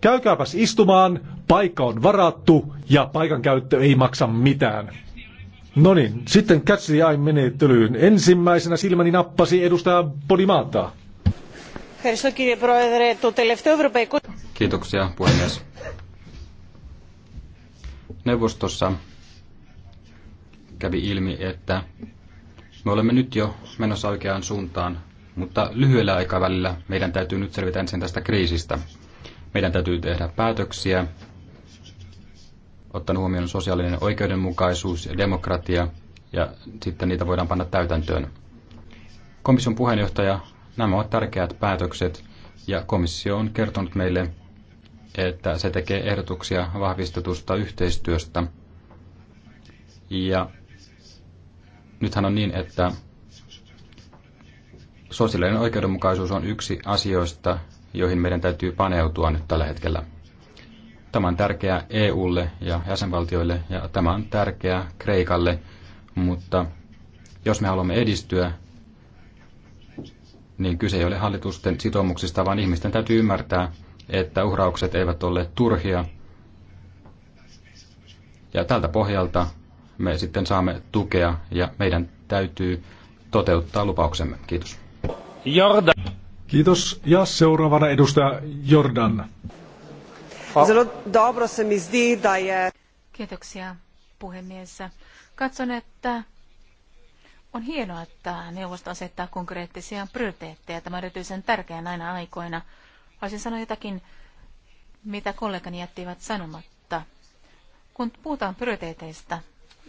Käykääpäs istumaan, paikka on varattu ja paikan käyttö ei maksa mitään. No niin, sitten catch the menettelyyn. Ensimmäisenä silmäni nappasi edustaja Podimaata. Kiitoksia puhemies neuvostossa kävi ilmi, että me olemme nyt jo menossa oikeaan suuntaan, mutta lyhyellä aikavälillä meidän täytyy nyt selvitä ensin tästä kriisistä. Meidän täytyy tehdä päätöksiä, ottaa huomioon sosiaalinen oikeudenmukaisuus ja demokratia, ja sitten niitä voidaan panna täytäntöön. Komission puheenjohtaja, nämä ovat tärkeät päätökset, ja komissio on kertonut meille, että se tekee ehdotuksia vahvistetusta yhteistyöstä. Ja nythän on niin, että sosiaalinen oikeudenmukaisuus on yksi asioista, joihin meidän täytyy paneutua nyt tällä hetkellä. Tämä on tärkeää EUlle ja jäsenvaltioille ja tämä on tärkeää Kreikalle, mutta jos me haluamme edistyä, niin kyse ei ole hallitusten sitoumuksista, vaan ihmisten täytyy ymmärtää, että uhraukset eivät ole turhia. Ja tältä pohjalta me sitten saamme tukea ja meidän täytyy toteuttaa lupauksemme. Kiitos. Jordan. Kiitos. Ja seuraavana edustaja Jordan. Kiitoksia puhemies. Katson, että on hienoa, että neuvosto asettaa konkreettisia prioriteetteja. Tämä on erityisen tärkeää näinä aikoina – Haluaisin sanoa jotakin, mitä kollegani jättivät sanomatta. Kun puhutaan prioriteeteista,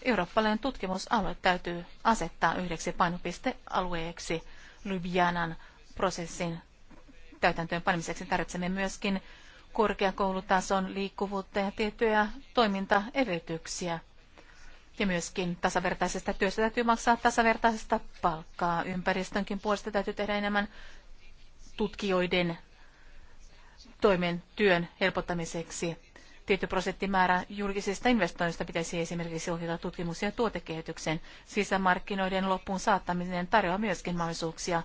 eurooppalainen tutkimusalue täytyy asettaa yhdeksi painopistealueeksi Ljubljanan prosessin täytäntöön panemiseksi. Tarvitsemme myöskin korkeakoulutason liikkuvuutta ja tiettyjä toimintaevytyksiä. Ja myöskin tasavertaisesta työstä täytyy maksaa tasavertaisesta palkkaa. Ympäristönkin puolesta täytyy tehdä enemmän tutkijoiden toimen työn helpottamiseksi. Tietty prosenttimäärä julkisista investoinnista pitäisi esimerkiksi ohjata tutkimus- ja tuotekehityksen Sisämarkkinoiden loppuun saattaminen tarjoaa myöskin mahdollisuuksia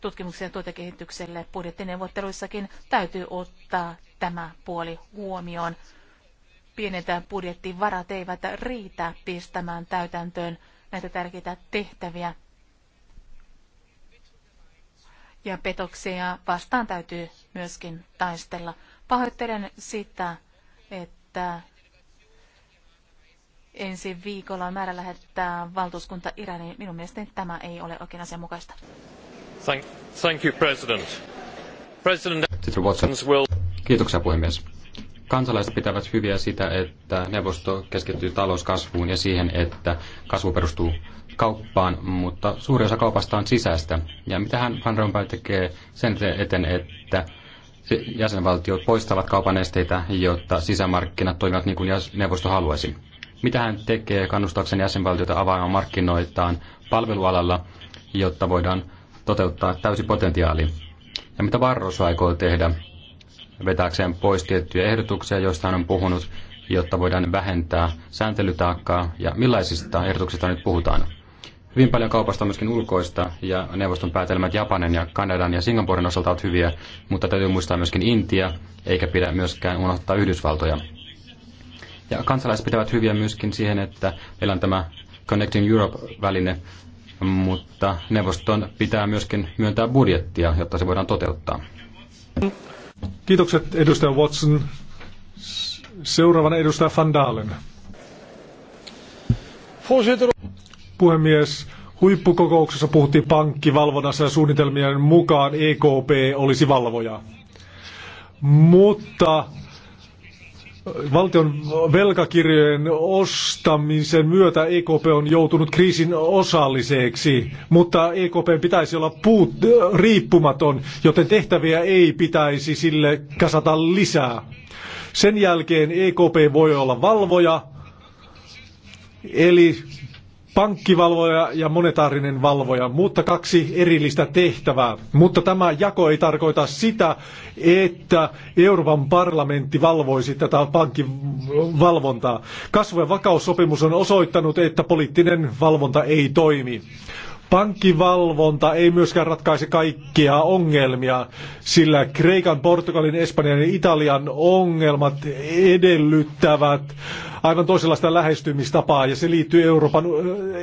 tutkimuksen ja tuotekehitykselle. Budjettineuvotteluissakin täytyy ottaa tämä puoli huomioon. Pienentää budjettivarat eivät riitä pistämään täytäntöön näitä tärkeitä tehtäviä ja petoksia vastaan täytyy myöskin taistella. Pahoittelen sitä, että ensi viikolla on määrä lähettää valtuuskunta Iraniin. Minun mielestäni tämä ei ole oikein asianmukaista. Thank, thank you, President. President... Kiitoksia puhemies kansalaiset pitävät hyviä sitä, että neuvosto keskittyy talouskasvuun ja siihen, että kasvu perustuu kauppaan, mutta suuri osa kaupasta on sisäistä. Ja hän Van Rompuy tekee sen eteen, että jäsenvaltiot poistavat kaupan esteitä, jotta sisämarkkinat toimivat niin kuin neuvosto haluaisi. Mitä hän tekee kannustaakseen jäsenvaltioita avaamaan markkinoitaan palvelualalla, jotta voidaan toteuttaa täysi potentiaali? Ja mitä Barroso aikoo tehdä, vetääkseen pois tiettyjä ehdotuksia, joista hän on puhunut, jotta voidaan vähentää sääntelytaakkaa ja millaisista ehdotuksista nyt puhutaan. Hyvin paljon kaupasta on myöskin ulkoista ja neuvoston päätelmät Japanin ja Kanadan ja Singaporen osalta ovat hyviä, mutta täytyy muistaa myöskin Intia, eikä pidä myöskään unohtaa Yhdysvaltoja. Ja kansalaiset pitävät hyviä myöskin siihen, että meillä on tämä Connecting Europe-väline, mutta neuvoston pitää myöskin myöntää budjettia, jotta se voidaan toteuttaa. Kiitokset edustaja Watson. Seuraavana edustaja Van Dalen. Puhemies, huippukokouksessa puhuttiin pankkivalvonnassa ja suunnitelmien mukaan EKP olisi valvoja. Mutta valtion velkakirjojen ostamisen myötä EKP on joutunut kriisin osalliseksi, mutta EKP pitäisi olla puut, riippumaton, joten tehtäviä ei pitäisi sille kasata lisää. Sen jälkeen EKP voi olla valvoja, eli pankkivalvoja ja monetaarinen valvoja, mutta kaksi erillistä tehtävää. Mutta tämä jako ei tarkoita sitä, että Euroopan parlamentti valvoisi tätä pankkivalvontaa. Kasvu- ja vakaussopimus on osoittanut, että poliittinen valvonta ei toimi. Pankkivalvonta ei myöskään ratkaise kaikkia ongelmia, sillä Kreikan, Portugalin, Espanjan ja Italian ongelmat edellyttävät aivan toisenlaista lähestymistapaa ja se liittyy Euroopan,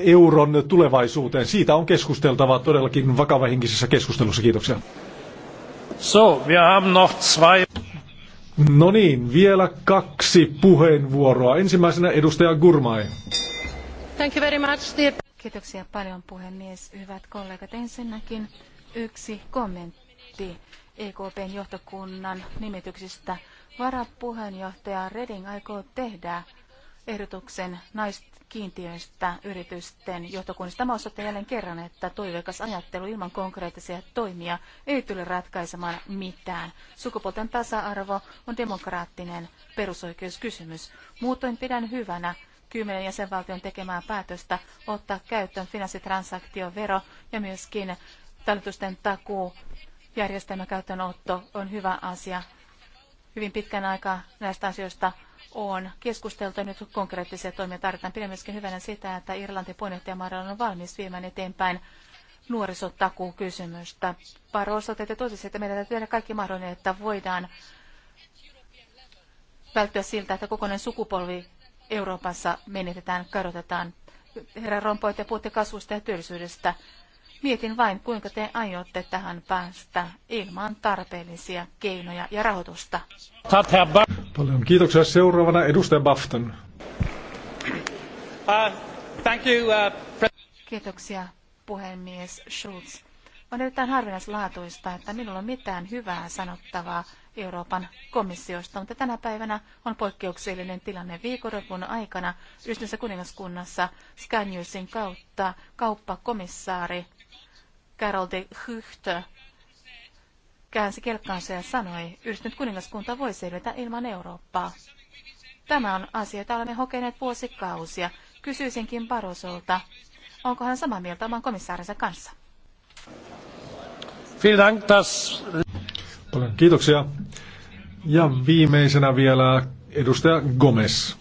euron tulevaisuuteen. Siitä on keskusteltava todellakin vakavahenkisessä keskustelussa. Kiitoksia. So, wir haben noch zwei. No niin, vielä kaksi puheenvuoroa. Ensimmäisenä edustaja Gurmai. Thank you very much, dear... Kiitoksia paljon puhemies, hyvät kollegat. Ensinnäkin yksi kommentti EKPn johtokunnan nimityksistä. Varapuheenjohtaja Reding aikoo tehdä ehdotuksen naiskiintiöistä yritysten johtokunnista. Tämä osoittaa jälleen kerran, että toiveikas ajattelu ilman konkreettisia toimia ei tule ratkaisemaan mitään. Sukupuolten tasa-arvo on demokraattinen perusoikeuskysymys. Muutoin pidän hyvänä kymmenen jäsenvaltion tekemää päätöstä ottaa käyttöön finanssitransaktiovero ja myöskin talletusten takuu järjestelmän käyttöönotto on hyvä asia. Hyvin pitkän aikaa näistä asioista on keskusteltu nyt konkreettisia toimia tarvitaan. Pidän myöskin hyvänä sitä, että Irlantin puheenjohtajamaalla on valmis viemään eteenpäin nuorisotakuukysymystä. Barroso, te totesitte, että meidän täytyy tehdä kaikki mahdollinen, että voidaan välttyä siltä, että kokonainen sukupolvi Euroopassa menetetään, kadotetaan. Herra Rompoi, te puhutte kasvusta ja työllisyydestä. Mietin vain, kuinka te aiotte tähän päästä ilman tarpeellisia keinoja ja rahoitusta. Paljon kiitoksia. Seuraavana edustaja Bafton. Uh, thank you, uh, Kiitoksia, puhemies Schulz. On erittäin harvinaislaatuista, että minulla on mitään hyvää sanottavaa Euroopan komissiosta, mutta tänä päivänä on poikkeuksellinen tilanne viikonlopun aikana yhdistyneessä kuningaskunnassa Scaniusin kautta kauppakomissaari Carol de Hucht käänsi kelkkaansa ja sanoi, yhdistynyt kuningaskunta voi selvitä ilman Eurooppaa. Tämä on asia, jota olemme hokeneet vuosikausia. Kysyisinkin Barosolta, onko hän samaa mieltä oman komissaarinsa kanssa? Paljon kiitoksia. Ja viimeisenä vielä edustaja Gomez.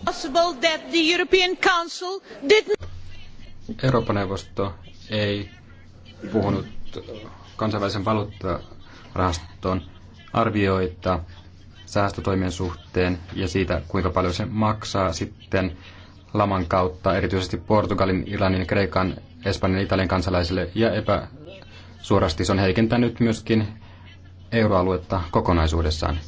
Euroopan neuvosto ei puhunut kansainvälisen valuuttarahaston arvioita säästötoimien suhteen ja siitä, kuinka paljon se maksaa sitten laman kautta, erityisesti Portugalin, Irlannin, Kreikan, Espanjan, Italian kansalaisille ja epäsuorasti se on heikentänyt myöskin euroaluetta kokonaisuudessaan.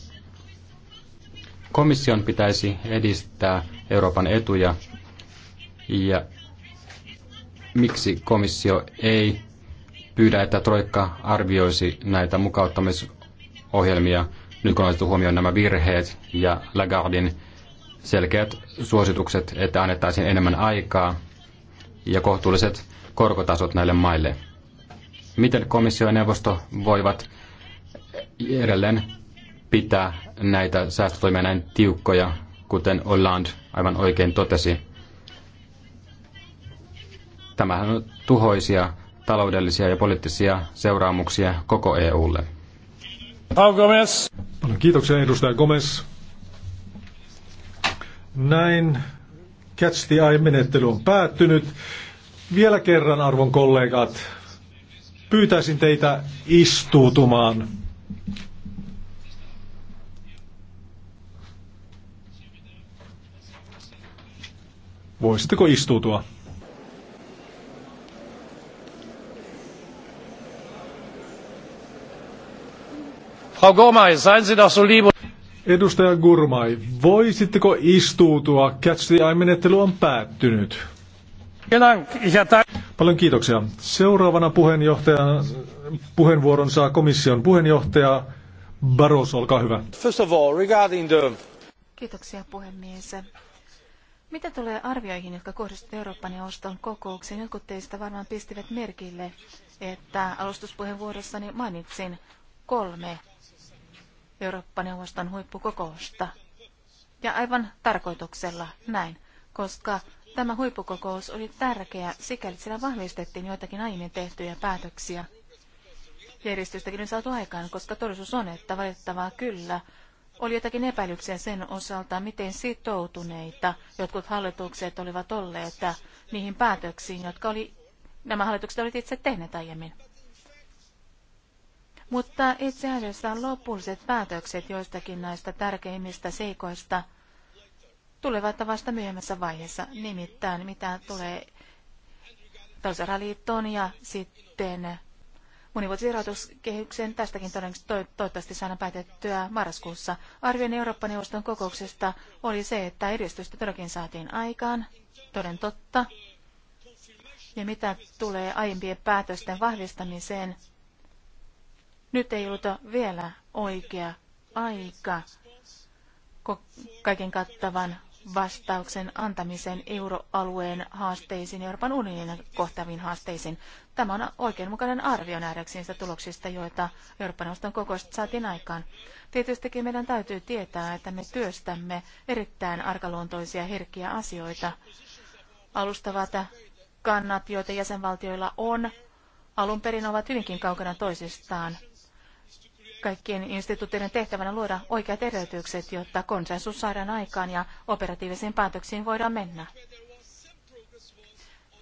Komission pitäisi edistää Euroopan etuja ja miksi komissio ei pyydä, että Troikka arvioisi näitä mukauttamisohjelmia, nyt kun on otettu huomioon nämä virheet ja Lagardin selkeät suositukset, että annettaisiin enemmän aikaa ja kohtuulliset korkotasot näille maille. Miten komissio ja neuvosto voivat edelleen pitää näitä säästötoimia näin tiukkoja, kuten Hollande aivan oikein totesi. Tämähän on tuhoisia taloudellisia ja poliittisia seuraamuksia koko EUlle. Paljon kiitoksia edustaja Gomez. Näin Catch the Eye-menettely on päättynyt. Vielä kerran, arvon kollegat, pyytäisin teitä istuutumaan. Voisitteko istuutua? Frau Gormai, seien Sie doch so lieb. Edustaja Gurmai, voisitteko istuutua? Catch the Eye-menettely on päättynyt. Paljon kiitoksia. Seuraavana puheenjohtajan puheenvuoron saa komission puheenjohtaja Barroso, olkaa hyvä. First of all, regarding the... Kiitoksia puhemies. Mitä tulee arvioihin, jotka kohdistuvat Euroopan neuvoston kokoukseen? Jotkut teistä varmaan pistivät merkille, että alustuspuheenvuorossani mainitsin kolme Eurooppa-neuvoston huippukokousta. Ja aivan tarkoituksella näin, koska tämä huippukokous oli tärkeä, sikäli sillä vahvistettiin joitakin aiemmin tehtyjä päätöksiä. Järjestystäkin on saatu aikaan, koska todellisuus on, että valitettavaa kyllä oli jotakin epäilyksiä sen osalta, miten sitoutuneita jotkut hallitukset olivat olleet niihin päätöksiin, jotka oli, nämä hallitukset olivat itse tehneet aiemmin. Mutta itse asiassa lopulliset päätökset joistakin näistä tärkeimmistä seikoista tulevat vasta myöhemmässä vaiheessa, nimittäin mitä tulee talousaraliittoon ja sitten monivuotisen rahoituskehyksen. Tästäkin toivottavasti saadaan päätettyä marraskuussa. Arvion Eurooppa-neuvoston kokouksesta oli se, että edistystä todellakin saatiin aikaan, toden totta. Ja mitä tulee aiempien päätösten vahvistamiseen, nyt ei ollut vielä oikea aika kaiken kattavan vastauksen antamisen euroalueen haasteisiin, Euroopan unionin kohtaviin haasteisiin. Tämä on oikeudenmukainen arvio nähdäkseen niistä tuloksista, joita Euroopan neuvoston kokousta saatiin aikaan. Tietystikin meidän täytyy tietää, että me työstämme erittäin arkaluontoisia herkkiä asioita. Alustavat kannat, joita jäsenvaltioilla on, alun perin ovat hyvinkin kaukana toisistaan. Kaikkien instituutioiden tehtävänä luoda oikeat edellytykset, jotta konsensus saadaan aikaan ja operatiivisiin päätöksiin voidaan mennä.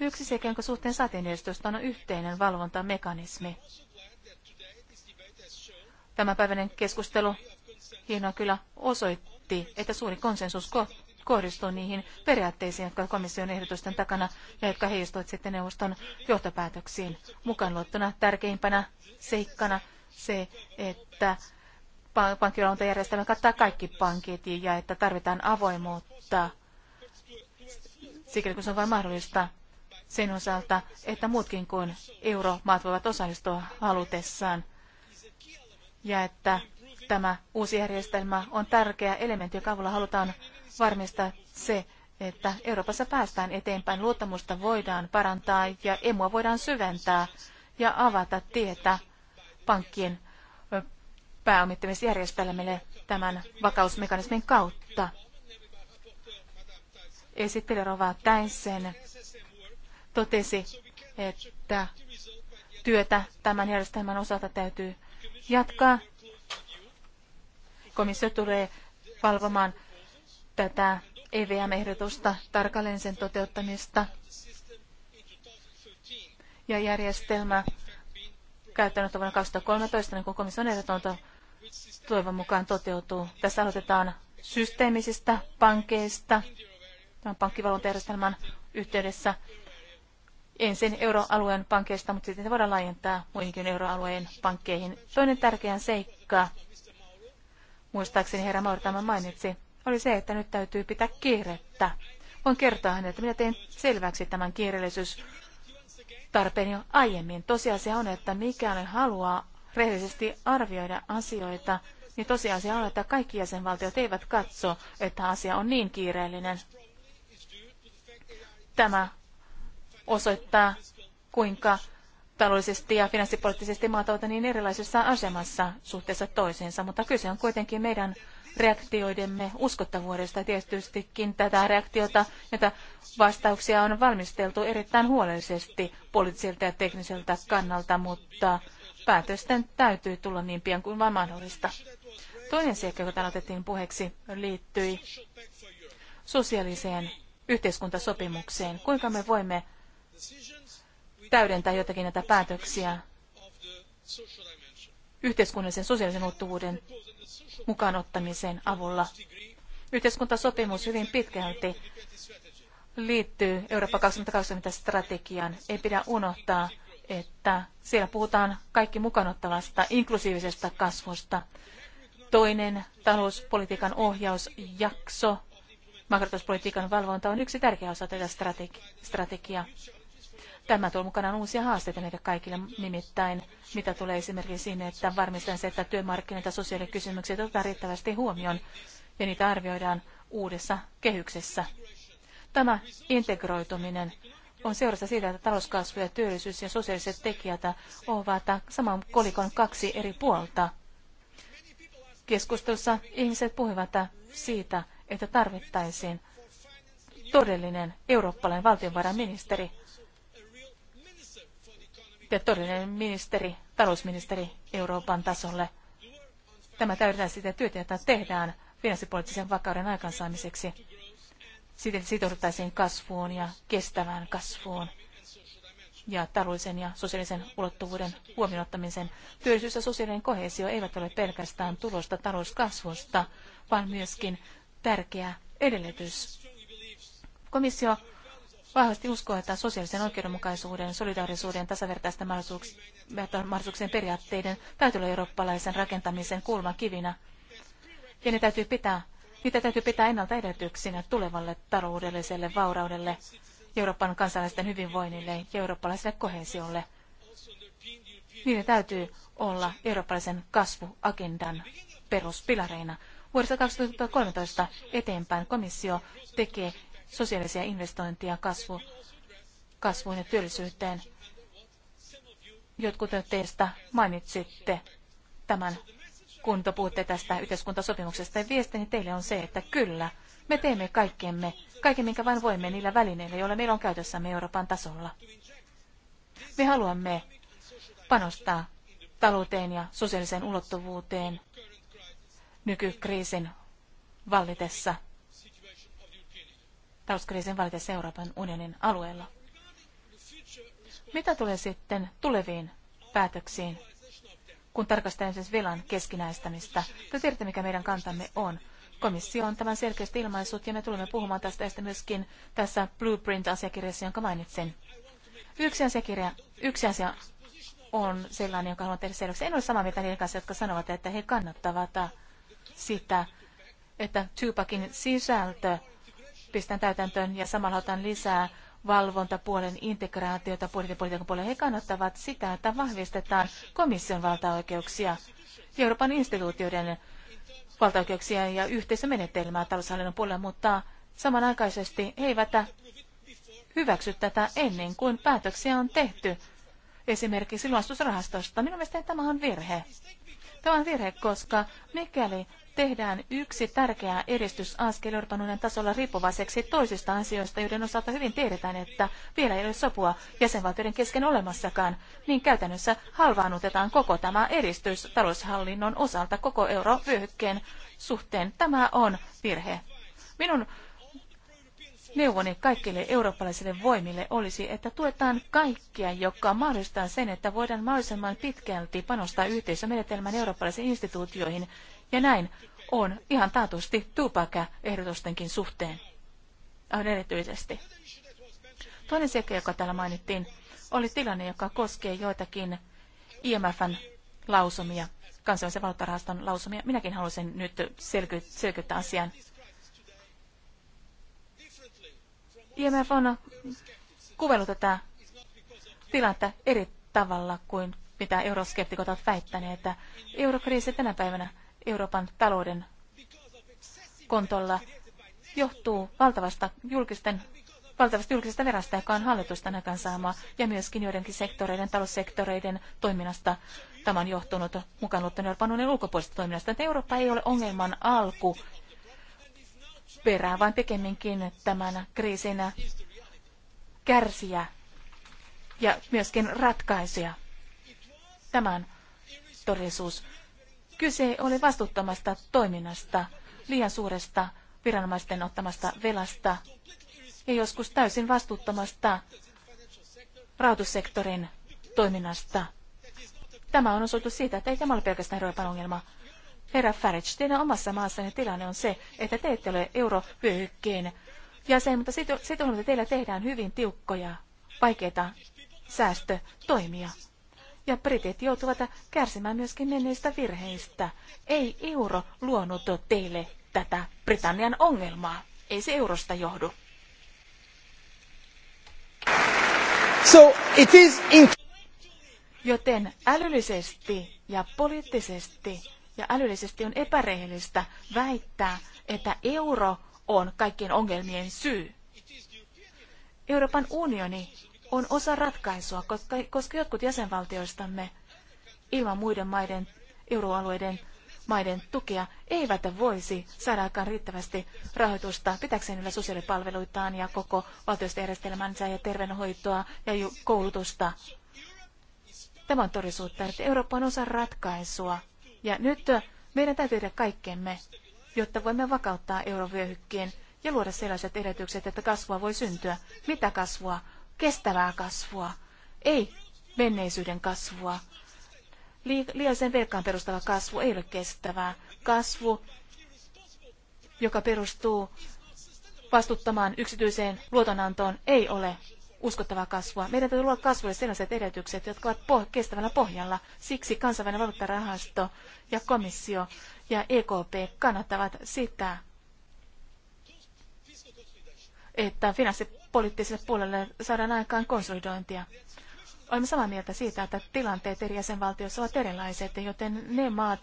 Yksi sekä jonka suhteen saatiin edistystä on yhteinen valvontamekanismi. Tämänpäiväinen keskustelu hienoa kyllä osoitti, että suuri konsensus kohdistuu niihin periaatteisiin, jotka komission ehdotusten takana ja jotka heijastuvat sitten neuvoston johtopäätöksiin. Mukaan luottuna tärkeimpänä seikkana se, että pankkivalvontajärjestelmä kattaa kaikki pankit ja että tarvitaan avoimuutta sikäli kun se on vain mahdollista sen osalta, että muutkin kuin euromaat voivat osallistua halutessaan. Ja että tämä uusi järjestelmä on tärkeä elementti, joka avulla halutaan varmistaa se, että Euroopassa päästään eteenpäin, luottamusta voidaan parantaa ja emua voidaan syventää ja avata tietä pankkien pääomittamisjärjestelmille tämän vakausmekanismin kautta. Esittely Rova Täisen totesi, että työtä tämän järjestelmän osalta täytyy jatkaa. Komissio tulee valvomaan tätä EVM-ehdotusta, tarkalleen sen toteuttamista. Ja järjestelmä käyttänyt vuonna 2013, niin kuin komission ehdotonta toivon mukaan toteutuu. Tässä aloitetaan systeemisistä pankeista tämän pankkivalvontajärjestelmän yhteydessä ensin euroalueen pankeista, mutta sitten se voidaan laajentaa muihinkin euroalueen pankkeihin. Toinen tärkeä seikka, muistaakseni herra Mauri tämän mainitsi, oli se, että nyt täytyy pitää kiirettä. Voin kertoa hänelle, että minä tein selväksi tämän kiireellisyys tarpeen jo aiemmin. Tosiasia on, että mikäli haluaa rehellisesti arvioida asioita, niin tosiasia on, että kaikki jäsenvaltiot eivät katso, että asia on niin kiireellinen. Tämä osoittaa, kuinka taloudellisesti ja finanssipoliittisesti maat ovat niin erilaisessa asemassa suhteessa toisiinsa, mutta kyse on kuitenkin meidän reaktioidemme uskottavuudesta. Tietystikin tätä reaktiota, näitä vastauksia on valmisteltu erittäin huolellisesti poliittiselta ja tekniseltä kannalta, mutta päätösten täytyy tulla niin pian kuin vain mahdollista. Toinen seikka, joka täällä otettiin puheeksi, liittyi sosiaaliseen yhteiskuntasopimukseen. Kuinka me voimme täydentää jotakin näitä päätöksiä yhteiskunnallisen sosiaalisen ulottuvuuden mukaanottamisen avulla. Yhteiskuntasopimus hyvin pitkälti liittyy Eurooppa 2020 strategiaan. Ei pidä unohtaa, että siellä puhutaan kaikki mukanottavasta inklusiivisesta kasvusta. Toinen talouspolitiikan ohjausjakso, makrotalouspolitiikan valvonta on yksi tärkeä osa tätä strategi- strategiaa. Tämä tuo mukanaan uusia haasteita meille kaikille, nimittäin mitä tulee esimerkiksi siihen, että varmistetaan se, että työmarkkinat ja sosiaalikysymykset otetaan riittävästi huomioon ja niitä arvioidaan uudessa kehyksessä. Tämä integroituminen on seurassa siitä, että talouskasvu ja työllisyys ja sosiaaliset tekijät ovat saman kolikon kaksi eri puolta. Keskustelussa ihmiset puhuvat siitä, että tarvittaisiin todellinen eurooppalainen valtionvarainministeri ja todellinen ministeri, talousministeri Euroopan tasolle. Tämä täydentää sitä työtä, jota tehdään finanssipoliittisen vakauden aikaansaamiseksi. Siten sitouduttaisiin kasvuun ja kestävään kasvuun ja taloudellisen ja sosiaalisen ulottuvuuden huomioottamisen. Työllisyys ja sosiaalinen kohesio eivät ole pelkästään tulosta talouskasvusta, vaan myöskin tärkeä edellytys. Komissio vahvasti uskoa, että sosiaalisen oikeudenmukaisuuden, solidaarisuuden, tasavertaisten mahdollisuuksien periaatteiden täytyy olla eurooppalaisen rakentamisen kulmakivinä. Ja ne täytyy pitää, niitä täytyy pitää ennalta edellytyksinä tulevalle taloudelliselle vauraudelle, Euroopan kansalaisten hyvinvoinnille ja eurooppalaiselle kohesiolle. Niiden täytyy olla eurooppalaisen kasvuagendan peruspilareina. Vuodesta 2013 eteenpäin komissio tekee sosiaalisia investointeja kasvu, kasvuun ja työllisyyteen. Jotkut teistä mainitsitte tämän, kun te puhutte tästä yhteiskuntasopimuksesta. Ja viestini teille on se, että kyllä, me teemme kaikkemme, kaiken minkä vain voimme niillä välineillä, joilla meillä on käytössämme Euroopan tasolla. Me haluamme panostaa talouteen ja sosiaaliseen ulottuvuuteen nykykriisin vallitessa talouskriisin valitessa Euroopan unionin alueella. Mitä tulee sitten tuleviin päätöksiin, kun tarkastellaan siis velan keskinäistämistä? Te tiedätte, mikä meidän kantamme on. Komissio on tämän selkeästi ilmaissut ja me tulemme puhumaan tästä ja myöskin tässä Blueprint-asiakirjassa, jonka mainitsin. Yksi asiakirja, yksi asia on sellainen, jonka haluan tehdä selväksi. En ole samaa mieltä niiden kanssa, jotka sanovat, että he kannattavat sitä, että Tupakin sisältö pistän täytäntöön ja samalla otan lisää valvontapuolen integraatiota budjettipolitiikan puolelle. He kannattavat sitä, että vahvistetaan komission valtaoikeuksia, Euroopan instituutioiden valtaoikeuksia ja yhteisömenetelmää taloushallinnon puolella, mutta samanaikaisesti he eivät hyväksy tätä ennen kuin päätöksiä on tehty. Esimerkiksi luostusrahastosta. Minun mielestäni tämä on virhe. Tämä on virhe, koska mikäli tehdään yksi tärkeä edistysaskel Euroopan unionin tasolla riippuvaiseksi toisista asioista, joiden osalta hyvin tiedetään, että vielä ei ole sopua jäsenvaltioiden kesken olemassakaan, niin käytännössä halvaannutetaan koko tämä edistys taloushallinnon osalta koko eurovyöhykkeen suhteen. Tämä on virhe. Minun Neuvoni kaikille eurooppalaisille voimille olisi, että tuetaan kaikkia, joka mahdollistaa sen, että voidaan mahdollisimman pitkälti panostaa yhteisömenetelmän eurooppalaisiin instituutioihin, ja näin on ihan taatusti Tupac-ehdotustenkin suhteen. Aivan erityisesti. Toinen seikka, joka täällä mainittiin, oli tilanne, joka koskee joitakin IMFn lausumia, kansainvälisen valuuttarahaston lausumia. Minäkin haluaisin nyt selkeyttää asian. IMF on kuvellut tätä tilannetta eri tavalla kuin mitä euroskeptikot ovat väittäneet, että eurokriisi tänä päivänä Euroopan talouden kontolla johtuu valtavasta julkisten valtavasta julkisesta verasta, joka on hallitusten aikaansaamaa, ja myöskin joidenkin sektoreiden, taloussektoreiden toiminnasta. Tämä on johtunut mukaan luottanut Euroopan unionin ulkopuolisesta toiminnasta, että Eurooppa ei ole ongelman alku perään, vaan pikemminkin tämän kriisin kärsiä ja myöskin ratkaisuja. Tämän todellisuus. Kyse oli vastuuttomasta toiminnasta, liian suuresta viranomaisten ottamasta velasta ja joskus täysin vastuuttomasta rahoitussektorin toiminnasta. Tämä on osoitus siitä, että ei tämä ole pelkästään Euroopan ongelma. Herra Farage, teidän omassa maassanne tilanne on se, että te ette ole eurovyöhykkeen jäsen, mutta on, että teillä tehdään hyvin tiukkoja, vaikeita säästötoimia. Ja britit joutuvat kärsimään myöskin menneistä virheistä. Ei euro luonut teille tätä Britannian ongelmaa. Ei se eurosta johdu. So it is in... Joten älyllisesti ja poliittisesti ja älyllisesti on epärehellistä väittää, että euro on kaikkien ongelmien syy. Euroopan unioni on osa ratkaisua, koska, koska jotkut jäsenvaltioistamme ilman muiden maiden, euroalueiden maiden tukea eivät voisi saada aikaan riittävästi rahoitusta pitäkseen yllä sosiaalipalveluitaan ja koko valtiostojärjestelmänsä ja terveydenhoitoa ja koulutusta. Tämä on todellisuutta, että Eurooppa on osa ratkaisua ja nyt meidän täytyy tehdä kaikkemme, jotta voimme vakauttaa eurovyöhykkeen ja luoda sellaiset edellytykset, että kasvua voi syntyä. Mitä kasvua? Kestävää kasvua. Ei menneisyyden kasvua. Liiallisen velkaan perustava kasvu ei ole kestävää. Kasvu, joka perustuu vastuttamaan yksityiseen luotonantoon, ei ole uskottavaa kasvua. Meidän täytyy luoda kasvulle sellaiset edellytykset, jotka ovat poh- kestävällä pohjalla. Siksi kansainvälinen valuuttarahasto ja komissio ja EKP kannattavat sitä, että finanssipoliittiselle puolelle saadaan aikaan konsolidointia. Olemme samaa mieltä siitä, että tilanteet eri jäsenvaltioissa ovat erilaiset, joten ne maat,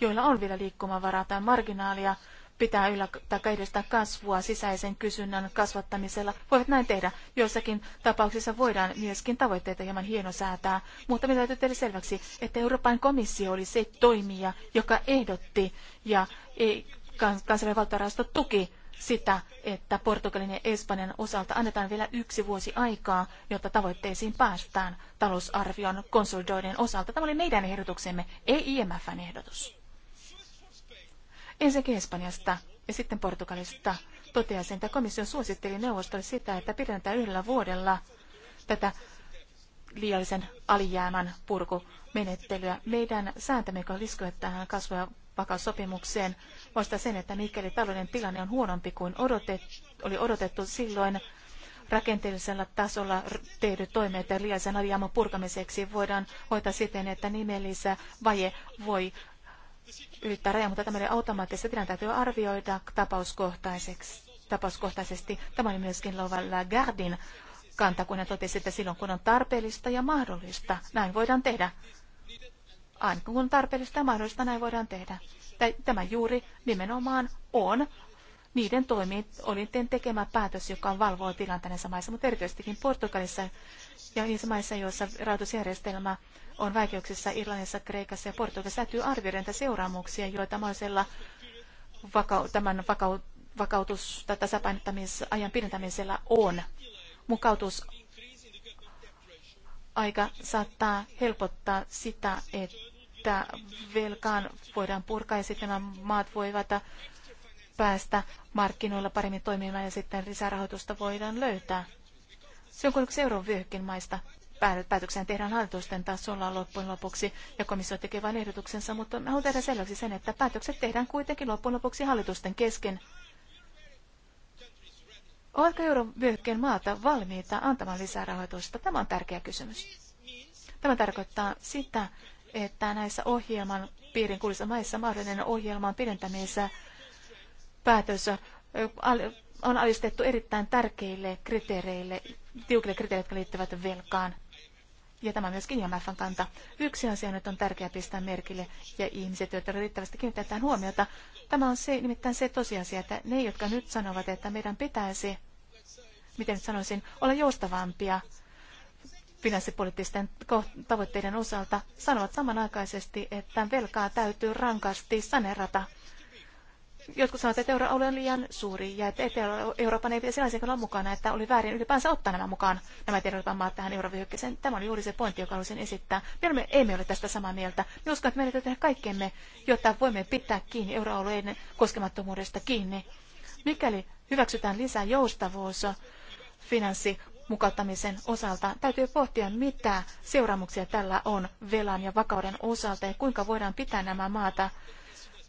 joilla on vielä liikkumavaraa tai marginaalia, pitää yllä tai edistää kasvua sisäisen kysynnän kasvattamisella. Voivat näin tehdä. Joissakin tapauksissa voidaan myöskin tavoitteita hieman hienosäätää, mutta minä täytyy tehdä selväksi, että Euroopan komissio oli se toimija, joka ehdotti ja ei, kansainvälinen tuki sitä, että Portugalin ja Espanjan osalta annetaan vielä yksi vuosi aikaa, jotta tavoitteisiin päästään talousarvion konsolidoiden osalta. Tämä oli meidän ehdotuksemme, ei IMFn ehdotus. Ensinnäkin Espanjasta ja sitten Portugalista toteaisin, että komissio suositteli neuvostolle sitä, että pidetään yhdellä vuodella tätä liiallisen alijäämän purkumenettelyä. Meidän sääntämme, joka liskoi tähän kasvu- ja vakaussopimukseen, vastaa sen, että mikäli talouden tilanne on huonompi kuin odotettu, oli odotettu silloin, rakenteellisella tasolla tehdyt toimet ja liiallisen alijäämän purkamiseksi voidaan hoitaa siten, että nimellisä vaje voi ylittää raja, mutta tämmöinen ei automaattista. Tilanne täytyy arvioida tapauskohtaisesti. Tämä oli myöskin Loval Lagardin kanta, kun hän totesi, että silloin kun on tarpeellista ja mahdollista, näin voidaan tehdä. Aina kun tarpeellista ja mahdollista, näin voidaan tehdä. Tämä juuri nimenomaan on niiden toimiin olinten tekemä päätös, joka valvoo tilanteensa maissa, mutta erityisestikin Portugalissa ja niissä maissa, joissa rahoitusjärjestelmä on vaikeuksissa Irlannissa, Kreikassa ja Portugalissa. Täytyy arvioida näitä seuraamuksia, joita mahdollisella vakau- tämän vakau- vakautus- tai tasapainottamisajan pidentämisellä on. Mukautus aika saattaa helpottaa sitä, että velkaan voidaan purkaa ja sitten nämä maat voivat päästä markkinoilla paremmin toimimaan ja sitten lisärahoitusta voidaan löytää. Se on kuitenkin euron vyöhykin maista päätöksiä tehdään hallitusten tasolla loppujen lopuksi ja komissio tekee vain ehdotuksensa, mutta mä haluan tehdä selväksi sen, että päätökset tehdään kuitenkin loppujen lopuksi hallitusten kesken. Ovatko eurovyöhykkeen maata valmiita antamaan lisää rahoitusta? Tämä on tärkeä kysymys. Tämä tarkoittaa sitä, että näissä ohjelman piirin kuulissa maissa mahdollinen ohjelman pidentämisessä päätös on alistettu erittäin tärkeille kriteereille, tiukille kriteereille, jotka liittyvät velkaan. Ja tämä myöskin IMFn kanta. Yksi asia nyt on tärkeää pistää merkille, ja ihmiset, joita riittävästi kiinnitetään huomiota, tämä on se, nimittäin se tosiasia, että ne, jotka nyt sanovat, että meidän pitäisi, miten nyt sanoisin, olla joustavampia finanssipoliittisten tavoitteiden osalta, sanovat samanaikaisesti, että velkaa täytyy rankasti sanerata Jotkut sanovat, että euroalue on liian suuri ja että Euroopan ei pitäisi sellaisen olla mukana, että oli väärin ylipäänsä ottaa nämä mukaan, nämä Euroopan maat tähän eurovyöhykkeeseen. Tämä on juuri se pointti, joka haluaisin esittää. Me emme, emme ole tästä samaa mieltä. Me uskon, että meidän täytyy tehdä kaikkemme, jotta voimme pitää kiinni euroalueen koskemattomuudesta kiinni. Mikäli hyväksytään lisää joustavuus finanssi mukauttamisen osalta täytyy pohtia, mitä seuraamuksia tällä on velan ja vakauden osalta ja kuinka voidaan pitää nämä maata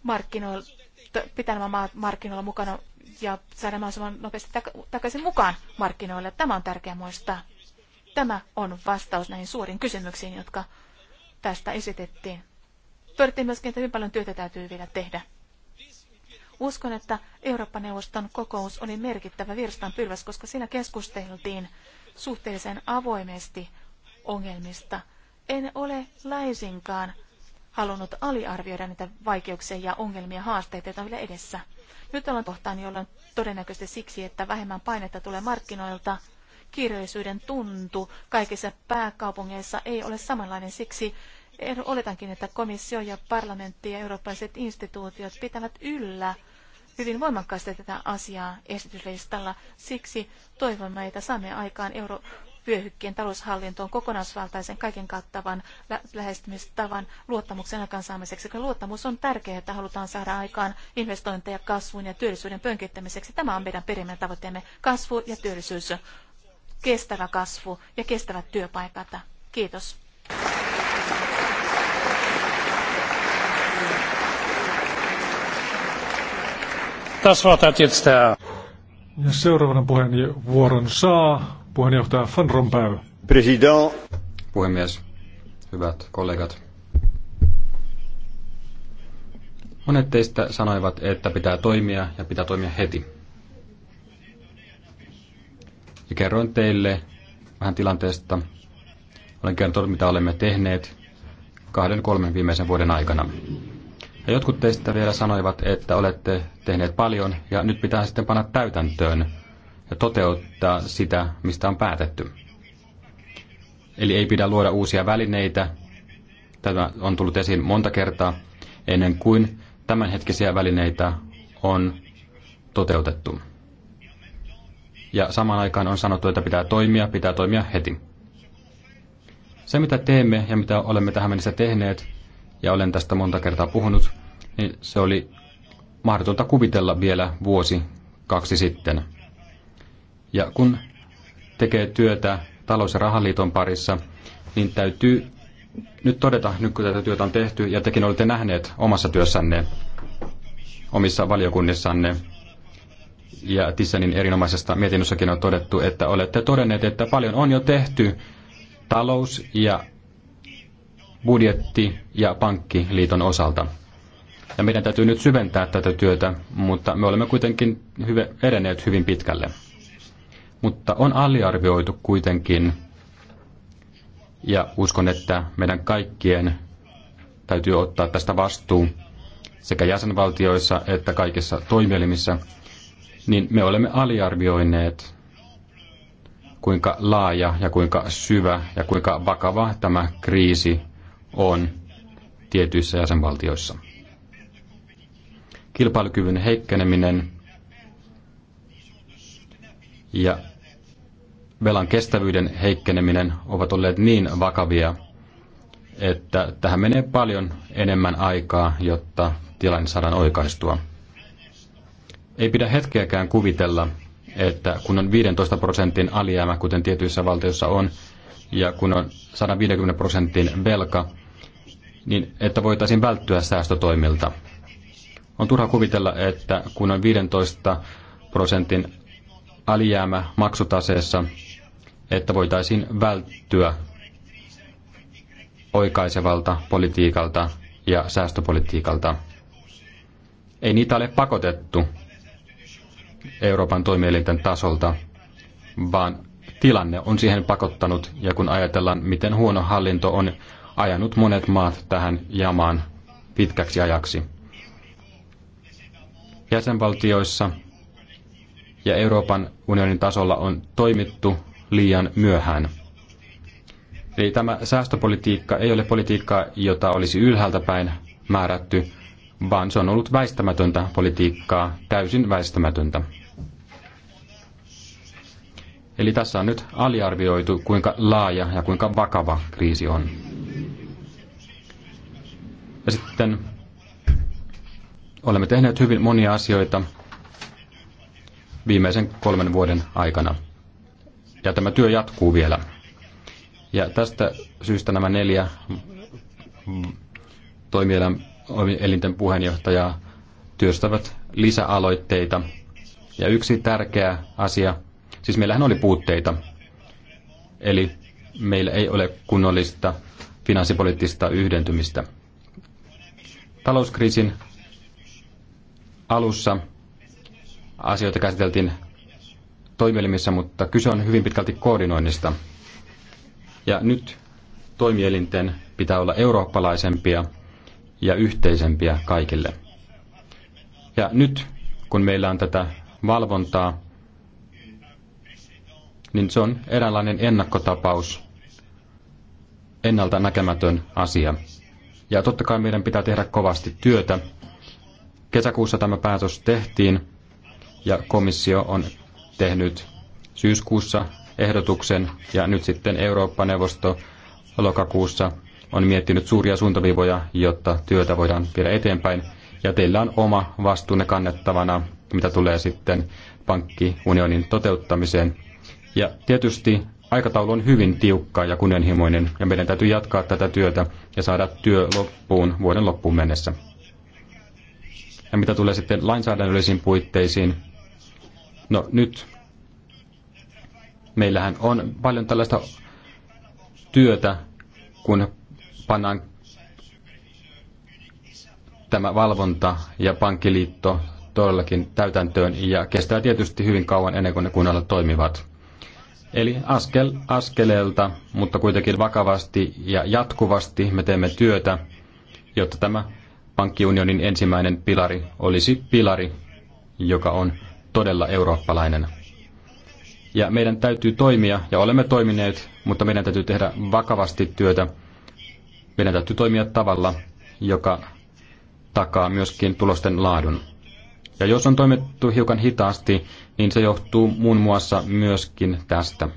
markkinoilla, pitää nämä maat markkinoilla mukana ja saada mahdollisimman nopeasti takaisin mukaan markkinoille. Tämä on tärkeää muistaa. Tämä on vastaus näihin suuriin kysymyksiin, jotka tästä esitettiin. Todettiin myöskin, että hyvin paljon työtä täytyy vielä tehdä. Uskon, että Eurooppa-neuvoston kokous oli merkittävä virstanpylväs, koska siinä keskusteltiin suhteellisen avoimesti ongelmista. En ole laisinkaan halunnut aliarvioida niitä vaikeuksia ja ongelmia haasteita, joita on vielä edessä. Nyt ollaan kohtaan, on todennäköisesti siksi, että vähemmän painetta tulee markkinoilta, kiireellisyyden tuntu kaikissa pääkaupungeissa ei ole samanlainen. Siksi oletankin, että komissio ja parlamentti ja eurooppalaiset instituutiot pitävät yllä hyvin voimakkaasti tätä asiaa esityslistalla. Siksi toivomme, että saamme aikaan euro- vyöhykkeen taloushallintoon kokonaisvaltaisen kaiken kattavan lähestymistavan luottamuksen aikaansaamiseksi. koska luottamus on tärkeää, että halutaan saada aikaan investointeja kasvun ja työllisyyden pönkittämiseksi. Tämä on meidän perimmäinen tavoitteemme. Kasvu ja työllisyys, kestävä kasvu ja kestävät työpaikat. Kiitos. Das Wort hat jetzt der... Ja seuraavana puheenvuoron saa Puheenjohtaja Van Rompuy. President. Puhemies, hyvät kollegat. Monet teistä sanoivat, että pitää toimia ja pitää toimia heti. Ja kerroin teille vähän tilanteesta. Olen kertonut, mitä olemme tehneet kahden kolmen viimeisen vuoden aikana. Ja jotkut teistä vielä sanoivat, että olette tehneet paljon ja nyt pitää sitten panna täytäntöön ja toteuttaa sitä, mistä on päätetty. Eli ei pidä luoda uusia välineitä. Tämä on tullut esiin monta kertaa ennen kuin tämänhetkisiä välineitä on toteutettu. Ja samaan aikaan on sanottu, että pitää toimia, pitää toimia heti. Se, mitä teemme ja mitä olemme tähän mennessä tehneet, ja olen tästä monta kertaa puhunut, niin se oli mahdotonta kuvitella vielä vuosi, kaksi sitten – ja kun tekee työtä talous- ja rahaliiton parissa, niin täytyy nyt todeta, nyt kun tätä työtä on tehty ja tekin olette nähneet omassa työssänne, omissa valiokunnissanne, ja Tissanin erinomaisesta mietinnössäkin on todettu, että olette todenneet, että paljon on jo tehty talous- ja budjetti- ja pankkiliiton osalta. Ja meidän täytyy nyt syventää tätä työtä, mutta me olemme kuitenkin hyve, edenneet hyvin pitkälle mutta on aliarvioitu kuitenkin. Ja uskon, että meidän kaikkien täytyy ottaa tästä vastuu sekä jäsenvaltioissa että kaikissa toimielimissä, niin me olemme aliarvioineet, kuinka laaja ja kuinka syvä ja kuinka vakava tämä kriisi on tietyissä jäsenvaltioissa. Kilpailukyvyn heikkeneminen ja velan kestävyyden heikkeneminen ovat olleet niin vakavia, että tähän menee paljon enemmän aikaa, jotta tilanne saadaan oikaistua. Ei pidä hetkeäkään kuvitella, että kun on 15 prosentin alijäämä, kuten tietyissä valtioissa on, ja kun on 150 prosentin velka, niin että voitaisiin välttyä säästötoimilta. On turha kuvitella, että kun on 15 prosentin alijäämä maksutaseessa, että voitaisiin välttyä oikaisevalta politiikalta ja säästöpolitiikalta. Ei niitä ole pakotettu Euroopan toimielinten tasolta, vaan tilanne on siihen pakottanut, ja kun ajatellaan, miten huono hallinto on ajanut monet maat tähän jamaan pitkäksi ajaksi. Jäsenvaltioissa ja Euroopan unionin tasolla on toimittu liian myöhään. Eli tämä säästöpolitiikka ei ole politiikkaa, jota olisi ylhäältä päin määrätty, vaan se on ollut väistämätöntä politiikkaa, täysin väistämätöntä. Eli tässä on nyt aliarvioitu, kuinka laaja ja kuinka vakava kriisi on. Ja sitten olemme tehneet hyvin monia asioita, viimeisen kolmen vuoden aikana. Ja tämä työ jatkuu vielä. Ja tästä syystä nämä neljä toimielinten puheenjohtajaa työstävät lisäaloitteita. Ja yksi tärkeä asia, siis meillähän oli puutteita, eli meillä ei ole kunnollista finanssipoliittista yhdentymistä. Talouskriisin alussa asioita käsiteltiin toimielimissä, mutta kyse on hyvin pitkälti koordinoinnista. Ja nyt toimielinten pitää olla eurooppalaisempia ja yhteisempiä kaikille. Ja nyt, kun meillä on tätä valvontaa, niin se on eräänlainen ennakkotapaus, ennalta näkemätön asia. Ja totta kai meidän pitää tehdä kovasti työtä. Kesäkuussa tämä päätös tehtiin ja komissio on tehnyt syyskuussa ehdotuksen ja nyt sitten Eurooppa-neuvosto lokakuussa on miettinyt suuria suuntaviivoja, jotta työtä voidaan viedä eteenpäin. Ja teillä on oma vastuunne kannettavana, mitä tulee sitten pankkiunionin toteuttamiseen. Ja tietysti aikataulu on hyvin tiukka ja kunnianhimoinen, ja meidän täytyy jatkaa tätä työtä ja saada työ loppuun vuoden loppuun mennessä. Ja mitä tulee sitten lainsäädännöllisiin puitteisiin, No nyt meillähän on paljon tällaista työtä, kun pannaan tämä valvonta ja pankkiliitto todellakin täytäntöön ja kestää tietysti hyvin kauan ennen kuin ne kunnalla toimivat. Eli askel askeleelta, mutta kuitenkin vakavasti ja jatkuvasti me teemme työtä, jotta tämä pankkiunionin ensimmäinen pilari olisi pilari, joka on todella eurooppalainen. Ja meidän täytyy toimia, ja olemme toimineet, mutta meidän täytyy tehdä vakavasti työtä. Meidän täytyy toimia tavalla, joka takaa myöskin tulosten laadun. Ja jos on toimittu hiukan hitaasti, niin se johtuu muun muassa myöskin tästä.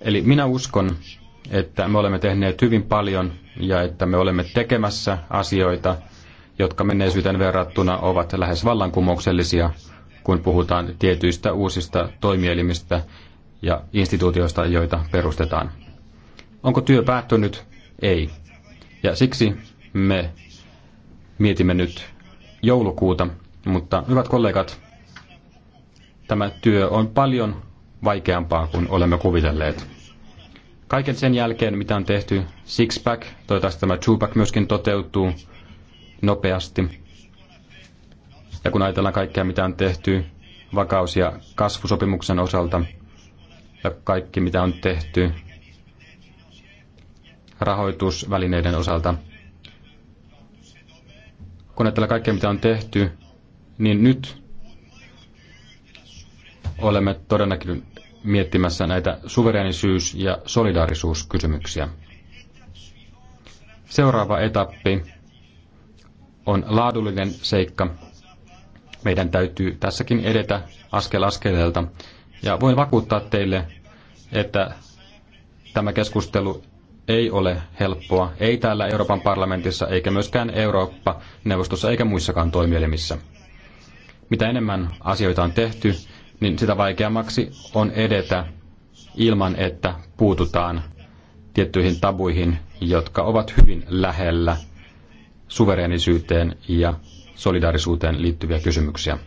Eli minä uskon, että me olemme tehneet hyvin paljon ja että me olemme tekemässä asioita, jotka menneisyyteen verrattuna ovat lähes vallankumouksellisia, kun puhutaan tietyistä uusista toimielimistä ja instituutioista, joita perustetaan. Onko työ päättynyt? Ei. Ja siksi me mietimme nyt joulukuuta, mutta hyvät kollegat, tämä työ on paljon vaikeampaa kuin olemme kuvitelleet. Kaiken sen jälkeen, mitä on tehty, Sixpack, toivottavasti tämä two myöskin toteutuu, nopeasti. Ja kun ajatellaan kaikkea, mitä on tehty vakaus- ja kasvusopimuksen osalta ja kaikki, mitä on tehty rahoitusvälineiden osalta, kun ajatellaan kaikkea, mitä on tehty, niin nyt olemme todennäköisesti miettimässä näitä suverenisyys- ja solidaarisuuskysymyksiä. Seuraava etappi on laadullinen seikka. Meidän täytyy tässäkin edetä askel askeleelta. Ja voin vakuuttaa teille, että tämä keskustelu ei ole helppoa, ei täällä Euroopan parlamentissa eikä myöskään Eurooppa-neuvostossa eikä muissakaan toimielimissä. Mitä enemmän asioita on tehty, niin sitä vaikeammaksi on edetä ilman, että puututaan tiettyihin tabuihin, jotka ovat hyvin lähellä suverenisuuteen ja solidaarisuuteen liittyviä kysymyksiä.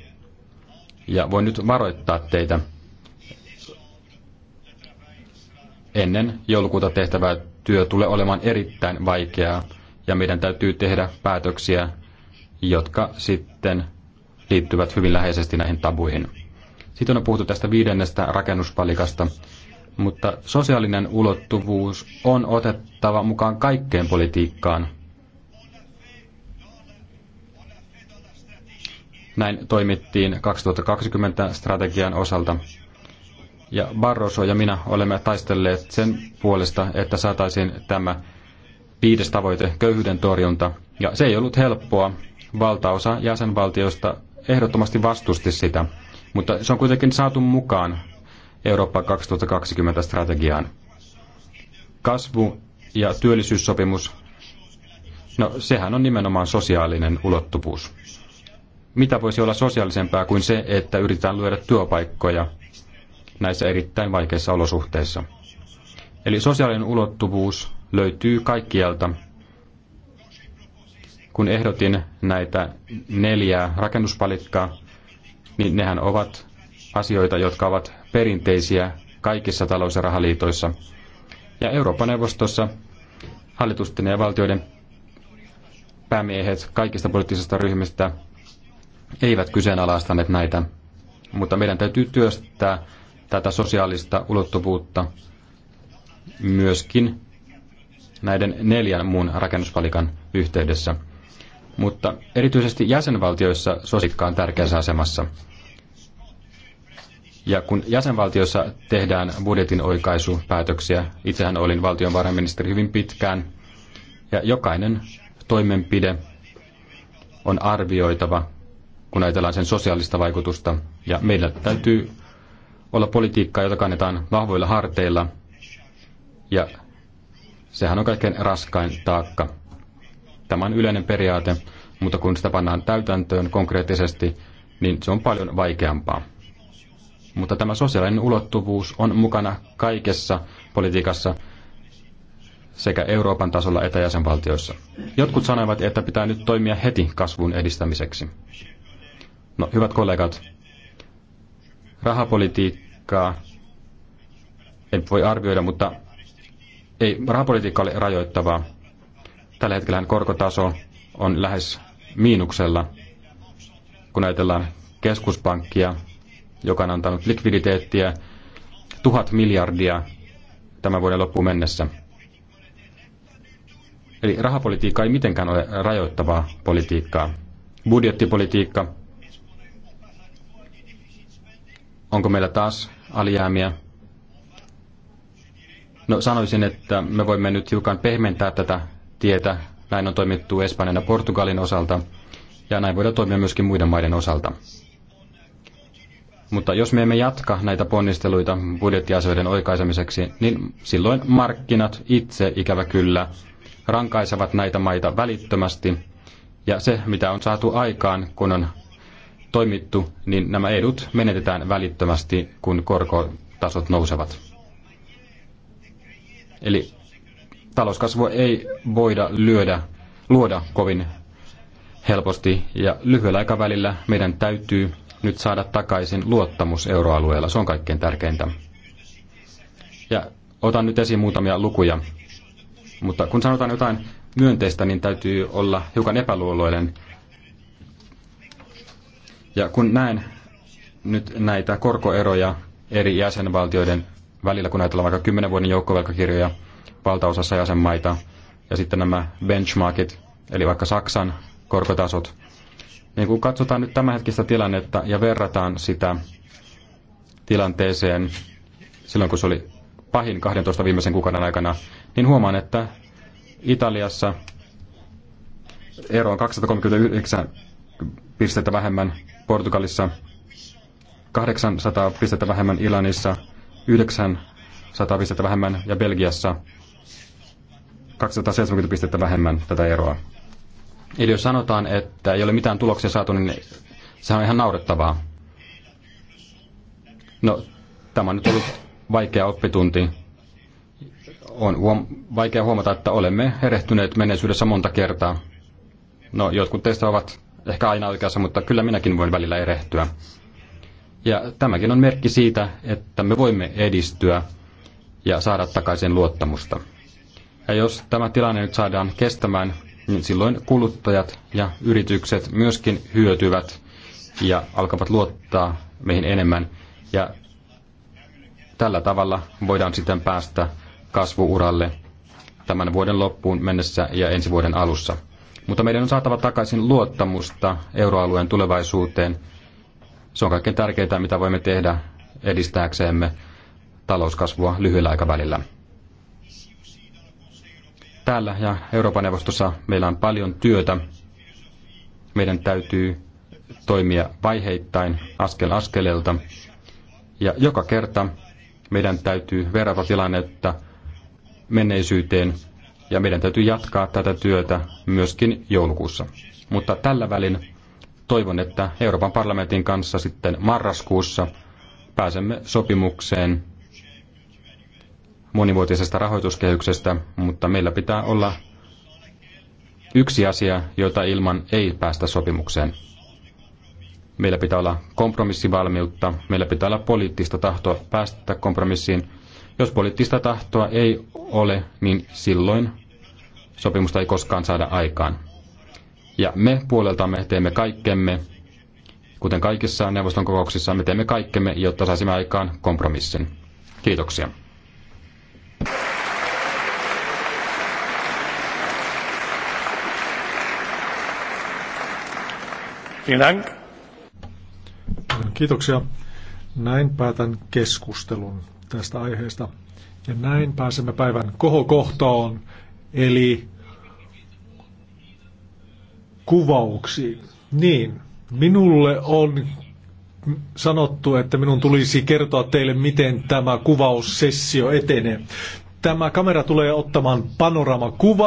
Ja voin nyt varoittaa teitä ennen joulukuuta tehtävää työ tulee olemaan erittäin vaikeaa ja meidän täytyy tehdä päätöksiä, jotka sitten liittyvät hyvin läheisesti näihin tabuihin. Sitten on puhuttu tästä viidennestä rakennuspalikasta, mutta sosiaalinen ulottuvuus on otettava mukaan kaikkeen politiikkaan, Näin toimittiin 2020 strategian osalta. Ja Barroso ja minä olemme taistelleet sen puolesta, että saataisiin tämä viides tavoite, köyhyyden torjunta. Ja se ei ollut helppoa. Valtaosa jäsenvaltioista ehdottomasti vastusti sitä. Mutta se on kuitenkin saatu mukaan Eurooppa 2020 strategiaan. Kasvu ja työllisyyssopimus, no sehän on nimenomaan sosiaalinen ulottuvuus mitä voisi olla sosiaalisempaa kuin se, että yritetään lyödä työpaikkoja näissä erittäin vaikeissa olosuhteissa. Eli sosiaalinen ulottuvuus löytyy kaikkialta. Kun ehdotin näitä neljää rakennuspalikkaa, niin nehän ovat asioita, jotka ovat perinteisiä kaikissa talous- ja rahaliitoissa. Ja Euroopan neuvostossa hallitusten ja valtioiden päämiehet kaikista poliittisista ryhmistä eivät kyseenalaistaneet näitä, mutta meidän täytyy työstää tätä sosiaalista ulottuvuutta myöskin näiden neljän muun rakennuspalikan yhteydessä. Mutta erityisesti jäsenvaltioissa sosikka on tärkeässä asemassa. Ja kun jäsenvaltiossa tehdään budjetin oikaisupäätöksiä, itsehän olin valtionvarainministeri hyvin pitkään, ja jokainen toimenpide on arvioitava kun ajatellaan sen sosiaalista vaikutusta. Ja meillä täytyy olla politiikkaa, jota kannetaan vahvoilla harteilla. Ja sehän on kaikkein raskain taakka. Tämä on yleinen periaate, mutta kun sitä pannaan täytäntöön konkreettisesti, niin se on paljon vaikeampaa. Mutta tämä sosiaalinen ulottuvuus on mukana kaikessa politiikassa sekä Euroopan tasolla että jäsenvaltioissa. Jotkut sanoivat, että pitää nyt toimia heti kasvun edistämiseksi. No, hyvät kollegat, rahapolitiikkaa ei voi arvioida, mutta ei rahapolitiikka ole rajoittavaa. Tällä hetkellä korkotaso on lähes miinuksella, kun ajatellaan keskuspankkia, joka on antanut likviditeettiä tuhat miljardia tämän vuoden loppuun mennessä. Eli rahapolitiikka ei mitenkään ole rajoittavaa politiikkaa. Budjettipolitiikka Onko meillä taas alijäämiä? No sanoisin, että me voimme nyt hiukan pehmentää tätä tietä. Näin on toimittu Espanjan ja Portugalin osalta ja näin voidaan toimia myöskin muiden maiden osalta. Mutta jos me emme jatka näitä ponnisteluita budjettiasioiden oikaisemiseksi, niin silloin markkinat itse ikävä kyllä rankaisevat näitä maita välittömästi. Ja se, mitä on saatu aikaan, kun on toimittu, niin nämä edut menetetään välittömästi, kun korkotasot nousevat. Eli talouskasvu ei voida lyödä, luoda kovin helposti ja lyhyellä aikavälillä meidän täytyy nyt saada takaisin luottamus euroalueella. Se on kaikkein tärkeintä. Ja otan nyt esiin muutamia lukuja. Mutta kun sanotaan jotain myönteistä, niin täytyy olla hiukan epäluuloinen, ja kun näen nyt näitä korkoeroja eri jäsenvaltioiden välillä, kun ajatellaan vaikka 10 vuoden joukkovelkakirjoja valtaosassa jäsenmaita, ja sitten nämä benchmarkit, eli vaikka Saksan korkotasot, niin kun katsotaan nyt tämänhetkistä tilannetta ja verrataan sitä tilanteeseen silloin, kun se oli pahin 12 viimeisen kuukauden aikana, niin huomaan, että Italiassa ero on 239 pistettä vähemmän Portugalissa, 800 pistettä vähemmän Ilanissa, 900 pistettä vähemmän ja Belgiassa 270 pistettä vähemmän tätä eroa. Eli jos sanotaan, että ei ole mitään tuloksia saatu, niin sehän on ihan naurettavaa. No, tämä on nyt ollut vaikea oppitunti. On huom- vaikea huomata, että olemme herehtyneet menneisyydessä monta kertaa. No, jotkut teistä ovat ehkä aina oikeassa, mutta kyllä minäkin voin välillä erehtyä. Ja tämäkin on merkki siitä, että me voimme edistyä ja saada takaisin luottamusta. Ja jos tämä tilanne nyt saadaan kestämään, niin silloin kuluttajat ja yritykset myöskin hyötyvät ja alkavat luottaa meihin enemmän. Ja tällä tavalla voidaan sitten päästä kasvuuralle tämän vuoden loppuun mennessä ja ensi vuoden alussa. Mutta meidän on saatava takaisin luottamusta euroalueen tulevaisuuteen. Se on kaikkein tärkeintä, mitä voimme tehdä edistääksemme talouskasvua lyhyellä aikavälillä. Täällä ja Euroopan neuvostossa meillä on paljon työtä. Meidän täytyy toimia vaiheittain, askel askeleelta. Ja joka kerta meidän täytyy verrata tilannetta menneisyyteen ja meidän täytyy jatkaa tätä työtä myöskin joulukuussa. Mutta tällä välin toivon, että Euroopan parlamentin kanssa sitten marraskuussa pääsemme sopimukseen monivuotisesta rahoituskehyksestä, mutta meillä pitää olla yksi asia, jota ilman ei päästä sopimukseen. Meillä pitää olla kompromissivalmiutta, meillä pitää olla poliittista tahtoa päästä kompromissiin. Jos poliittista tahtoa ei ole, niin silloin sopimusta ei koskaan saada aikaan. Ja me puoleltamme teemme kaikkemme, kuten kaikissa neuvoston kokouksissa, me teemme kaikkemme, jotta saisimme aikaan kompromissin. Kiitoksia. Kiitoksia. Näin päätän keskustelun tästä aiheesta. Ja näin pääsemme päivän kohokohtaan eli kuvauksiin. Niin, minulle on sanottu, että minun tulisi kertoa teille, miten tämä kuvaussessio etenee. Tämä kamera tulee ottamaan panoraamakuva